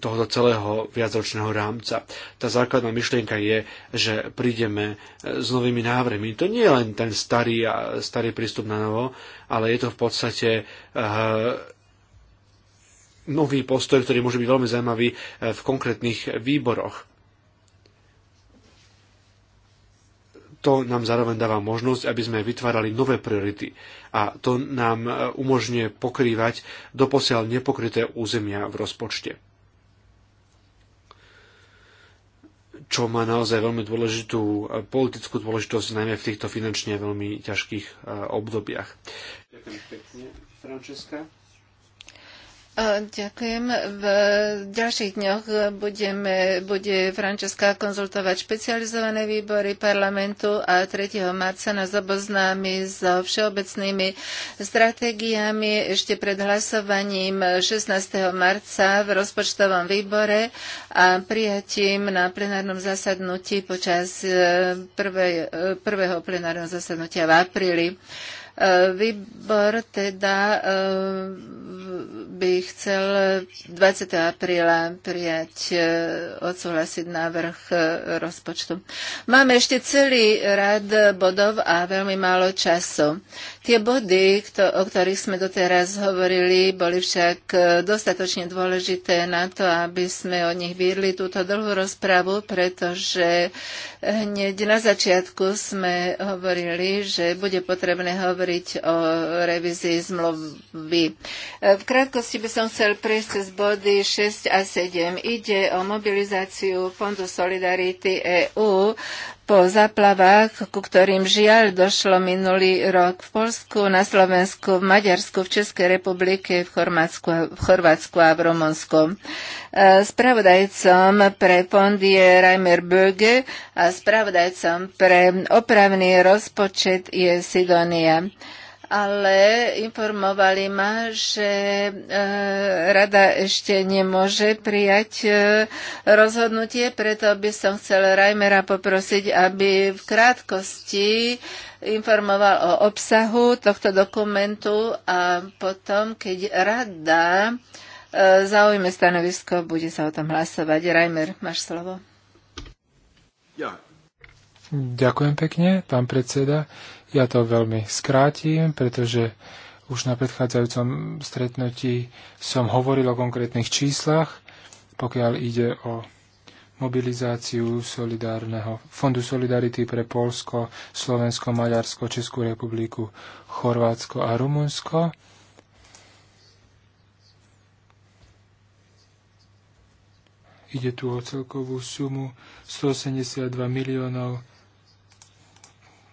tohoto celého viacročného rámca. Tá základná myšlienka je, že prídeme e, s novými návrhmi. To nie je len ten starý, starý prístup na novo, ale je to v podstate nový postoj, ktorý môže byť veľmi zaujímavý v konkrétnych výboroch. to nám zároveň dáva možnosť, aby sme vytvárali nové priority a to nám e, umožňuje pokrývať doposiaľ nepokryté územia v rozpočte. čo má naozaj veľmi dôležitú e, politickú dôležitosť, najmä v týchto finančne veľmi ťažkých e, obdobiach. Ďakujem pekne, Frančeska. Ďakujem. V ďalších dňoch budeme, bude Frančeska konzultovať špecializované výbory parlamentu a 3. marca nás oboznámi so všeobecnými stratégiami ešte pred hlasovaním 16. marca v rozpočtovom výbore a prijatím na plenárnom zasadnutí počas eh, eh, prvého plenárneho zasadnutia v apríli. E, výbor teda e, by chcel 20. apríla prijať, e, odsúhlasiť návrh rozpočtu. Máme ešte celý rad bodov a veľmi málo času. Tie body, o ktorých sme doteraz hovorili, boli však dostatočne dôležité na to, aby sme o nich viedli túto dlhú rozpravu, pretože hneď na začiatku sme hovorili, že bude potrebné hovoriť hovoriť o revizii zmluvy. E, v krátkosti by som chcel prejsť cez body 6 a 7. Ide o mobilizáciu Fondu Solidarity EU po zaplavách, ku ktorým žiaľ došlo minulý rok v Polsku, na Slovensku, v Maďarsku, v Českej republike, v Chorvátsku, v Chorvátsku a v Rumunsku. E, spravodajcom pre fond je Reimer Böge a spravodajcom pre opravný rozpočet je Sidonia ale informovali ma, že e, rada ešte nemôže prijať e, rozhodnutie, preto by som chcel Reimera poprosiť, aby v krátkosti informoval o obsahu tohto dokumentu a potom, keď rada e, zaujme stanovisko, bude sa o tom hlasovať. Reimer, máš slovo. Ja. Ďakujem pekne, pán predseda. Ja to veľmi skrátim, pretože už na predchádzajúcom stretnutí som hovoril o konkrétnych číslach, pokiaľ ide o mobilizáciu solidárneho, Fondu Solidarity pre Polsko, Slovensko, Maďarsko, Českú republiku, Chorvátsko a Rumunsko. Ide tu o celkovú sumu 182 miliónov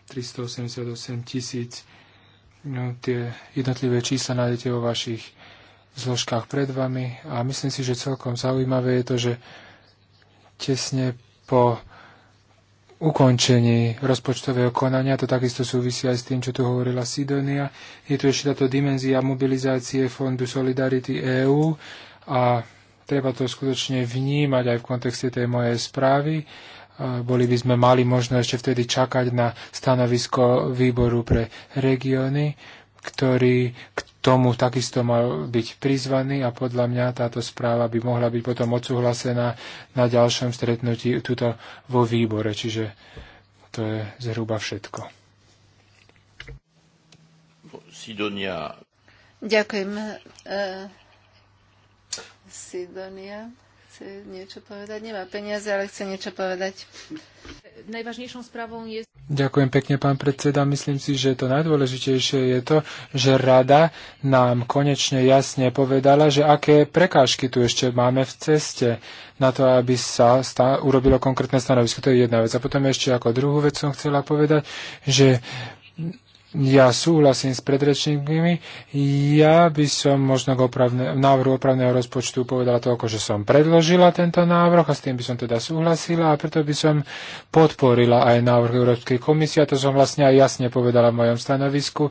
388 tisíc. No, tie jednotlivé čísla nájdete vo vašich zložkách pred vami a myslím si, že celkom zaujímavé je to, že tesne po ukončení rozpočtového konania, to takisto súvisí aj s tým, čo tu hovorila Sidonia, je tu ešte táto dimenzia mobilizácie Fondu Solidarity EÚ a treba to skutočne vnímať aj v kontexte tej mojej správy boli by sme mali možno ešte vtedy čakať na stanovisko výboru pre regióny, ktorý k tomu takisto mal byť prizvaný a podľa mňa táto správa by mohla byť potom odsúhlasená na ďalšom stretnutí tuto vo výbore. Čiže to je zhruba všetko. Sidonia. Ďakujem. Uh, Sidonia chce niečo povedať. Nemá peniaze, ale chce niečo povedať. Najvážnejšou správou je... Ďakujem pekne, pán predseda. Myslím si, že to najdôležitejšie je to, že rada nám konečne jasne povedala, že aké prekážky tu ešte máme v ceste na to, aby sa urobilo konkrétne stanovisko. To je jedna vec. A potom ešte ako druhú vec som chcela povedať, že ja súhlasím s predrečníkmi. Ja by som možno k opravne, návrhu opravného rozpočtu povedala toľko, že som predložila tento návrh a s tým by som teda súhlasila a preto by som podporila aj návrh Európskej komisie a to som vlastne aj jasne povedala v mojom stanovisku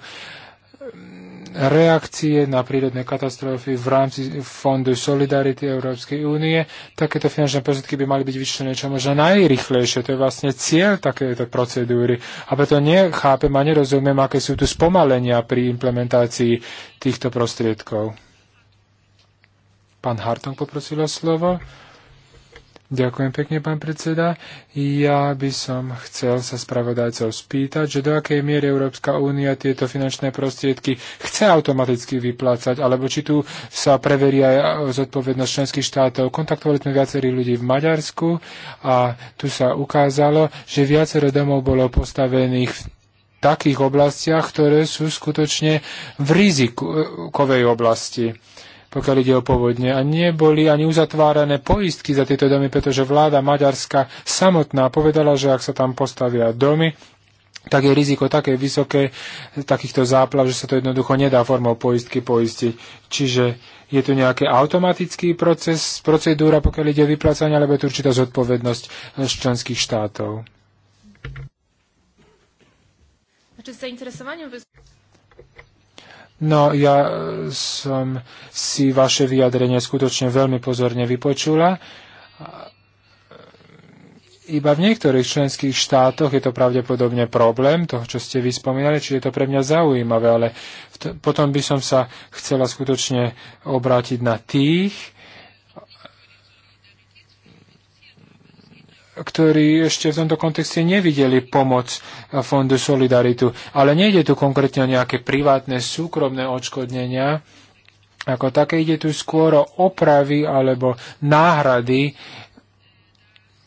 reakcie na prírodné katastrofy v rámci Fondu Solidarity Európskej únie. Takéto finančné prostriedky by mali byť vyčlené čo možno najrychlejšie. To je vlastne cieľ takéto procedúry. A preto nechápem a nerozumiem, aké sú tu spomalenia pri implementácii týchto prostriedkov. Pán Hartong poprosil o slovo. Ďakujem pekne, pán predseda. Ja by som chcel sa spravodajcov spýtať, že do akej miery Európska únia tieto finančné prostriedky chce automaticky vyplácať, alebo či tu sa preveria zodpovednosť členských štátov. Kontaktovali sme viacerých ľudí v Maďarsku a tu sa ukázalo, že viacero domov bolo postavených v takých oblastiach, ktoré sú skutočne v rizikovej eh, oblasti pokiaľ ide o povodne. A neboli ani uzatvárané poistky za tieto domy, pretože vláda maďarská samotná povedala, že ak sa tam postavia domy, tak je riziko také vysoké takýchto záplav, že sa to jednoducho nedá formou poistky poistiť. Čiže je tu nejaký automatický proces, procedúra, pokiaľ ide o vyplácanie, alebo je tu určitá zodpovednosť z členských štátov. No, ja eh, som si vaše vyjadrenie skutočne veľmi pozorne vypočula. Eh, iba v niektorých členských štátoch je to pravdepodobne problém, toho, čo ste vyspomínali, čiže je to pre mňa zaujímavé, ale potom by som sa chcela skutočne obrátiť na tých, ktorí ešte v tomto kontexte nevideli pomoc Fondu Solidaritu. Ale nejde tu konkrétne o nejaké privátne, súkromné odškodnenia, ako také ide tu skôr o opravy alebo náhrady,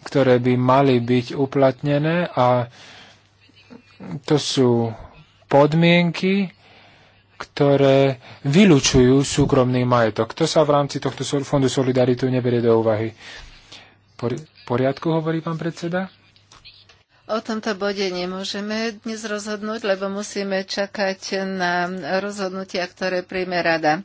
ktoré by mali byť uplatnené a to sú podmienky, ktoré vylučujú súkromný majetok. To sa v rámci tohto Fondu Solidaritu neberie do úvahy poriadku, hovorí pán predseda. O tomto bode nemôžeme dnes rozhodnúť, lebo musíme čakať na rozhodnutia, ktoré príjme rada.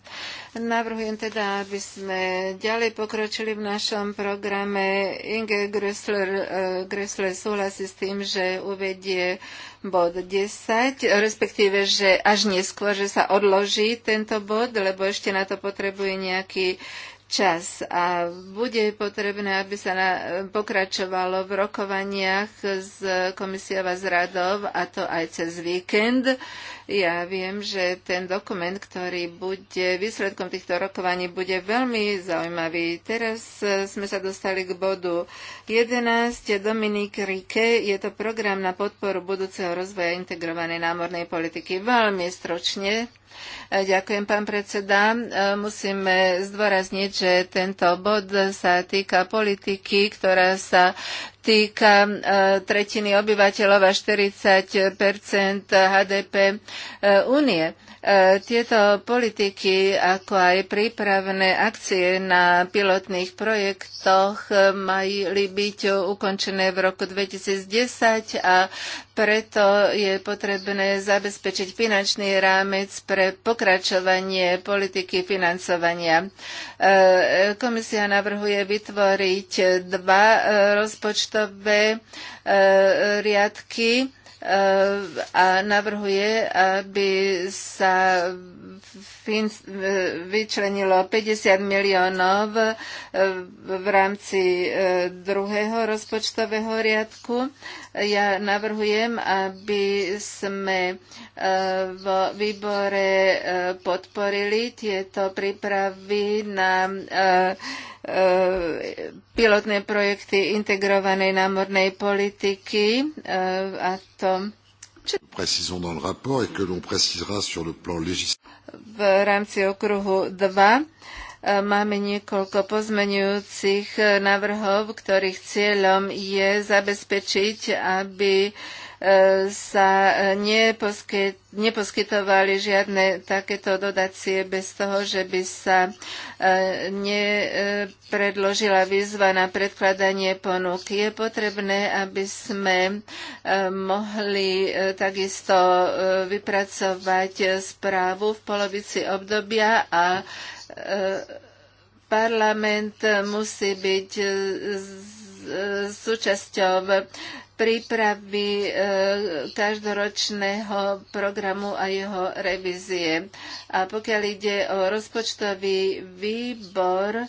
Navrhujem teda, aby sme ďalej pokročili v našom programe. Inge Gressler, eh, Gressler súhlasí s tým, že uvedie bod 10, respektíve, že až neskôr, že sa odloží tento bod, lebo ešte na to potrebuje nejaký čas a bude potrebné, aby sa na, pokračovalo v rokovaniach s komisiou a s radov, a to aj cez víkend. Ja viem, že ten dokument, ktorý bude výsledkom týchto rokovaní, bude veľmi zaujímavý. Teraz e, sme sa dostali k bodu 11. Dominik Rike. Je to program na podporu budúceho rozvoja integrovanej námornej politiky. Veľmi stručne. E, ďakujem, pán predseda. E, musíme zdôrazniť, že tento bod sa týka politiky, ktorá sa týka e, tretiny obyvateľov a 40 HDP únie tieto politiky, ako aj prípravné akcie na pilotných projektoch, e, mali byť ukončené v roku 2010 a preto je potrebné zabezpečiť finančný rámec pre pokračovanie politiky financovania. E, komisia navrhuje vytvoriť dva e, rozpočtové e, riadky a navrhuje, aby sa vyčlenilo 50 miliónov e, v rámci e, druhého rozpočtového riadku. Ja navrhujem, aby sme e, vo výbore podporili tieto prípravy na E, pilotné projekty integrovanej námornej politiky e, a to V rámci okruhu 2 e, máme niekoľko pozmenujúcich návrhov, ktorých cieľom je zabezpečiť, aby uh, E, sa e, neposkytovali žiadne takéto dodacie bez toho, že by sa e, nepredložila výzva na predkladanie ponúk. Je potrebné, aby sme mohli takisto vypracovať správu v polovici obdobia a parlament musí byť súčasťou prípravy e, každoročného programu a jeho revízie. A pokiaľ ide o rozpočtový výbor,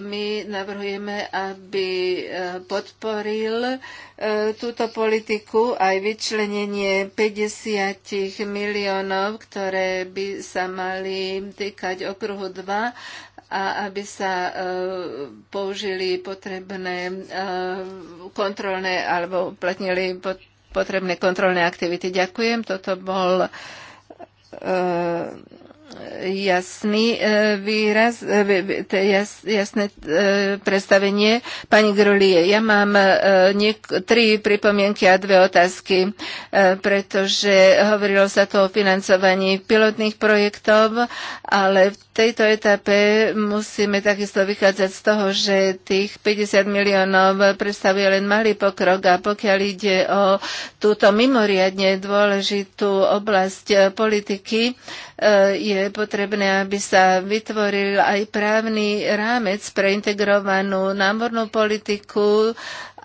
my navrhujeme, aby eh, podporil eh, túto politiku aj vyčlenenie 50 miliónov, ktoré by sa mali týkať okruhu 2 a aby sa eh, použili potrebné kontrolné alebo uplatnili potrebné kontrolné aktivity. Ďakujem. Toto bol jasný e, výraz, e, jasné e, predstavenie. Pani Grulie, ja mám niek- tri pripomienky a dve otázky, pretože hovorilo sa tu o financovaní pilotných projektov, ale v tejto etape musíme takisto vychádzať z toho, že tých 50 miliónov predstavuje len malý pokrok a pokiaľ ide o túto mimoriadne dôležitú oblasť politiky, Eh, je potrebné, aby sa vytvoril aj právny rámec pre integrovanú námornú politiku,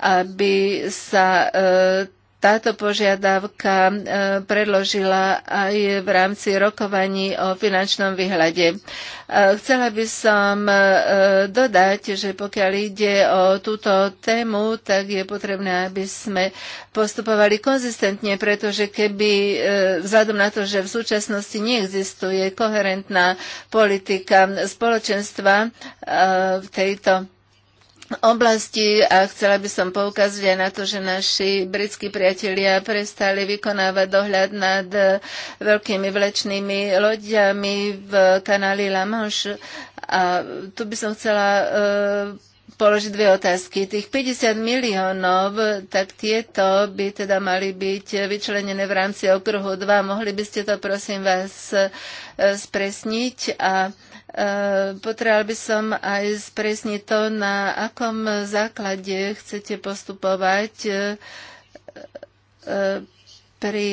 aby sa eh, táto požiadavka e, predložila aj v rámci rokovaní o finančnom výhľade. E, chcela by som e, dodať, že pokiaľ ide o túto tému, tak je potrebné, aby sme postupovali konzistentne, pretože keby vzhľadom na to, že v súčasnosti neexistuje koherentná politika spoločenstva v tejto oblasti a chcela by som poukázať aj na to, že naši britskí priatelia prestali vykonávať dohľad nad eh, veľkými vlečnými loďami v kanáli La Manche. A tu by som chcela eh, položiť dve otázky. Tých 50 miliónov, tak tieto by teda mali byť vyčlenené v rámci okruhu 2. Mohli by ste to, prosím vás, eh, spresniť a Eh, potreboval by som aj spresniť to, na akom základe chcete postupovať eh, eh, pri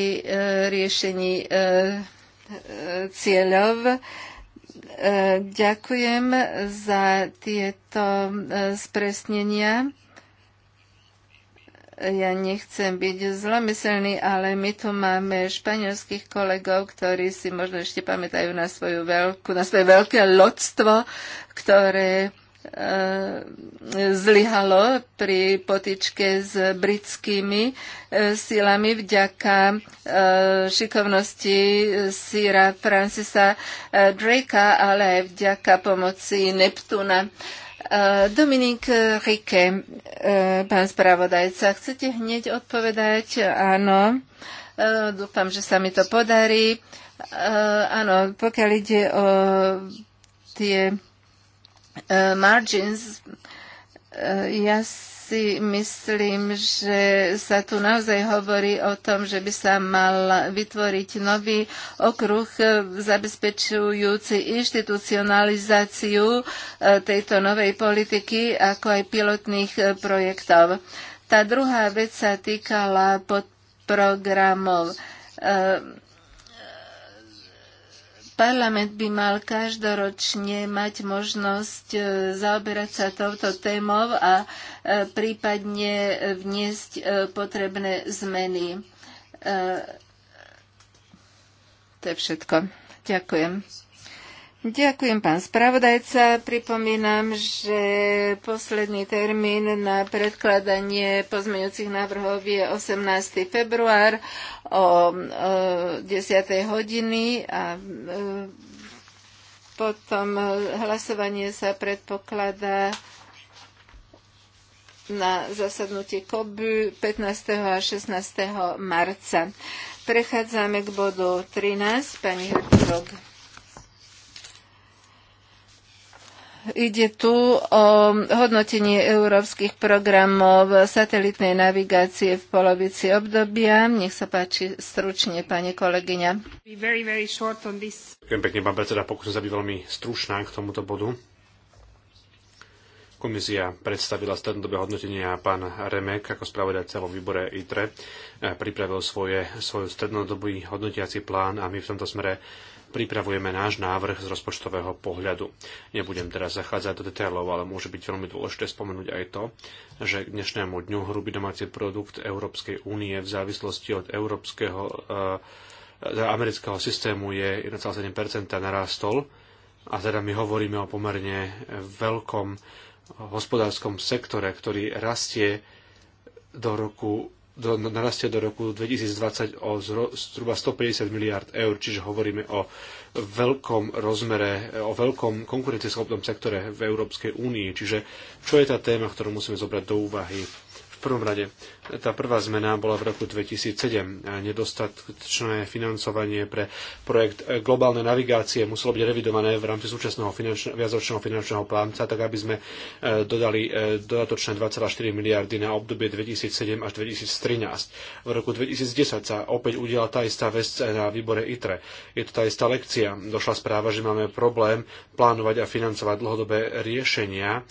riešení cieľov. Ďakujem za tieto spresnenia ja nechcem byť zlomyselný, ale my tu máme španielských kolegov, ktorí si možno ešte pamätajú na, svoju veľkú, na svoje veľké lodstvo, ktoré eh, zlyhalo pri potičke s britskými eh, silami vďaka eh, šikovnosti síra Francisa Drakea, ale aj vďaka pomoci Neptúna. Eh, Dominik Rike, eh, pán spravodajca, chcete hneď odpovedať? Áno. Eh, dúfam, že sa mi to podarí. Áno, pokiaľ ide o tie margins, ja si si myslím, že sa tu naozaj hovorí o tom, že by sa mal vytvoriť nový okruh zabezpečujúci inštitucionalizáciu e, tejto novej politiky, ako aj pilotných e, projektov. Tá druhá vec sa týkala podprogramov. programov e, Parlament by mal každoročne mať možnosť e, zaoberať sa touto témou a e, prípadne vniesť e, potrebné zmeny. To je všetko. Ďakujem. Ďakujem, pán spravodajca. Pripomínam, že posledný termín na predkladanie pozmeňujúcich návrhov je 18. február o 10. hodiny a e, potom hlasovanie sa predpokladá na zasadnutie KOBU 15. a 16. marca. Prechádzame k bodu 13. Pani Hertrog. Ide tu o hodnotenie európskych programov satelitnej navigácie v polovici obdobia. Nech sa páči stručne, pani kolegyňa. Ďakujem pekne, pán predseda. Pokúsim sa byť veľmi stručná k tomuto bodu. Komisia predstavila strednodobé hodnotenie a pán Remek ako spravodajca vo výbore ITRE pripravil svoje, svoj strednodobý hodnotiaci plán a my v tomto smere pripravujeme náš návrh z rozpočtového pohľadu. Nebudem teraz zachádzať do detailov, ale môže byť veľmi dôležité spomenúť aj to, že k dnešnému dňu hrubý domáci produkt Európskej únie v závislosti od európskeho e, e, amerického systému je 1,7% narastol a teda my hovoríme o pomerne veľkom hospodárskom sektore, ktorý rastie do roku do, narastie do roku 2020 o zro, zhruba 150 miliard eur, čiže hovoríme o veľkom rozmere, o veľkom konkurencieschopnom sektore v Európskej únii. Čiže čo je tá téma, ktorú musíme zobrať do úvahy prvom rade, tá prvá zmena bola v roku 2007. Nedostatočné financovanie pre projekt globálnej navigácie muselo byť revidované v rámci súčasného finančne, viacročného finančného plánca, tak aby sme e, dodali e, dodatočné 2,4 miliardy na obdobie 2007 až 2013. V roku 2010 sa opäť udiela tá istá vec na výbore ITRE. Je to tá istá lekcia. Došla správa, že máme problém plánovať a financovať dlhodobé riešenia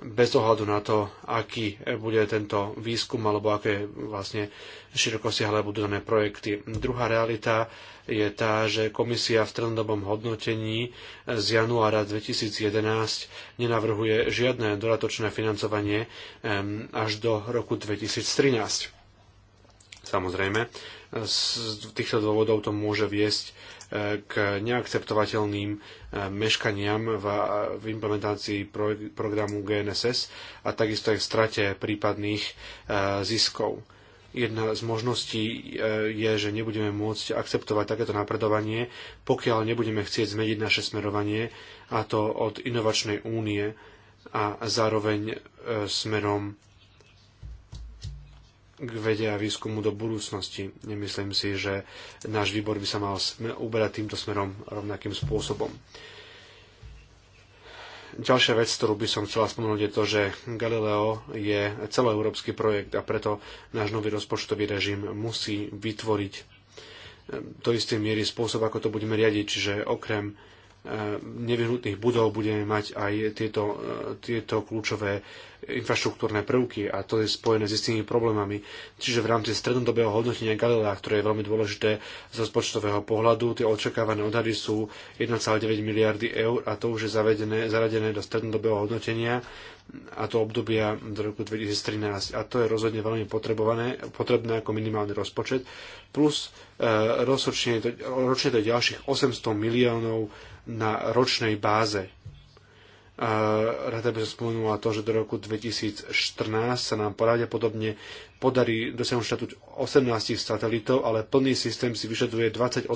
bez ohľadu na to, aký bude tento výskum alebo aké vlastne širokosiahle budú dané projekty. Druhá realita je tá, že komisia v trendobom hodnotení z januára 2011 nenavrhuje žiadne dodatočné financovanie až do roku 2013. Samozrejme, z týchto dôvodov to môže viesť k neakceptovateľným eh, meškaniam v, implementácii programu GNSS a takisto aj v strate prípadných eh, ziskov. Jedna z možností eh, je, že nebudeme môcť akceptovať takéto napredovanie, pokiaľ nebudeme chcieť zmeniť naše smerovanie, a to od inovačnej únie a zároveň smerom k vede a výskumu do budúcnosti. Nemyslím si, že náš výbor by sa mal uberať týmto smerom rovnakým spôsobom. Ďalšia vec, ktorú by som chcela spomenúť, je to, že Galileo je celoeurópsky projekt a preto náš nový rozpočtový režim musí vytvoriť to istej miery spôsob, ako to budeme riadiť, čiže okrem Eh, nevyhnutných budov budeme mať aj tieto, eh, tieto kľúčové infraštruktúrne prvky a to je spojené s istými problémami. Čiže v rámci strednodobého hodnotenia Galilea, ktoré je veľmi dôležité z rozpočtového pohľadu, tie očakávané odhady sú 1,9 miliardy eur a to už je zavedené, zaradené do strednodobého hodnotenia a to obdobia do roku 2013. A to je rozhodne veľmi potrebované, potrebné ako minimálny rozpočet. Plus e, eh, ročne, ročne to ďalších 800 miliónov na ročnej báze. Rada by som spomenula to, že do roku 2014 sa nám pravdepodobne podarí dosiahnuť štatút 18 satelitov, ale plný systém si vyžaduje 28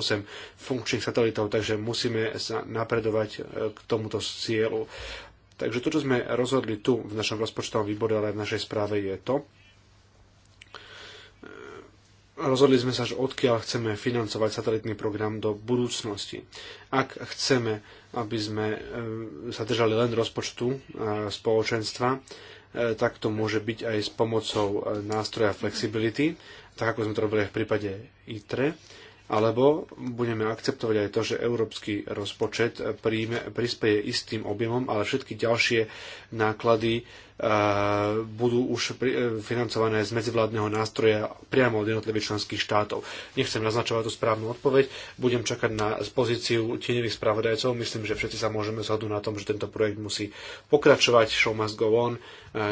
funkčných satelitov, takže musíme sa napredovať e, k tomuto cieľu. Takže to, čo sme rozhodli tu v našom rozpočtovom výbore, ale aj v našej správe, je to, rozhodli sme sa, že odkiaľ chceme financovať satelitný program do budúcnosti. Ak chceme, aby sme e, sa držali len rozpočtu e, spoločenstva, e, tak to môže byť aj s pomocou nástroja flexibility, tak ako sme to robili v prípade ITRE, alebo budeme akceptovať aj to, že európsky rozpočet príjme, prispieje istým objemom, ale všetky ďalšie náklady budú už e, financované z medzivládneho nástroja priamo od jednotlivých členských štátov. Nechcem naznačovať tú správnu odpoveď, budem čakať na pozíciu tieňových spravodajcov. Myslím, že všetci sa môžeme zhodnúť na tom, že tento projekt musí pokračovať, show must go on. E,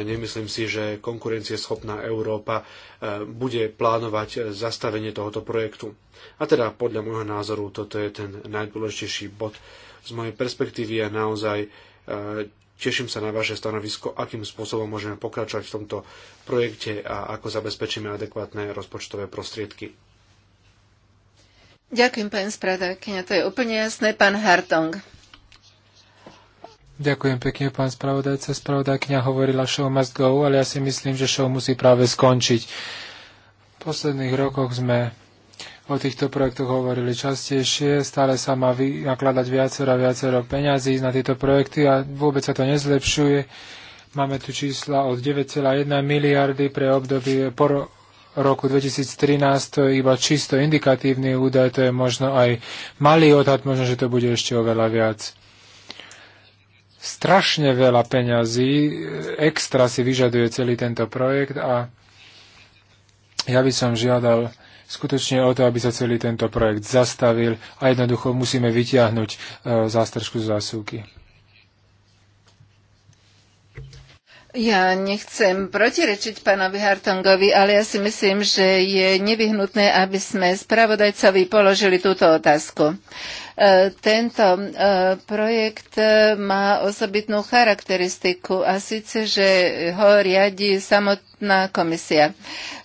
nemyslím si, že konkurencieschopná Európa e, bude plánovať zastavenie tohoto projektu. A teda podľa môjho názoru toto je ten najdôležitejší bod z mojej perspektívy a naozaj Teším sa na vaše stanovisko, akým spôsobom môžeme pokračovať v tomto projekte a ako zabezpečíme adekvátne rozpočtové prostriedky. Ďakujem, pani spravodajkyňa. To je úplne jasné. Pán Hartong. Ďakujem pekne, pán spravodajca. Spravodajkyňa hovorila, show must go, ale ja si myslím, že show musí práve skončiť. V posledných rokoch sme o týchto projektoch hovorili častejšie, stále sa má nakladať viacero a viacero peňazí na tieto projekty a vôbec sa to nezlepšuje. Máme tu čísla od 9,1 miliardy pre obdobie po roku 2013, to je iba čisto indikatívny údaj, to je možno aj malý odhad, možno, že to bude ešte oveľa viac. Strašne veľa peňazí, eh, extra si vyžaduje celý tento projekt a ja by som žiadal skutočne o to, aby sa celý tento projekt zastavil a jednoducho musíme vytiahnuť e, zástržku z zásuvky. Ja nechcem protirečiť pánovi Hartongovi, ale ja si myslím, že je nevyhnutné, aby sme spravodajcovi položili túto otázku. E, tento e, projekt e, má osobitnú charakteristiku a síce, že ho riadi samotná komisia.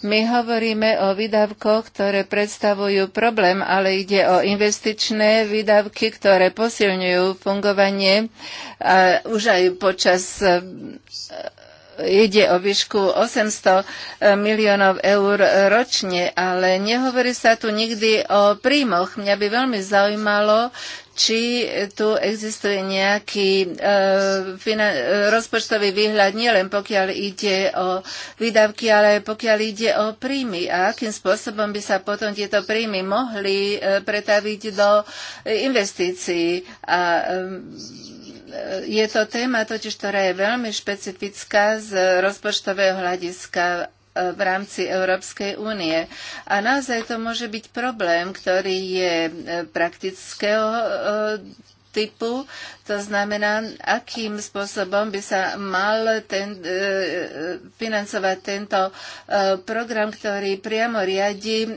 My hovoríme o výdavkoch, ktoré predstavujú problém, ale ide o investičné výdavky, ktoré posilňujú fungovanie už aj počas ide o výšku 800 eh, miliónov eur ročne, ale nehovorí sa tu nikdy o príjmoch. Mňa by veľmi zaujímalo, či tu existuje nejaký e, rozpočtový výhľad, nielen pokiaľ ide o výdavky, ale aj pokiaľ ide o príjmy a akým spôsobom by sa potom tieto príjmy mohli e, pretaviť do investícií. A, e, je to téma totiž, ktorá je veľmi špecifická z rozpočtového hľadiska e, v rámci Európskej únie. A naozaj to môže byť problém, ktorý je e, praktického e, typu, to znamená, akým spôsobom by sa mal ten, e, financovať tento e, program, ktorý priamo riadi e,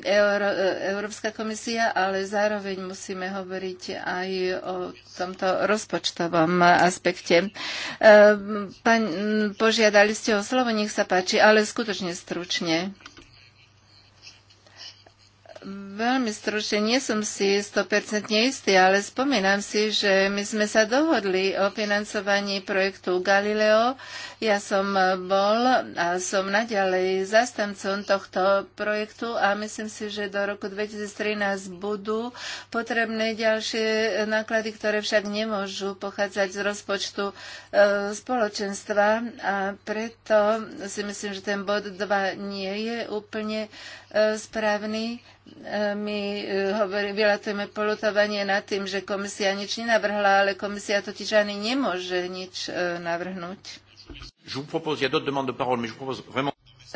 Európska komisia, ale zároveň musíme hovoriť aj o tomto rozpočtovom aspekte. Paň, požiadali ste o slovo, nech sa páči, ale skutočne stručne Veľmi stručne, nie som si 100% istý, ale spomínam si, že my sme sa dohodli o financovaní projektu Galileo. Ja som bol a som naďalej zastancom tohto projektu a myslím si, že do roku 2013 budú potrebné ďalšie náklady, ktoré však nemôžu pochádzať z rozpočtu e, spoločenstva a preto si myslím, že ten bod 2 nie je úplne e, správny. E, my e, hovorí, vylatujeme polutovanie nad tým, že komisia nič nenavrhla, ale komisia totiž ani nemôže nič e, navrhnúť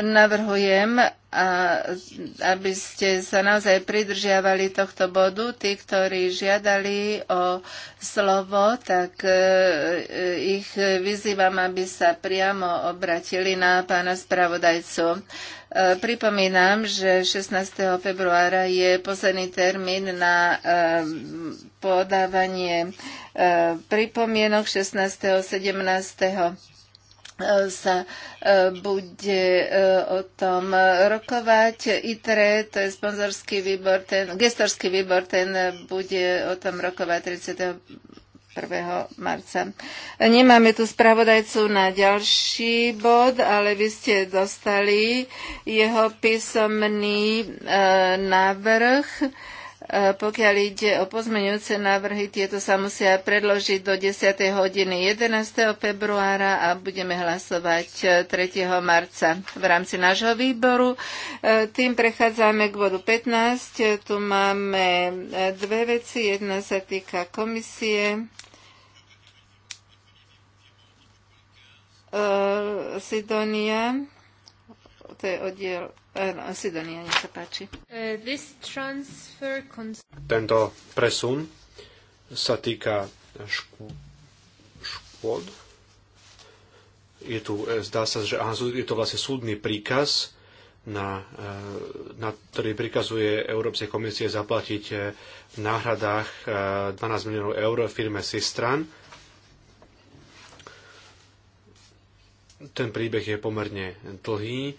navrhujem, a, aby ste sa naozaj pridržiavali tohto bodu. Tí, ktorí žiadali o slovo, tak e, e, ich vyzývam, aby sa priamo obratili na pána spravodajcu. E, pripomínam, že 16. februára je posledný termín na podávanie pripomienok 16. 17 sa e, bude e, o tom rokovať. ITRE, to je sponzorský výbor, ten, gestorský výbor, ten bude o tom rokovať 31. marca. Nemáme tu spravodajcu na ďalší bod, ale vy ste dostali jeho písomný e, návrh E, pokiaľ ide o pozmeňujúce návrhy, tieto sa musia predložiť do 10. hodiny 11. februára a budeme hlasovať 3. E, marca v rámci nášho výboru. E, tým prechádzame k bodu 15. Tu máme dve veci. Jedna sa týka komisie. Sidonia to je oddiel e, no, Sidonia, nech sa páči. E, Tento presun sa týka škôd. Je tu, e, zdá sa, že aha, je to vlastne súdny príkaz, na, na ktorý prikazuje Európskej komisie zaplatiť v náhradách 12 miliónov eur firme Sistran. Ten príbeh je pomerne dlhý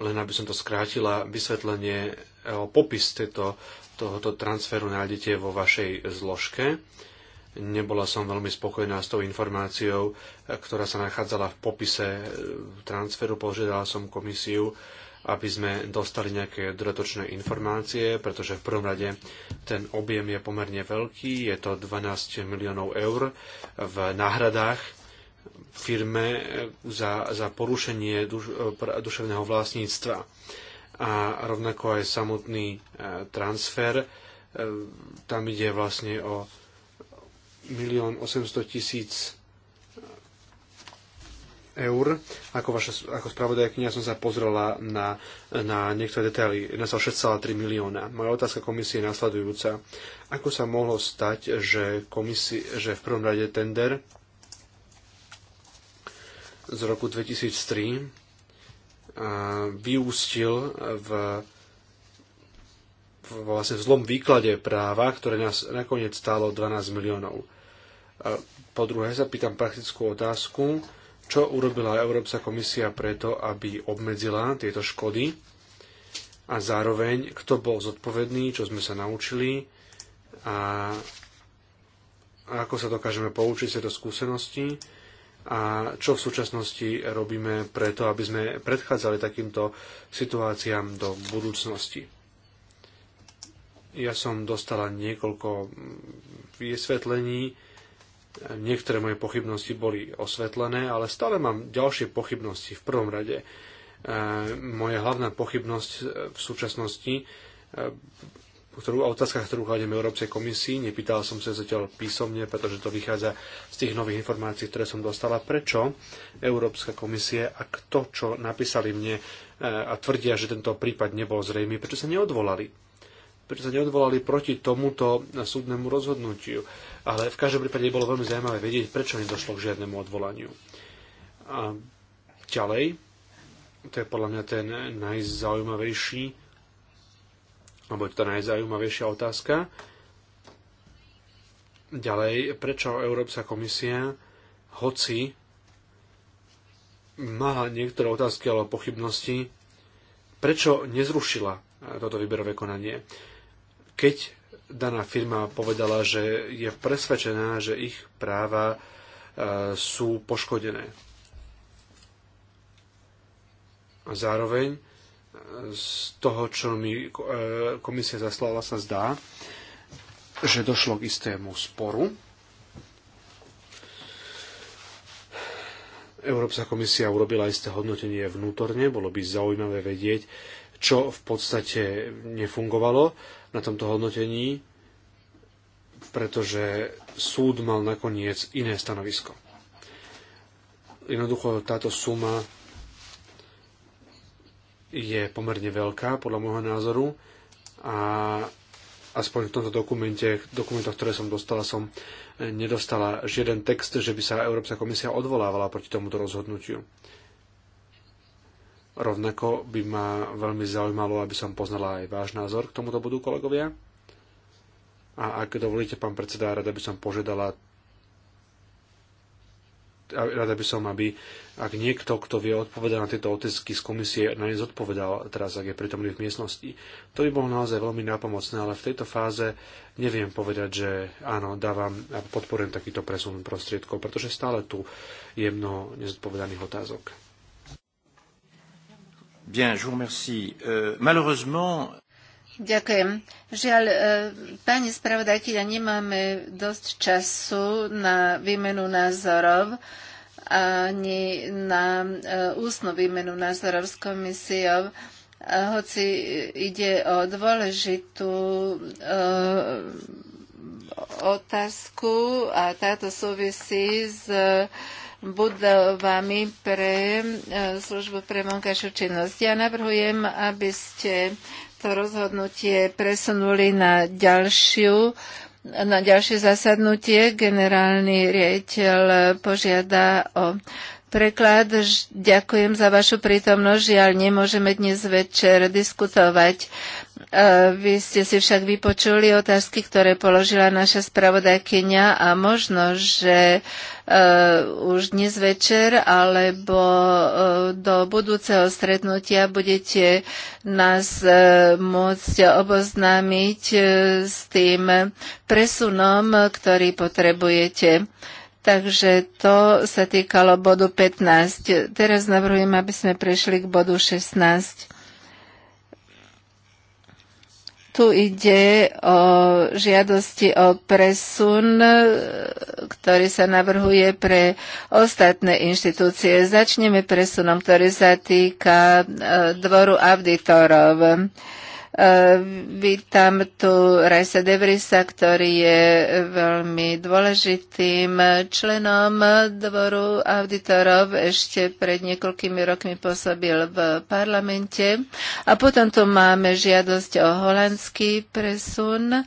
len aby som to skrátila, vysvetlenie, e, popis tieto, tohoto transferu nájdete vo vašej zložke. Nebola som veľmi spokojná s tou informáciou, e, ktorá sa nachádzala v popise e, transferu. Požiadala som komisiu, aby sme dostali nejaké dodatočné informácie, pretože v prvom rade ten objem je pomerne veľký, je to 12 miliónov eur v náhradách firme e, za, za porušenie duš, e, duševného vlastníctva. A rovnako aj samotný e, transfer, tam ide vlastne o 1 800 000 eur. Ako, vaša, ako spravodajkynia som sa pozrela na, na niektoré detaily. Jedná sa o 6,3 milióna. Moja otázka komisie je nasledujúca. Ako sa mohlo stať, že, komisie, že v prvom rade tender z roku 2003 vyústil v, v vlastne v zlom výklade práva, ktoré nás nakoniec stálo 12 miliónov. Po druhé sa pýtam praktickú otázku, čo urobila Európska komisia preto, aby obmedzila tieto škody a zároveň, kto bol zodpovedný, čo sme sa naučili a ako sa dokážeme poučiť z tejto skúsenosti a čo v súčasnosti robíme preto, aby sme predchádzali takýmto situáciám do budúcnosti. Ja som dostala niekoľko mm, vysvetlení, niektoré moje pochybnosti boli osvetlené, ale stále mám ďalšie pochybnosti v prvom rade. E, moja hlavná pochybnosť e, v súčasnosti e, ktorú, otázkach, ktorú kladieme Európskej komisii. Nepýtal som sa zatiaľ písomne, pretože to vychádza z tých nových informácií, ktoré som dostala. Prečo Európska komisie a to, čo napísali mne e, a tvrdia, že tento prípad nebol zrejmý, prečo sa neodvolali? Prečo sa neodvolali proti tomuto súdnemu rozhodnutiu? Ale v každom prípade bolo veľmi zaujímavé vedieť, prečo nedošlo k žiadnemu odvolaniu. A ďalej, to je podľa mňa ten najzaujímavejší lebo je to najzaujímavejšia otázka. Ďalej, prečo Európska komisia, hoci má niektoré otázky alebo pochybnosti, prečo nezrušila eh, toto výberové konanie? Keď daná firma povedala, že je presvedčená, že ich práva eh, sú poškodené. A zároveň z toho, čo mi e, komisia zaslala, sa zdá, že došlo k istému sporu. Európska komisia urobila isté hodnotenie vnútorne, bolo by zaujímavé vedieť, čo v podstate nefungovalo na tomto hodnotení, pretože súd mal nakoniec iné stanovisko. Jednoducho táto suma je pomerne veľká, podľa môjho názoru. A aspoň v tomto dokumente, dokumentoch, ktoré som dostala, som nedostala žiaden text, že by sa Európska komisia odvolávala proti tomuto rozhodnutiu. Rovnako by ma veľmi zaujímalo, aby som poznala aj váš názor k tomuto bodu, kolegovia. A ak dovolíte, pán predseda, rada by som požiadala rada by som, aby ak niekto, kto vie odpovedať na tieto otázky z komisie, na ne zodpovedal teraz, ak je pritomný v miestnosti. To by bolo naozaj veľmi nápomocné, ale v tejto fáze neviem povedať, že áno, dávam a podporujem takýto presun prostriedkov, pretože stále tu je mnoho nezodpovedaných otázok. Bien, je vous remercie. Euh, malheureusement... Ďakujem. Žiaľ, e, pani spravodajkyňa, nemáme dosť času na výmenu názorov ani na e, ústnu výmenu názorov s komisiou. E, hoci ide o dôležitú otázku a táto súvisí s budovami pre službu pre vonkajšiu činnosť. Ja navrhujem, aby ste to rozhodnutie presunuli na ďalšiu na ďalšie zasadnutie generálny riaditeľ požiada o preklad. Ďakujem za vašu prítomnosť. Žiaľ, nemôžeme dnes večer diskutovať. E, vy ste si však vypočuli otázky, ktoré položila naša spravodajkynia a možno, že e, už dnes večer alebo e, do budúceho stretnutia budete nás môcť oboznámiť s tým presunom, ktorý potrebujete. Takže to sa týkalo bodu 15. Teraz navrhujem, aby sme prešli k bodu 16. Tu ide o žiadosti o presun, ktorý sa navrhuje pre ostatné inštitúcie. Začneme presunom, ktorý sa týka e, dvoru auditorov. Eh, vítam tu Rajsa Devrisa, ktorý je veľmi dôležitým členom dvoru auditorov. Ešte pred niekoľkými rokmi pôsobil v parlamente. A potom tu máme žiadosť o holandský presun. Eh,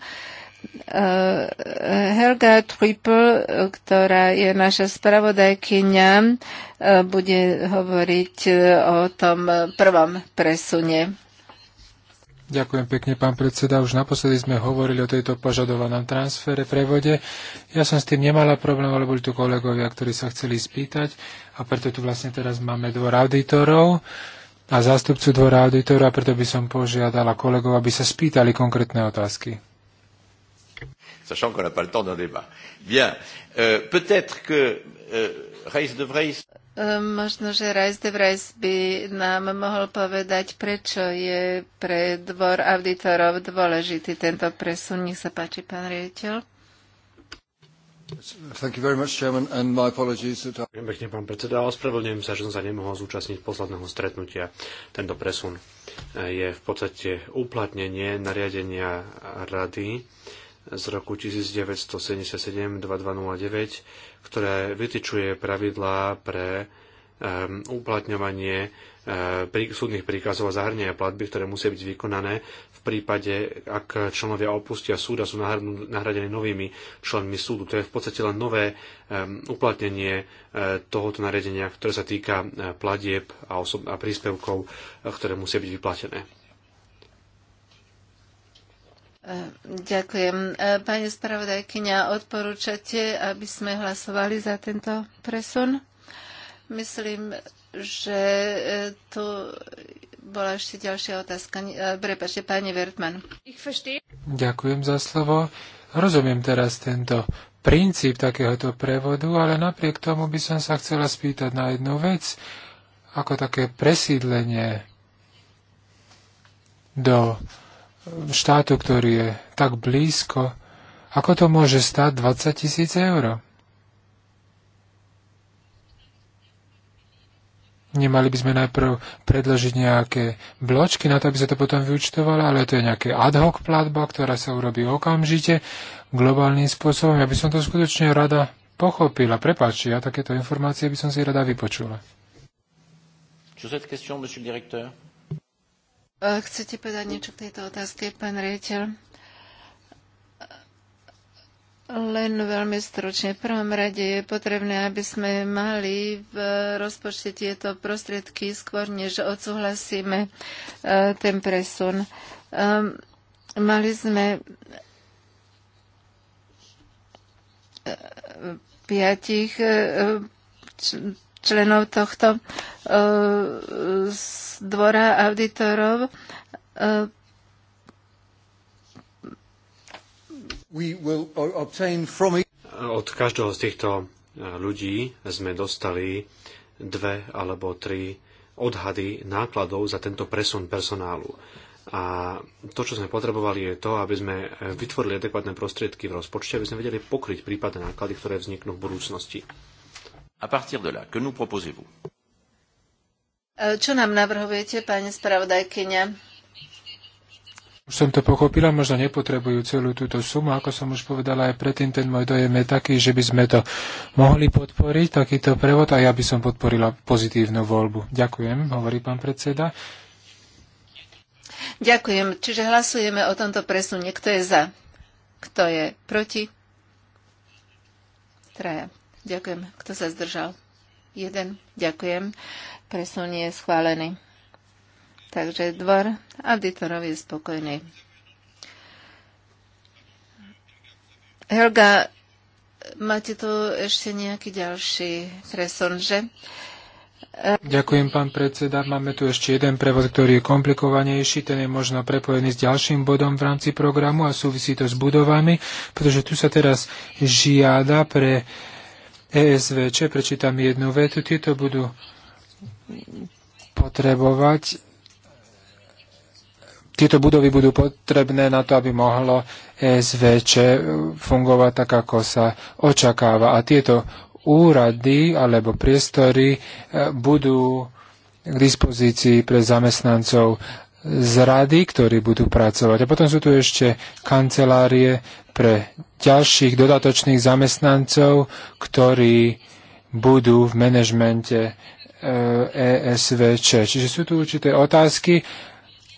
Helga Trippel, ktorá je naša spravodajkyňa, eh, bude hovoriť o tom prvom presune. Ďakujem pekne, pán predseda. Už naposledy sme hovorili o tejto požadovanom transfere, prevode. Ja som s tým nemala problém, ale boli tu kolegovia, ktorí sa chceli spýtať a preto tu vlastne teraz máme dvor auditorov a zástupcu dvora auditorov a preto by som požiadala kolegov, aby sa spýtali konkrétne otázky. Sachant qu'on n'a pas le temps d'un débat. Bien, euh, peut-être que euh, Reis de Ehm, možno, že Rice de Vries by nám mohol povedať, prečo je pre dvor auditorov dôležitý tento presun. Nech sa páči, pán riaditeľ. Ďakujem Pekne, pán predseda, ospravedlňujem sa, že som sa nemohol zúčastniť posledného stretnutia. Tento presun eh, je v podstate uplatnenie nariadenia rady z roku 1977 2209 ktoré vytyčuje pravidlá pre um, uplatňovanie um, súdnych príkazov a zahrňania platby, ktoré musia byť vykonané v prípade, ak členovia opustia súd a sú nahradení novými členmi súdu. To je v podstate len nové um, uplatnenie uh, tohoto nariadenia, ktoré sa týka uh, platieb a, a príspevkov, uh, ktoré musia byť vyplatené. Ďakujem. E, pani spravodajkyňa, odporúčate, aby sme hlasovali za tento presun? Myslím, že e, tu bola ešte ďalšia otázka. E, Prepačte, pani Wertmann. Ďakujem za slovo. Rozumiem teraz tento princíp takéhoto prevodu, ale napriek tomu by som sa chcela spýtať na jednu vec, ako také presídlenie do štátu, ktorý je tak blízko, ako to môže stať 20 tisíc eur? Nemali by sme najprv predložiť nejaké bločky na to, aby sa to potom vyučtovalo, ale to je nejaká ad hoc platba, ktorá sa urobí okamžite, globálnym spôsobom. Ja by som to skutočne rada pochopila. Prepáči, ja takéto informácie by som si rada vypočula. monsieur directeur. E, chcete povedať niečo k tejto otázke, pán riaditeľ? Len veľmi stručne. V prvom rade je potrebné, aby sme mali v rozpočte tieto prostriedky skôr, než odsúhlasíme e, ten presun. E, mali sme 5 členov tohto e, dvora auditorov. E, Od každého z týchto e, ľudí sme dostali dve alebo tri odhady nákladov za tento presun personálu. A to, čo sme potrebovali, je to, aby sme vytvorili adekvátne prostriedky v rozpočte, aby sme vedeli pokryť prípadné náklady, ktoré vzniknú v budúcnosti. A partir de là, que nous proposez-vous e, Čo nám navrhujete, pani spravodajkyňa? Už som to pochopila, možno nepotrebujú celú túto sumu. Ako som už povedala aj predtým, ten môj dojem je taký, že by sme to mohli podporiť, takýto prevod, a ja by som podporila pozitívnu voľbu. Ďakujem, hovorí pán predseda. Ďakujem. Čiže hlasujeme o tomto presune. Kto je za? Kto je proti? Traja. Ďakujem. Kto sa zdržal? Jeden. Ďakujem. Presun je schválený. Takže dvor auditorov je spokojný. Helga, máte tu ešte nejaký ďalší presun, že? Ďakujem, pán predseda. Máme tu ešte jeden prevod, ktorý je komplikovanejší. Ten je možno prepojený s ďalším bodom v rámci programu a súvisí to s budovami, pretože tu sa teraz žiada pre uh, ESVČ, prečítam jednu vetu, tieto budú potrebovať tieto budovy budú potrebné na to, aby mohlo ESVČ fungovať tak, ako sa očakáva. A tieto úrady alebo priestory e, budú k dispozícii pre zamestnancov z rady, ktorí budú pracovať. A potom sú tu ešte kancelárie pre ďalších dodatočných zamestnancov, ktorí budú v manažmente ESVČ. E Čiže sú tu určité otázky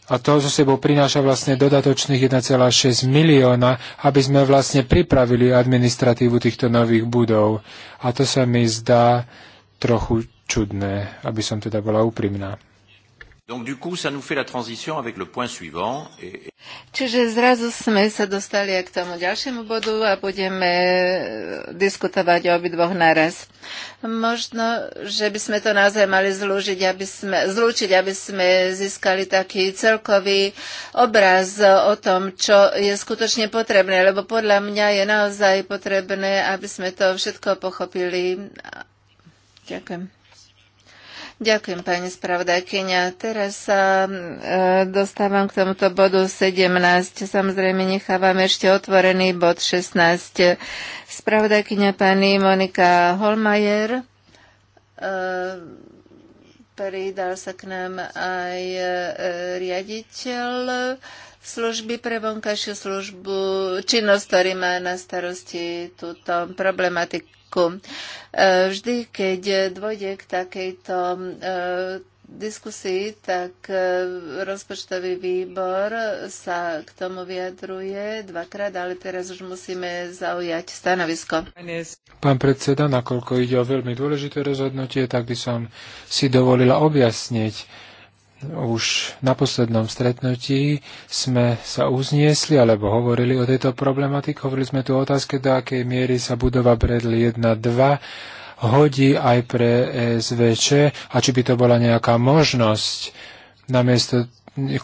a to zo sebou prináša vlastne dodatočných 1,6 milióna, aby sme vlastne pripravili administratívu týchto nových budov. A to sa mi zdá trochu čudné, aby som teda bola úprimná. Donc du coup, ça nous fait la transition avec le point suivant. Et... Čiže zrazu sme sa dostali k tomu ďalšiemu bodu a budeme e, diskutovať o obidvoch naraz. Možno, že by sme to naozaj mali zlúžiť, aby sme, zlúčiť, aby sme získali taký celkový obraz o tom, čo je skutočne potrebné, lebo podľa mňa je naozaj potrebné, aby sme to všetko pochopili. Ďakujem. Ďakujem, pani spravodajkyňa. Teraz sa e, dostávam k tomuto bodu 17. Samozrejme, nechávam ešte otvorený bod 16. Spravodajkyňa pani Monika Holmajer. E, Pridal sa k nám aj e, riaditeľ služby pre vonkajšiu službu, činnosť, ktorý má na starosti túto problematiku výsledku. E, vždy, keď dôjde k takejto e, diskusii, tak e, rozpočtový výbor sa k tomu vyjadruje dvakrát, ale teraz už musíme zaujať stanovisko. Pán predseda, nakoľko ide o veľmi dôležité rozhodnutie, tak by som si dovolila objasniť, už na poslednom stretnutí sme sa uzniesli alebo hovorili o tejto problematike. Hovorili sme tu o otázke, do akej miery sa budova Bredli 1 2 hodí aj pre SVČ a či by to bola nejaká možnosť namiesto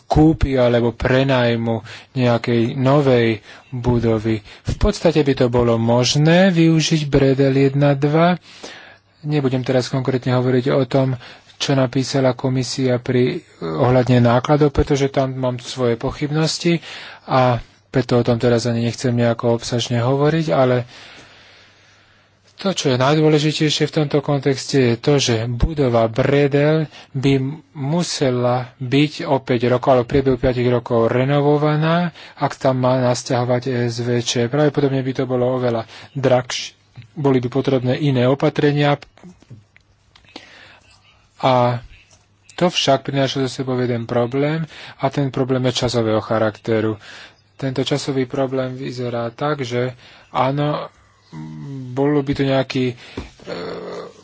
kúpy alebo prenajmu nejakej novej budovy. V podstate by to bolo možné využiť Bredel 1.2. Nebudem teraz konkrétne hovoriť o tom, čo napísala komisia pri eh, ohľadne nákladov, pretože tam mám svoje pochybnosti a preto o tom teraz ani nechcem nejako obsažne hovoriť, ale to, čo je najdôležitejšie v tomto kontexte, je to, že budova Bredel by musela byť o 5 rokov, alebo priebehu 5 rokov renovovaná, ak tam má nasťahovať SVČ. Pravdepodobne by to bolo oveľa drahšie. Boli by potrebné iné opatrenia, a to však prináša so sebou jeden problém a ten problém je časového charakteru. Tento časový problém vyzerá tak, že áno, bolo by to nejaké e,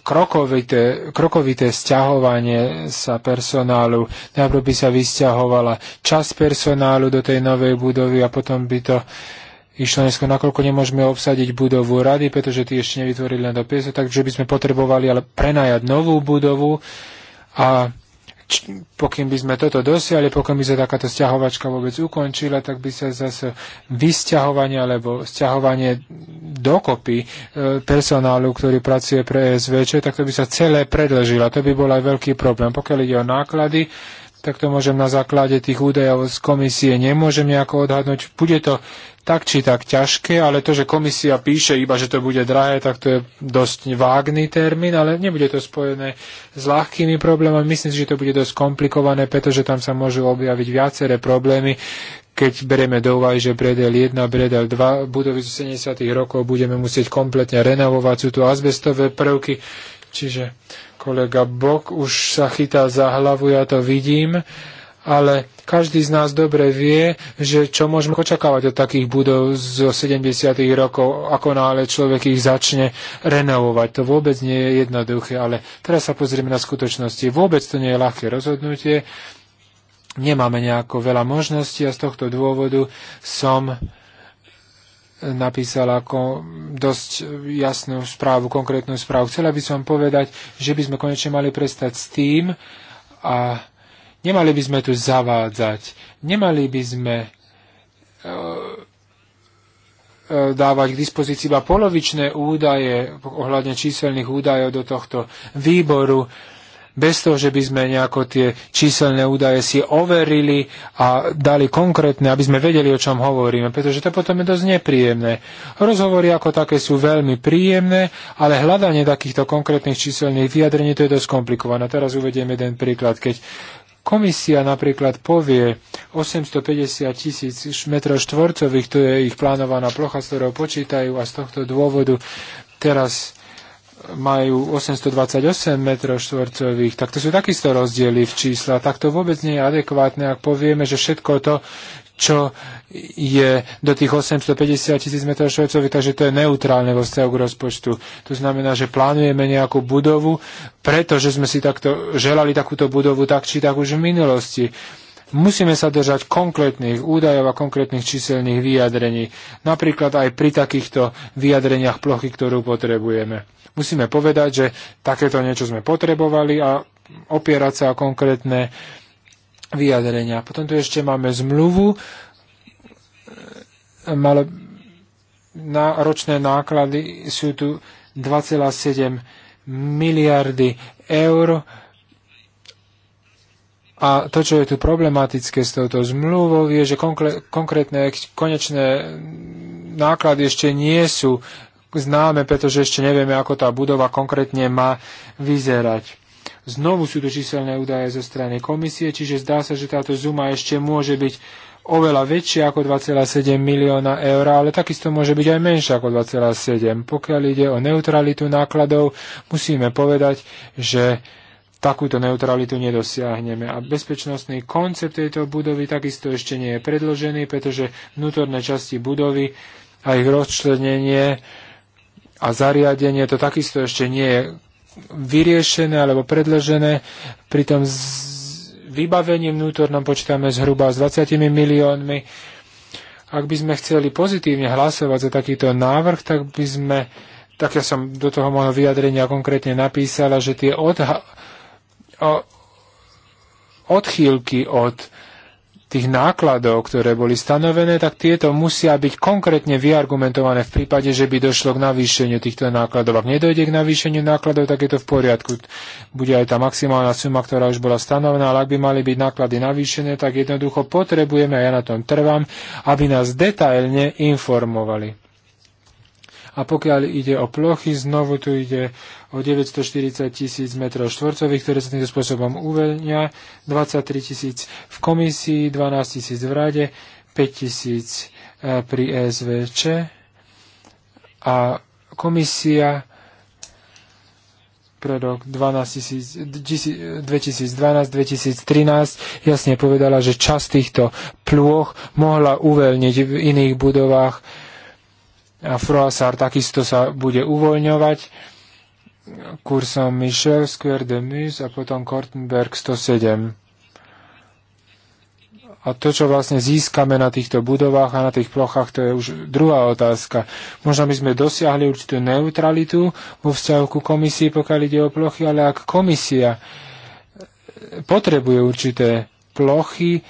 krokovité, krokovité sťahovanie sa personálu. Najprv by sa vysťahovala čas personálu do tej novej budovy a potom by to e, išlo neskôr, nakoľko nemôžeme obsadiť budovu rady, pretože tie ešte nevytvorili len do piesu, takže by sme potrebovali ale prenajať novú budovu a či, pokým by sme toto dosiahli, pokým by sa takáto stiahovačka vôbec ukončila, tak by sa zase vysťahovanie alebo stiahovanie dokopy e, personálu, ktorý pracuje pre SVČ, tak to by sa celé predlžilo. To by bol aj veľký problém. Pokiaľ ide o náklady, tak to môžem na základe tých údajov z komisie nemôžem nejako odhadnúť. Bude to tak či tak ťažké, ale to, že komisia píše iba, že to bude drahé, tak to je dosť vágný termín, ale nebude to spojené s ľahkými problémami. Myslím si, že to bude dosť komplikované, pretože tam sa môžu objaviť viaceré problémy, keď berieme do úvahy, že Bredel 1, Bredel 2 budovy z 70. rokov budeme musieť kompletne renovovať, sú tu azbestové prvky, čiže Kolega Bok už sa chytá za hlavu, ja to vidím, ale každý z nás dobre vie, že čo môžeme očakávať od takých budov zo 70. rokov, ako náhle človek ich začne renovovať. To vôbec nie je jednoduché, ale teraz sa pozrieme na skutočnosti. Vôbec to nie je ľahké rozhodnutie, nemáme nejako veľa možností a z tohto dôvodu som napísala dosť jasnú správu, konkrétnu správu. Chcela by som povedať, že by sme konečne mali prestať s tým a nemali by sme tu zavádzať. Nemali by sme e, e, dávať k dispozícii iba polovičné údaje ohľadne číselných údajov do tohto výboru bez toho, že by sme nejako tie číselné údaje si overili a dali konkrétne, aby sme vedeli, o čom hovoríme, pretože to potom je dosť nepríjemné. Rozhovory ako také sú veľmi príjemné, ale hľadanie takýchto konkrétnych číselných vyjadrení to je dosť komplikované. Teraz uvediem jeden príklad. Keď komisia napríklad povie 850 tisíc metrov štvorcových, to je ich plánovaná plocha, z ktorou počítajú a z tohto dôvodu teraz majú 828 metrov štvorcových, tak to sú takisto rozdiely v čísla. Tak to vôbec nie je adekvátne, ak povieme, že všetko to, čo je do tých 850 tisíc metrov štvorcových, takže to je neutrálne vo vzťahu k rozpočtu. To znamená, že plánujeme nejakú budovu, pretože sme si takto želali takúto budovu tak či tak už v minulosti musíme sa držať konkrétnych údajov a konkrétnych číselných vyjadrení. Napríklad aj pri takýchto vyjadreniach plochy, ktorú potrebujeme. Musíme povedať, že takéto niečo sme potrebovali a opierať sa o konkrétne vyjadrenia. Potom tu ešte máme zmluvu e, malo, na, ročné náklady sú tu 2,7 miliardy eur a to, čo je tu problematické s touto zmluvou, je, že konkrétne konečné náklady ešte nie sú známe, pretože ešte nevieme, ako tá budova konkrétne má vyzerať. Znovu sú to číselné údaje zo strany komisie, čiže zdá sa, že táto zuma ešte môže byť oveľa väčšia ako 2,7 milióna eur, ale takisto môže byť aj menšia ako 2,7. Pokiaľ ide o neutralitu nákladov, musíme povedať, že takúto neutralitu nedosiahneme. A bezpečnostný koncept tejto budovy takisto ešte nie je predložený, pretože vnútorné časti budovy a ich rozčlenenie a zariadenie to takisto ešte nie je vyriešené alebo predložené. Pri tom vybavení vnútornom počítame zhruba s 20 miliónmi. Ak by sme chceli pozitívne hlasovať za takýto návrh, tak by sme tak ja som do toho môjho vyjadrenia konkrétne napísala, že tie odha- odchýlky od tých nákladov, ktoré boli stanovené, tak tieto musia byť konkrétne vyargumentované v prípade, že by došlo k navýšeniu týchto nákladov. Ak nedojde k navýšeniu nákladov, tak je to v poriadku. Bude aj tá maximálna suma, ktorá už bola stanovená, ale ak by mali byť náklady navýšené, tak jednoducho potrebujeme, a ja na tom trvám, aby nás detailne informovali. A pokiaľ ide o plochy, znovu tu ide o 940 tisíc metrov štvorcových, ktoré sa týmto spôsobom uveľnia, 23 tisíc v komisii, 12 tisíc v rade, 5 tisíc e, pri SVČ a komisia pre rok 2012-2013 jasne povedala, že časť týchto plôch mohla uvoľniť v iných budovách a Froasar takisto sa bude uvoľňovať kursom Michel Square de Muse a potom Kortenberg 107. A to, čo vlastne získame na týchto budovách a na tých plochách, to je už druhá otázka. Možno by sme dosiahli určitú neutralitu vo vzťahu ku komisii, pokiaľ ide o plochy, ale ak komisia eh, potrebuje určité plochy,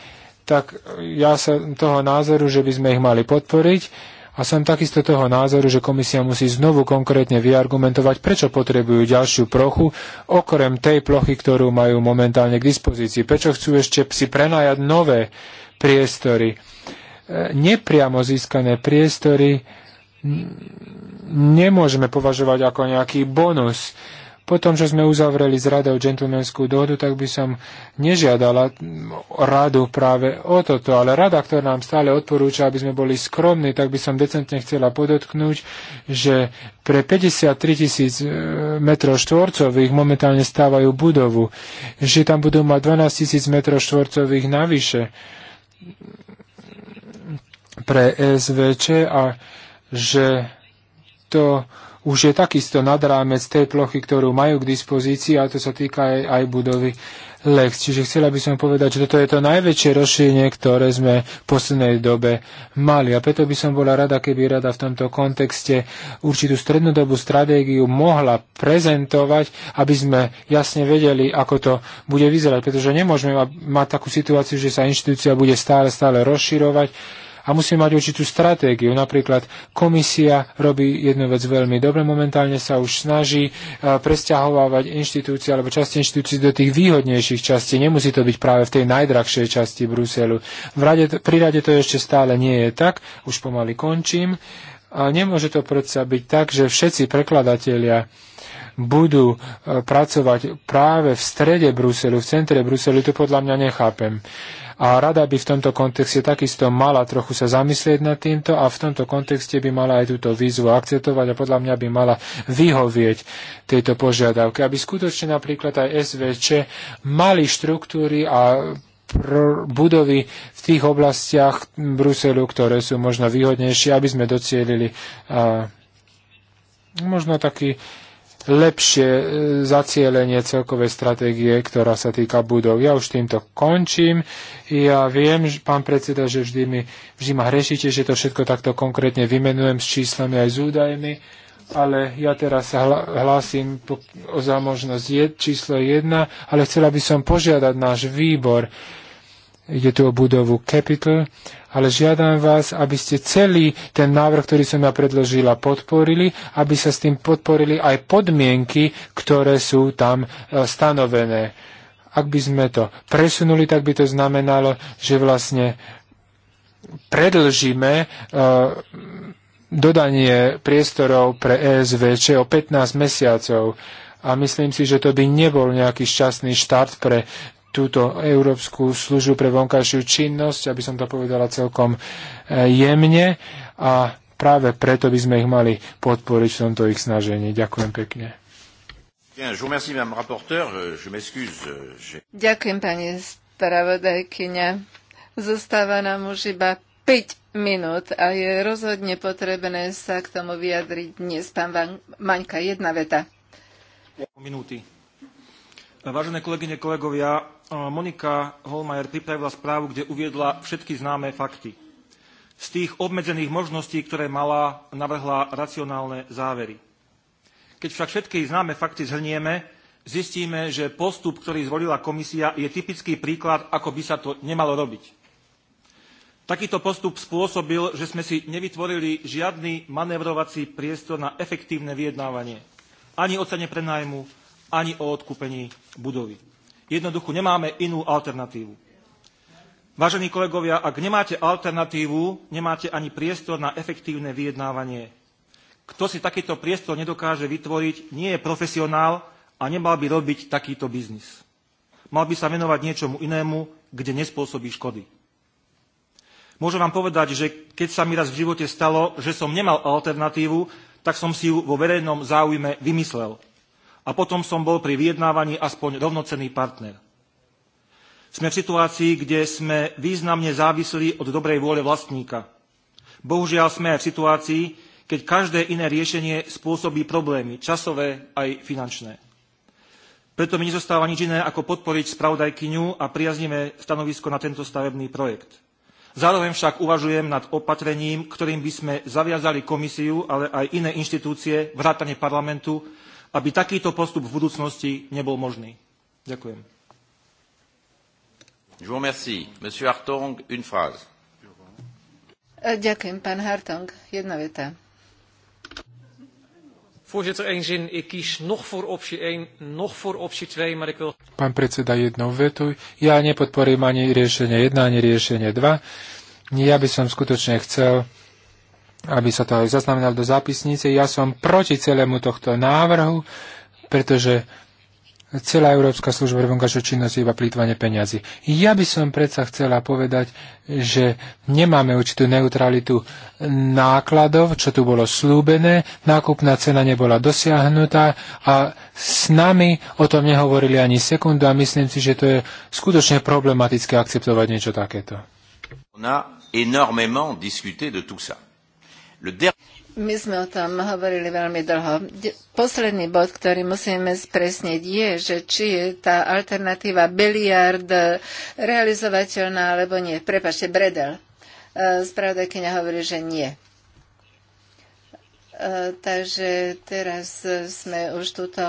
tak ja sa toho názoru, že by sme ich mali podporiť, a som takisto toho názoru, že komisia musí znovu konkrétne vyargumentovať, prečo potrebujú ďalšiu plochu, okrem tej plochy, ktorú majú momentálne k dispozícii. Prečo chcú ešte si prenajať nové priestory. E, nepriamo získané priestory nemôžeme považovať ako nejaký bonus po tom, čo sme uzavreli z radou džentlmenskú dohodu, tak by som nežiadala radu práve o toto, ale rada, ktorá nám stále odporúča, aby sme boli skromní, tak by som decentne chcela podotknúť, že pre 53 tisíc e, metrov štvorcových momentálne stávajú budovu, že tam budú mať 12 tisíc metrov štvorcových navyše pre SVČ a že to už je takisto nad rámec tej plochy, ktorú majú k dispozícii a to sa týka aj, aj budovy Lex. Čiže chcela by som povedať, že toto je to najväčšie rozšírenie, ktoré sme v poslednej dobe mali. A preto by som bola rada, keby rada v tomto kontexte určitú strednodobú stratégiu mohla prezentovať, aby sme jasne vedeli, ako to bude vyzerať. Pretože nemôžeme mať takú situáciu, že sa inštitúcia bude stále, stále rozširovať a musíme mať určitú stratégiu. Napríklad komisia robí jednu vec veľmi dobre, momentálne sa už snaží e, presťahovávať inštitúcie alebo časti inštitúcií do tých výhodnejších častí. Nemusí to byť práve v tej najdrahšej časti Bruselu. V rade, pri rade to ešte stále nie je tak, už pomaly končím. A nemôže to predsa byť tak, že všetci prekladatelia budú e, pracovať práve v strede Bruselu, v centre Bruselu, to podľa mňa nechápem. A rada by v tomto kontexte takisto mala trochu sa zamyslieť nad týmto a v tomto kontexte by mala aj túto výzvu akceptovať a podľa mňa by mala vyhovieť tejto požiadavke, aby skutočne napríklad aj SVČ mali štruktúry a budovy v tých oblastiach Bruselu, ktoré sú možno výhodnejšie, aby sme docielili a, možno taký lepšie e, zacielenie celkovej stratégie, ktorá sa týka budov. Ja už týmto končím. Ja viem, pán predseda, že vždy, mi, vždy ma hrešíte, že to všetko takto konkrétne vymenujem s číslami aj s údajmi, ale ja teraz sa hlásim o za možnosť je, číslo 1, ale chcela by som požiadať náš výbor, ide tu o budovu Capital, ale žiadam vás, aby ste celý ten návrh, ktorý som ja predložila, podporili, aby sa s tým podporili aj podmienky, ktoré sú tam e, stanovené. Ak by sme to presunuli, tak by to znamenalo, že vlastne predlžíme e, dodanie priestorov pre ESVČ o 15 mesiacov a myslím si, že to by nebol nejaký šťastný štart pre túto Európsku službu pre vonkajšiu činnosť, aby som to povedala celkom e, jemne a práve preto by sme ich mali podporiť v tomto ich snažení. Ďakujem pekne. Euh, Ďakujem, pani spravodajkyňa. Zostáva nám už iba 5 minút a je rozhodne potrebné sa k tomu vyjadriť dnes. Pán Maňka, jedna veta. Minúty. Vážené kolegyne, kolegovia, E, Monika Holmajer pripravila správu, kde uviedla všetky známe fakty. Z tých obmedzených možností, ktoré mala, navrhla racionálne závery. Keď však všetky známe fakty zhrnieme, zistíme, že postup, ktorý zvolila komisia, je typický príklad, ako by sa to nemalo robiť. Takýto postup spôsobil, že sme si nevytvorili žiadny manevrovací priestor na efektívne vyjednávanie. Ani o cene prenájmu, ani o odkúpení budovy. Jednoducho nemáme inú alternatívu. Vážení kolegovia, ak nemáte alternatívu, nemáte ani priestor na efektívne vyjednávanie. Kto si takýto priestor nedokáže vytvoriť, nie je profesionál a nemal by robiť takýto biznis. Mal by sa venovať niečomu inému, kde nespôsobí škody. Môžem vám povedať, že keď sa mi raz v živote stalo, že som nemal alternatívu, tak som si ju vo verejnom záujme vymyslel a potom som bol pri vyjednávaní aspoň rovnocenný partner. Sme v situácii, kde sme významne závislí od dobrej vôle vlastníka. Bohužiaľ sme aj v situácii, keď každé iné riešenie spôsobí problémy, časové aj finančné. Preto mi nezostáva nič iné, ako podporiť spravodajkyňu a priaznime stanovisko na tento stavebný projekt. Zároveň však uvažujem nad opatrením, ktorým by sme zaviazali komisiu, ale aj iné inštitúcie, vrátane parlamentu, aby takýto postup v budúcnosti nebol možný. Ďakujem. E, ďakujem, pán Hartong. Jedna veta. Pán predseda, jednou vetu. Ja nepodporím ani riešenie 1, ani riešenie 2. Ja by som skutočne chcel, aby sa to aj zaznamenal do zápisnice. Ja som proti celému tohto návrhu, pretože celá Európska služba pre vonkajšiu činnosť je iba plýtvanie peniazy. Ja by som predsa chcela povedať, že nemáme určitú neutralitu nákladov, čo tu bolo slúbené, nákupná cena nebola dosiahnutá a s nami o tom nehovorili ani sekundu a myslím si, že to je skutočne problematické akceptovať niečo takéto. On a énormément discuté de tout ça. My sme o tom hovorili veľmi dlho. Posledný bod, ktorý musíme spresniť, je, že či je tá alternatíva biliard realizovateľná alebo nie. Prepašte, Bredel. E, spravodajkyňa hovorí, že nie e, takže teraz sme už túto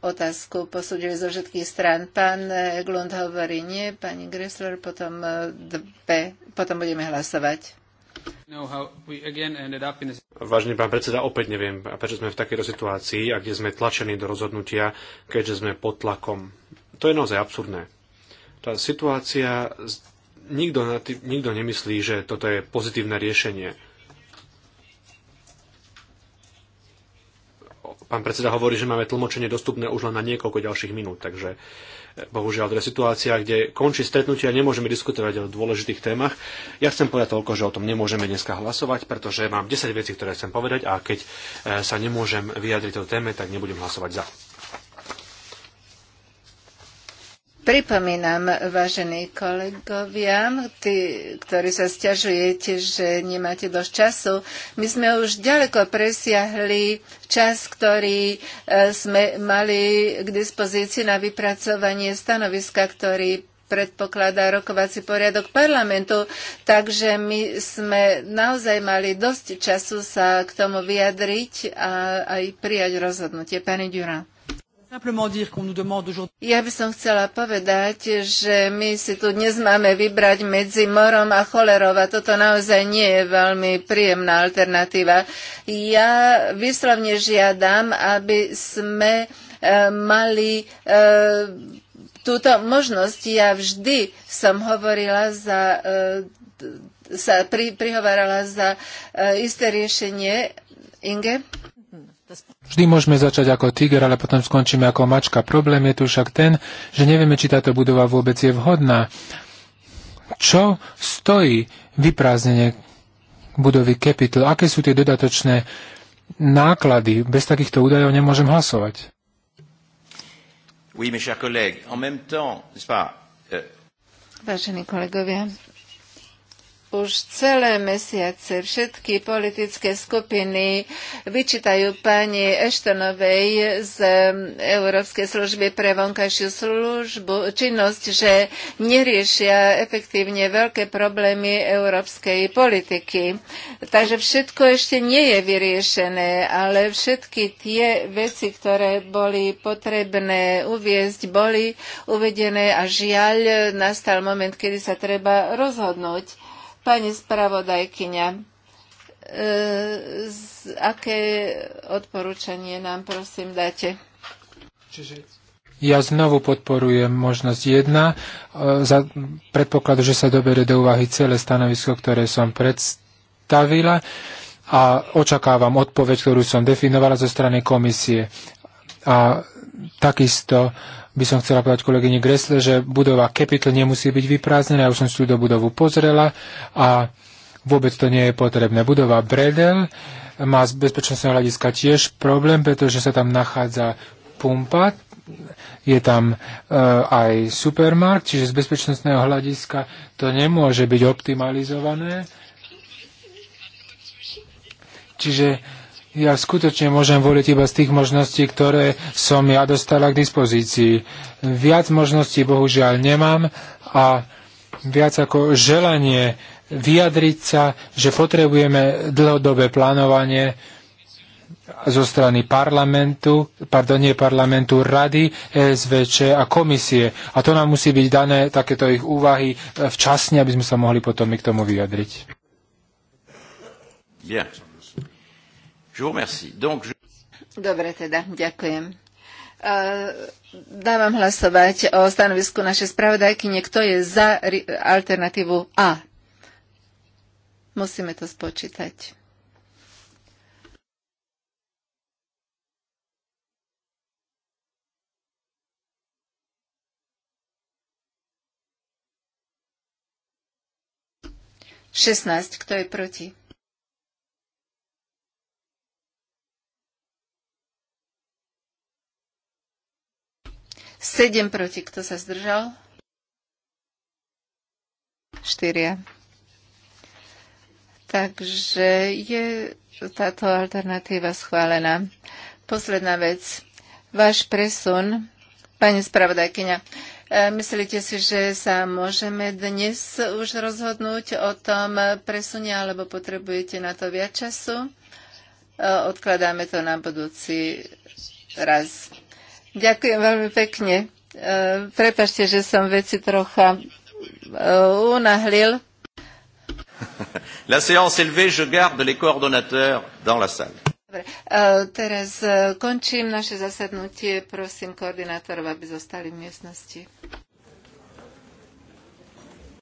otázku posúdili zo všetkých strán. Pán Glund hovorí nie, pani Gressler, potom, e, dve, potom budeme hlasovať. Vážený pán predseda, opäť neviem, prečo sme v takejto situácii, a kde sme tlačení do rozhodnutia, keďže sme pod tlakom. To je naozaj absurdné. Tá situácia, nikto, na tý, nikto nemyslí, že toto je pozitívne riešenie. Pán predseda hovorí, že máme tlmočenie dostupné už len na niekoľko ďalších minút, takže uh, Bohužiaľ, to je situácia, kde končí stretnutie a nemôžeme diskutovať o dôležitých témach. Ja chcem povedať toľko, že o tom nemôžeme dneska hlasovať, pretože mám 10 vecí, ktoré chcem povedať a keď e, sa nemôžem vyjadriť o téme, tak nebudem hlasovať za. Pripomínam, vážení kolegovia, tí, ktorí sa stiažujete, že nemáte dosť času, my sme už ďaleko presiahli čas, ktorý e, sme mali k dispozícii na vypracovanie stanoviska, ktorý predpokladá rokovací poriadok parlamentu, takže my sme naozaj mali dosť času sa k tomu vyjadriť a aj prijať rozhodnutie. Pani Durant. Ja by som chcela povedať, že my si tu dnes máme vybrať medzi morom a cholerou a toto naozaj nie je veľmi príjemná alternatíva. Ja vyslovne žiadam, aby sme e, mali e, túto možnosť. Ja vždy som hovorila za e, sa pri, prihovárala za e, isté riešenie. Inge? Vždy môžeme začať ako tiger, ale potom skončíme ako mačka. Problém je tu však ten, že nevieme, či táto budova vôbec je vhodná. Čo stojí vyprázdnenie budovy Capital? Aké sú tie dodatočné náklady? Bez takýchto údajov nemôžem hlasovať. Oui, mes chers collègues, en même temps, pas, euh... Vážení kolegovia, už celé mesiace všetky politické skupiny vyčítajú pani Eštonovej z um, Európskej služby pre vonkajšiu službu, činnosť, že neriešia efektívne veľké problémy európskej politiky. Takže všetko ešte nie je vyriešené, ale všetky tie veci, ktoré boli potrebné uviezť, boli uvedené a žiaľ nastal moment, kedy sa treba rozhodnúť. Pani spravodajkyňa, e, aké odporúčanie nám prosím dáte? Čiže ja znovu podporujem možnosť jedna. E, za predpokladu, že sa doberie do úvahy celé stanovisko, ktoré som predstavila a očakávam odpoveď, ktorú som definovala zo strany komisie. A takisto by som chcela povedať kolegyne Gresle, že budova Capital nemusí byť vyprázdnená. Ja už som si túto budovu pozrela a vôbec to nie je potrebné. Budova Bredel má z bezpečnostného hľadiska tiež problém, pretože sa tam nachádza pumpa, je tam e, aj supermarkt, čiže z bezpečnostného hľadiska to nemôže byť optimalizované. Čiže ja skutočne môžem voliť iba z tých možností, ktoré som ja dostala k dispozícii. Viac možností bohužiaľ nemám a viac ako želanie vyjadriť sa, že potrebujeme dlhodobé plánovanie zo strany parlamentu, pardon, nie parlamentu, rady, SVČ a komisie. A to nám musí byť dané takéto ich úvahy e, včasne, aby sme sa mohli potom my k tomu vyjadriť. Yeah. Je vous remercie. Donc, je... Dobre teda, ďakujem. E, dávam hlasovať o stanovisku našej spravodajkyne. Kto je za alternatívu A? Musíme to spočítať. Šestnáct. Kto je proti? 7 proti. Kto sa zdržal? 4. Takže je táto alternatíva schválená. Posledná vec. Váš presun, pani spravodajkyňa, e, myslíte si, že sa môžeme dnes už rozhodnúť o tom presune, alebo potrebujete na to viac času? E, odkladáme to na budúci raz. Ďakujem veľmi pekne. E, Prepašte, že som veci trocha e, unahlil. La séance est levée, je garde les coordonnateurs dans la salle. Dobre, e, teraz končím naše zasadnutie. Prosím koordinátorov, aby zostali v miestnosti.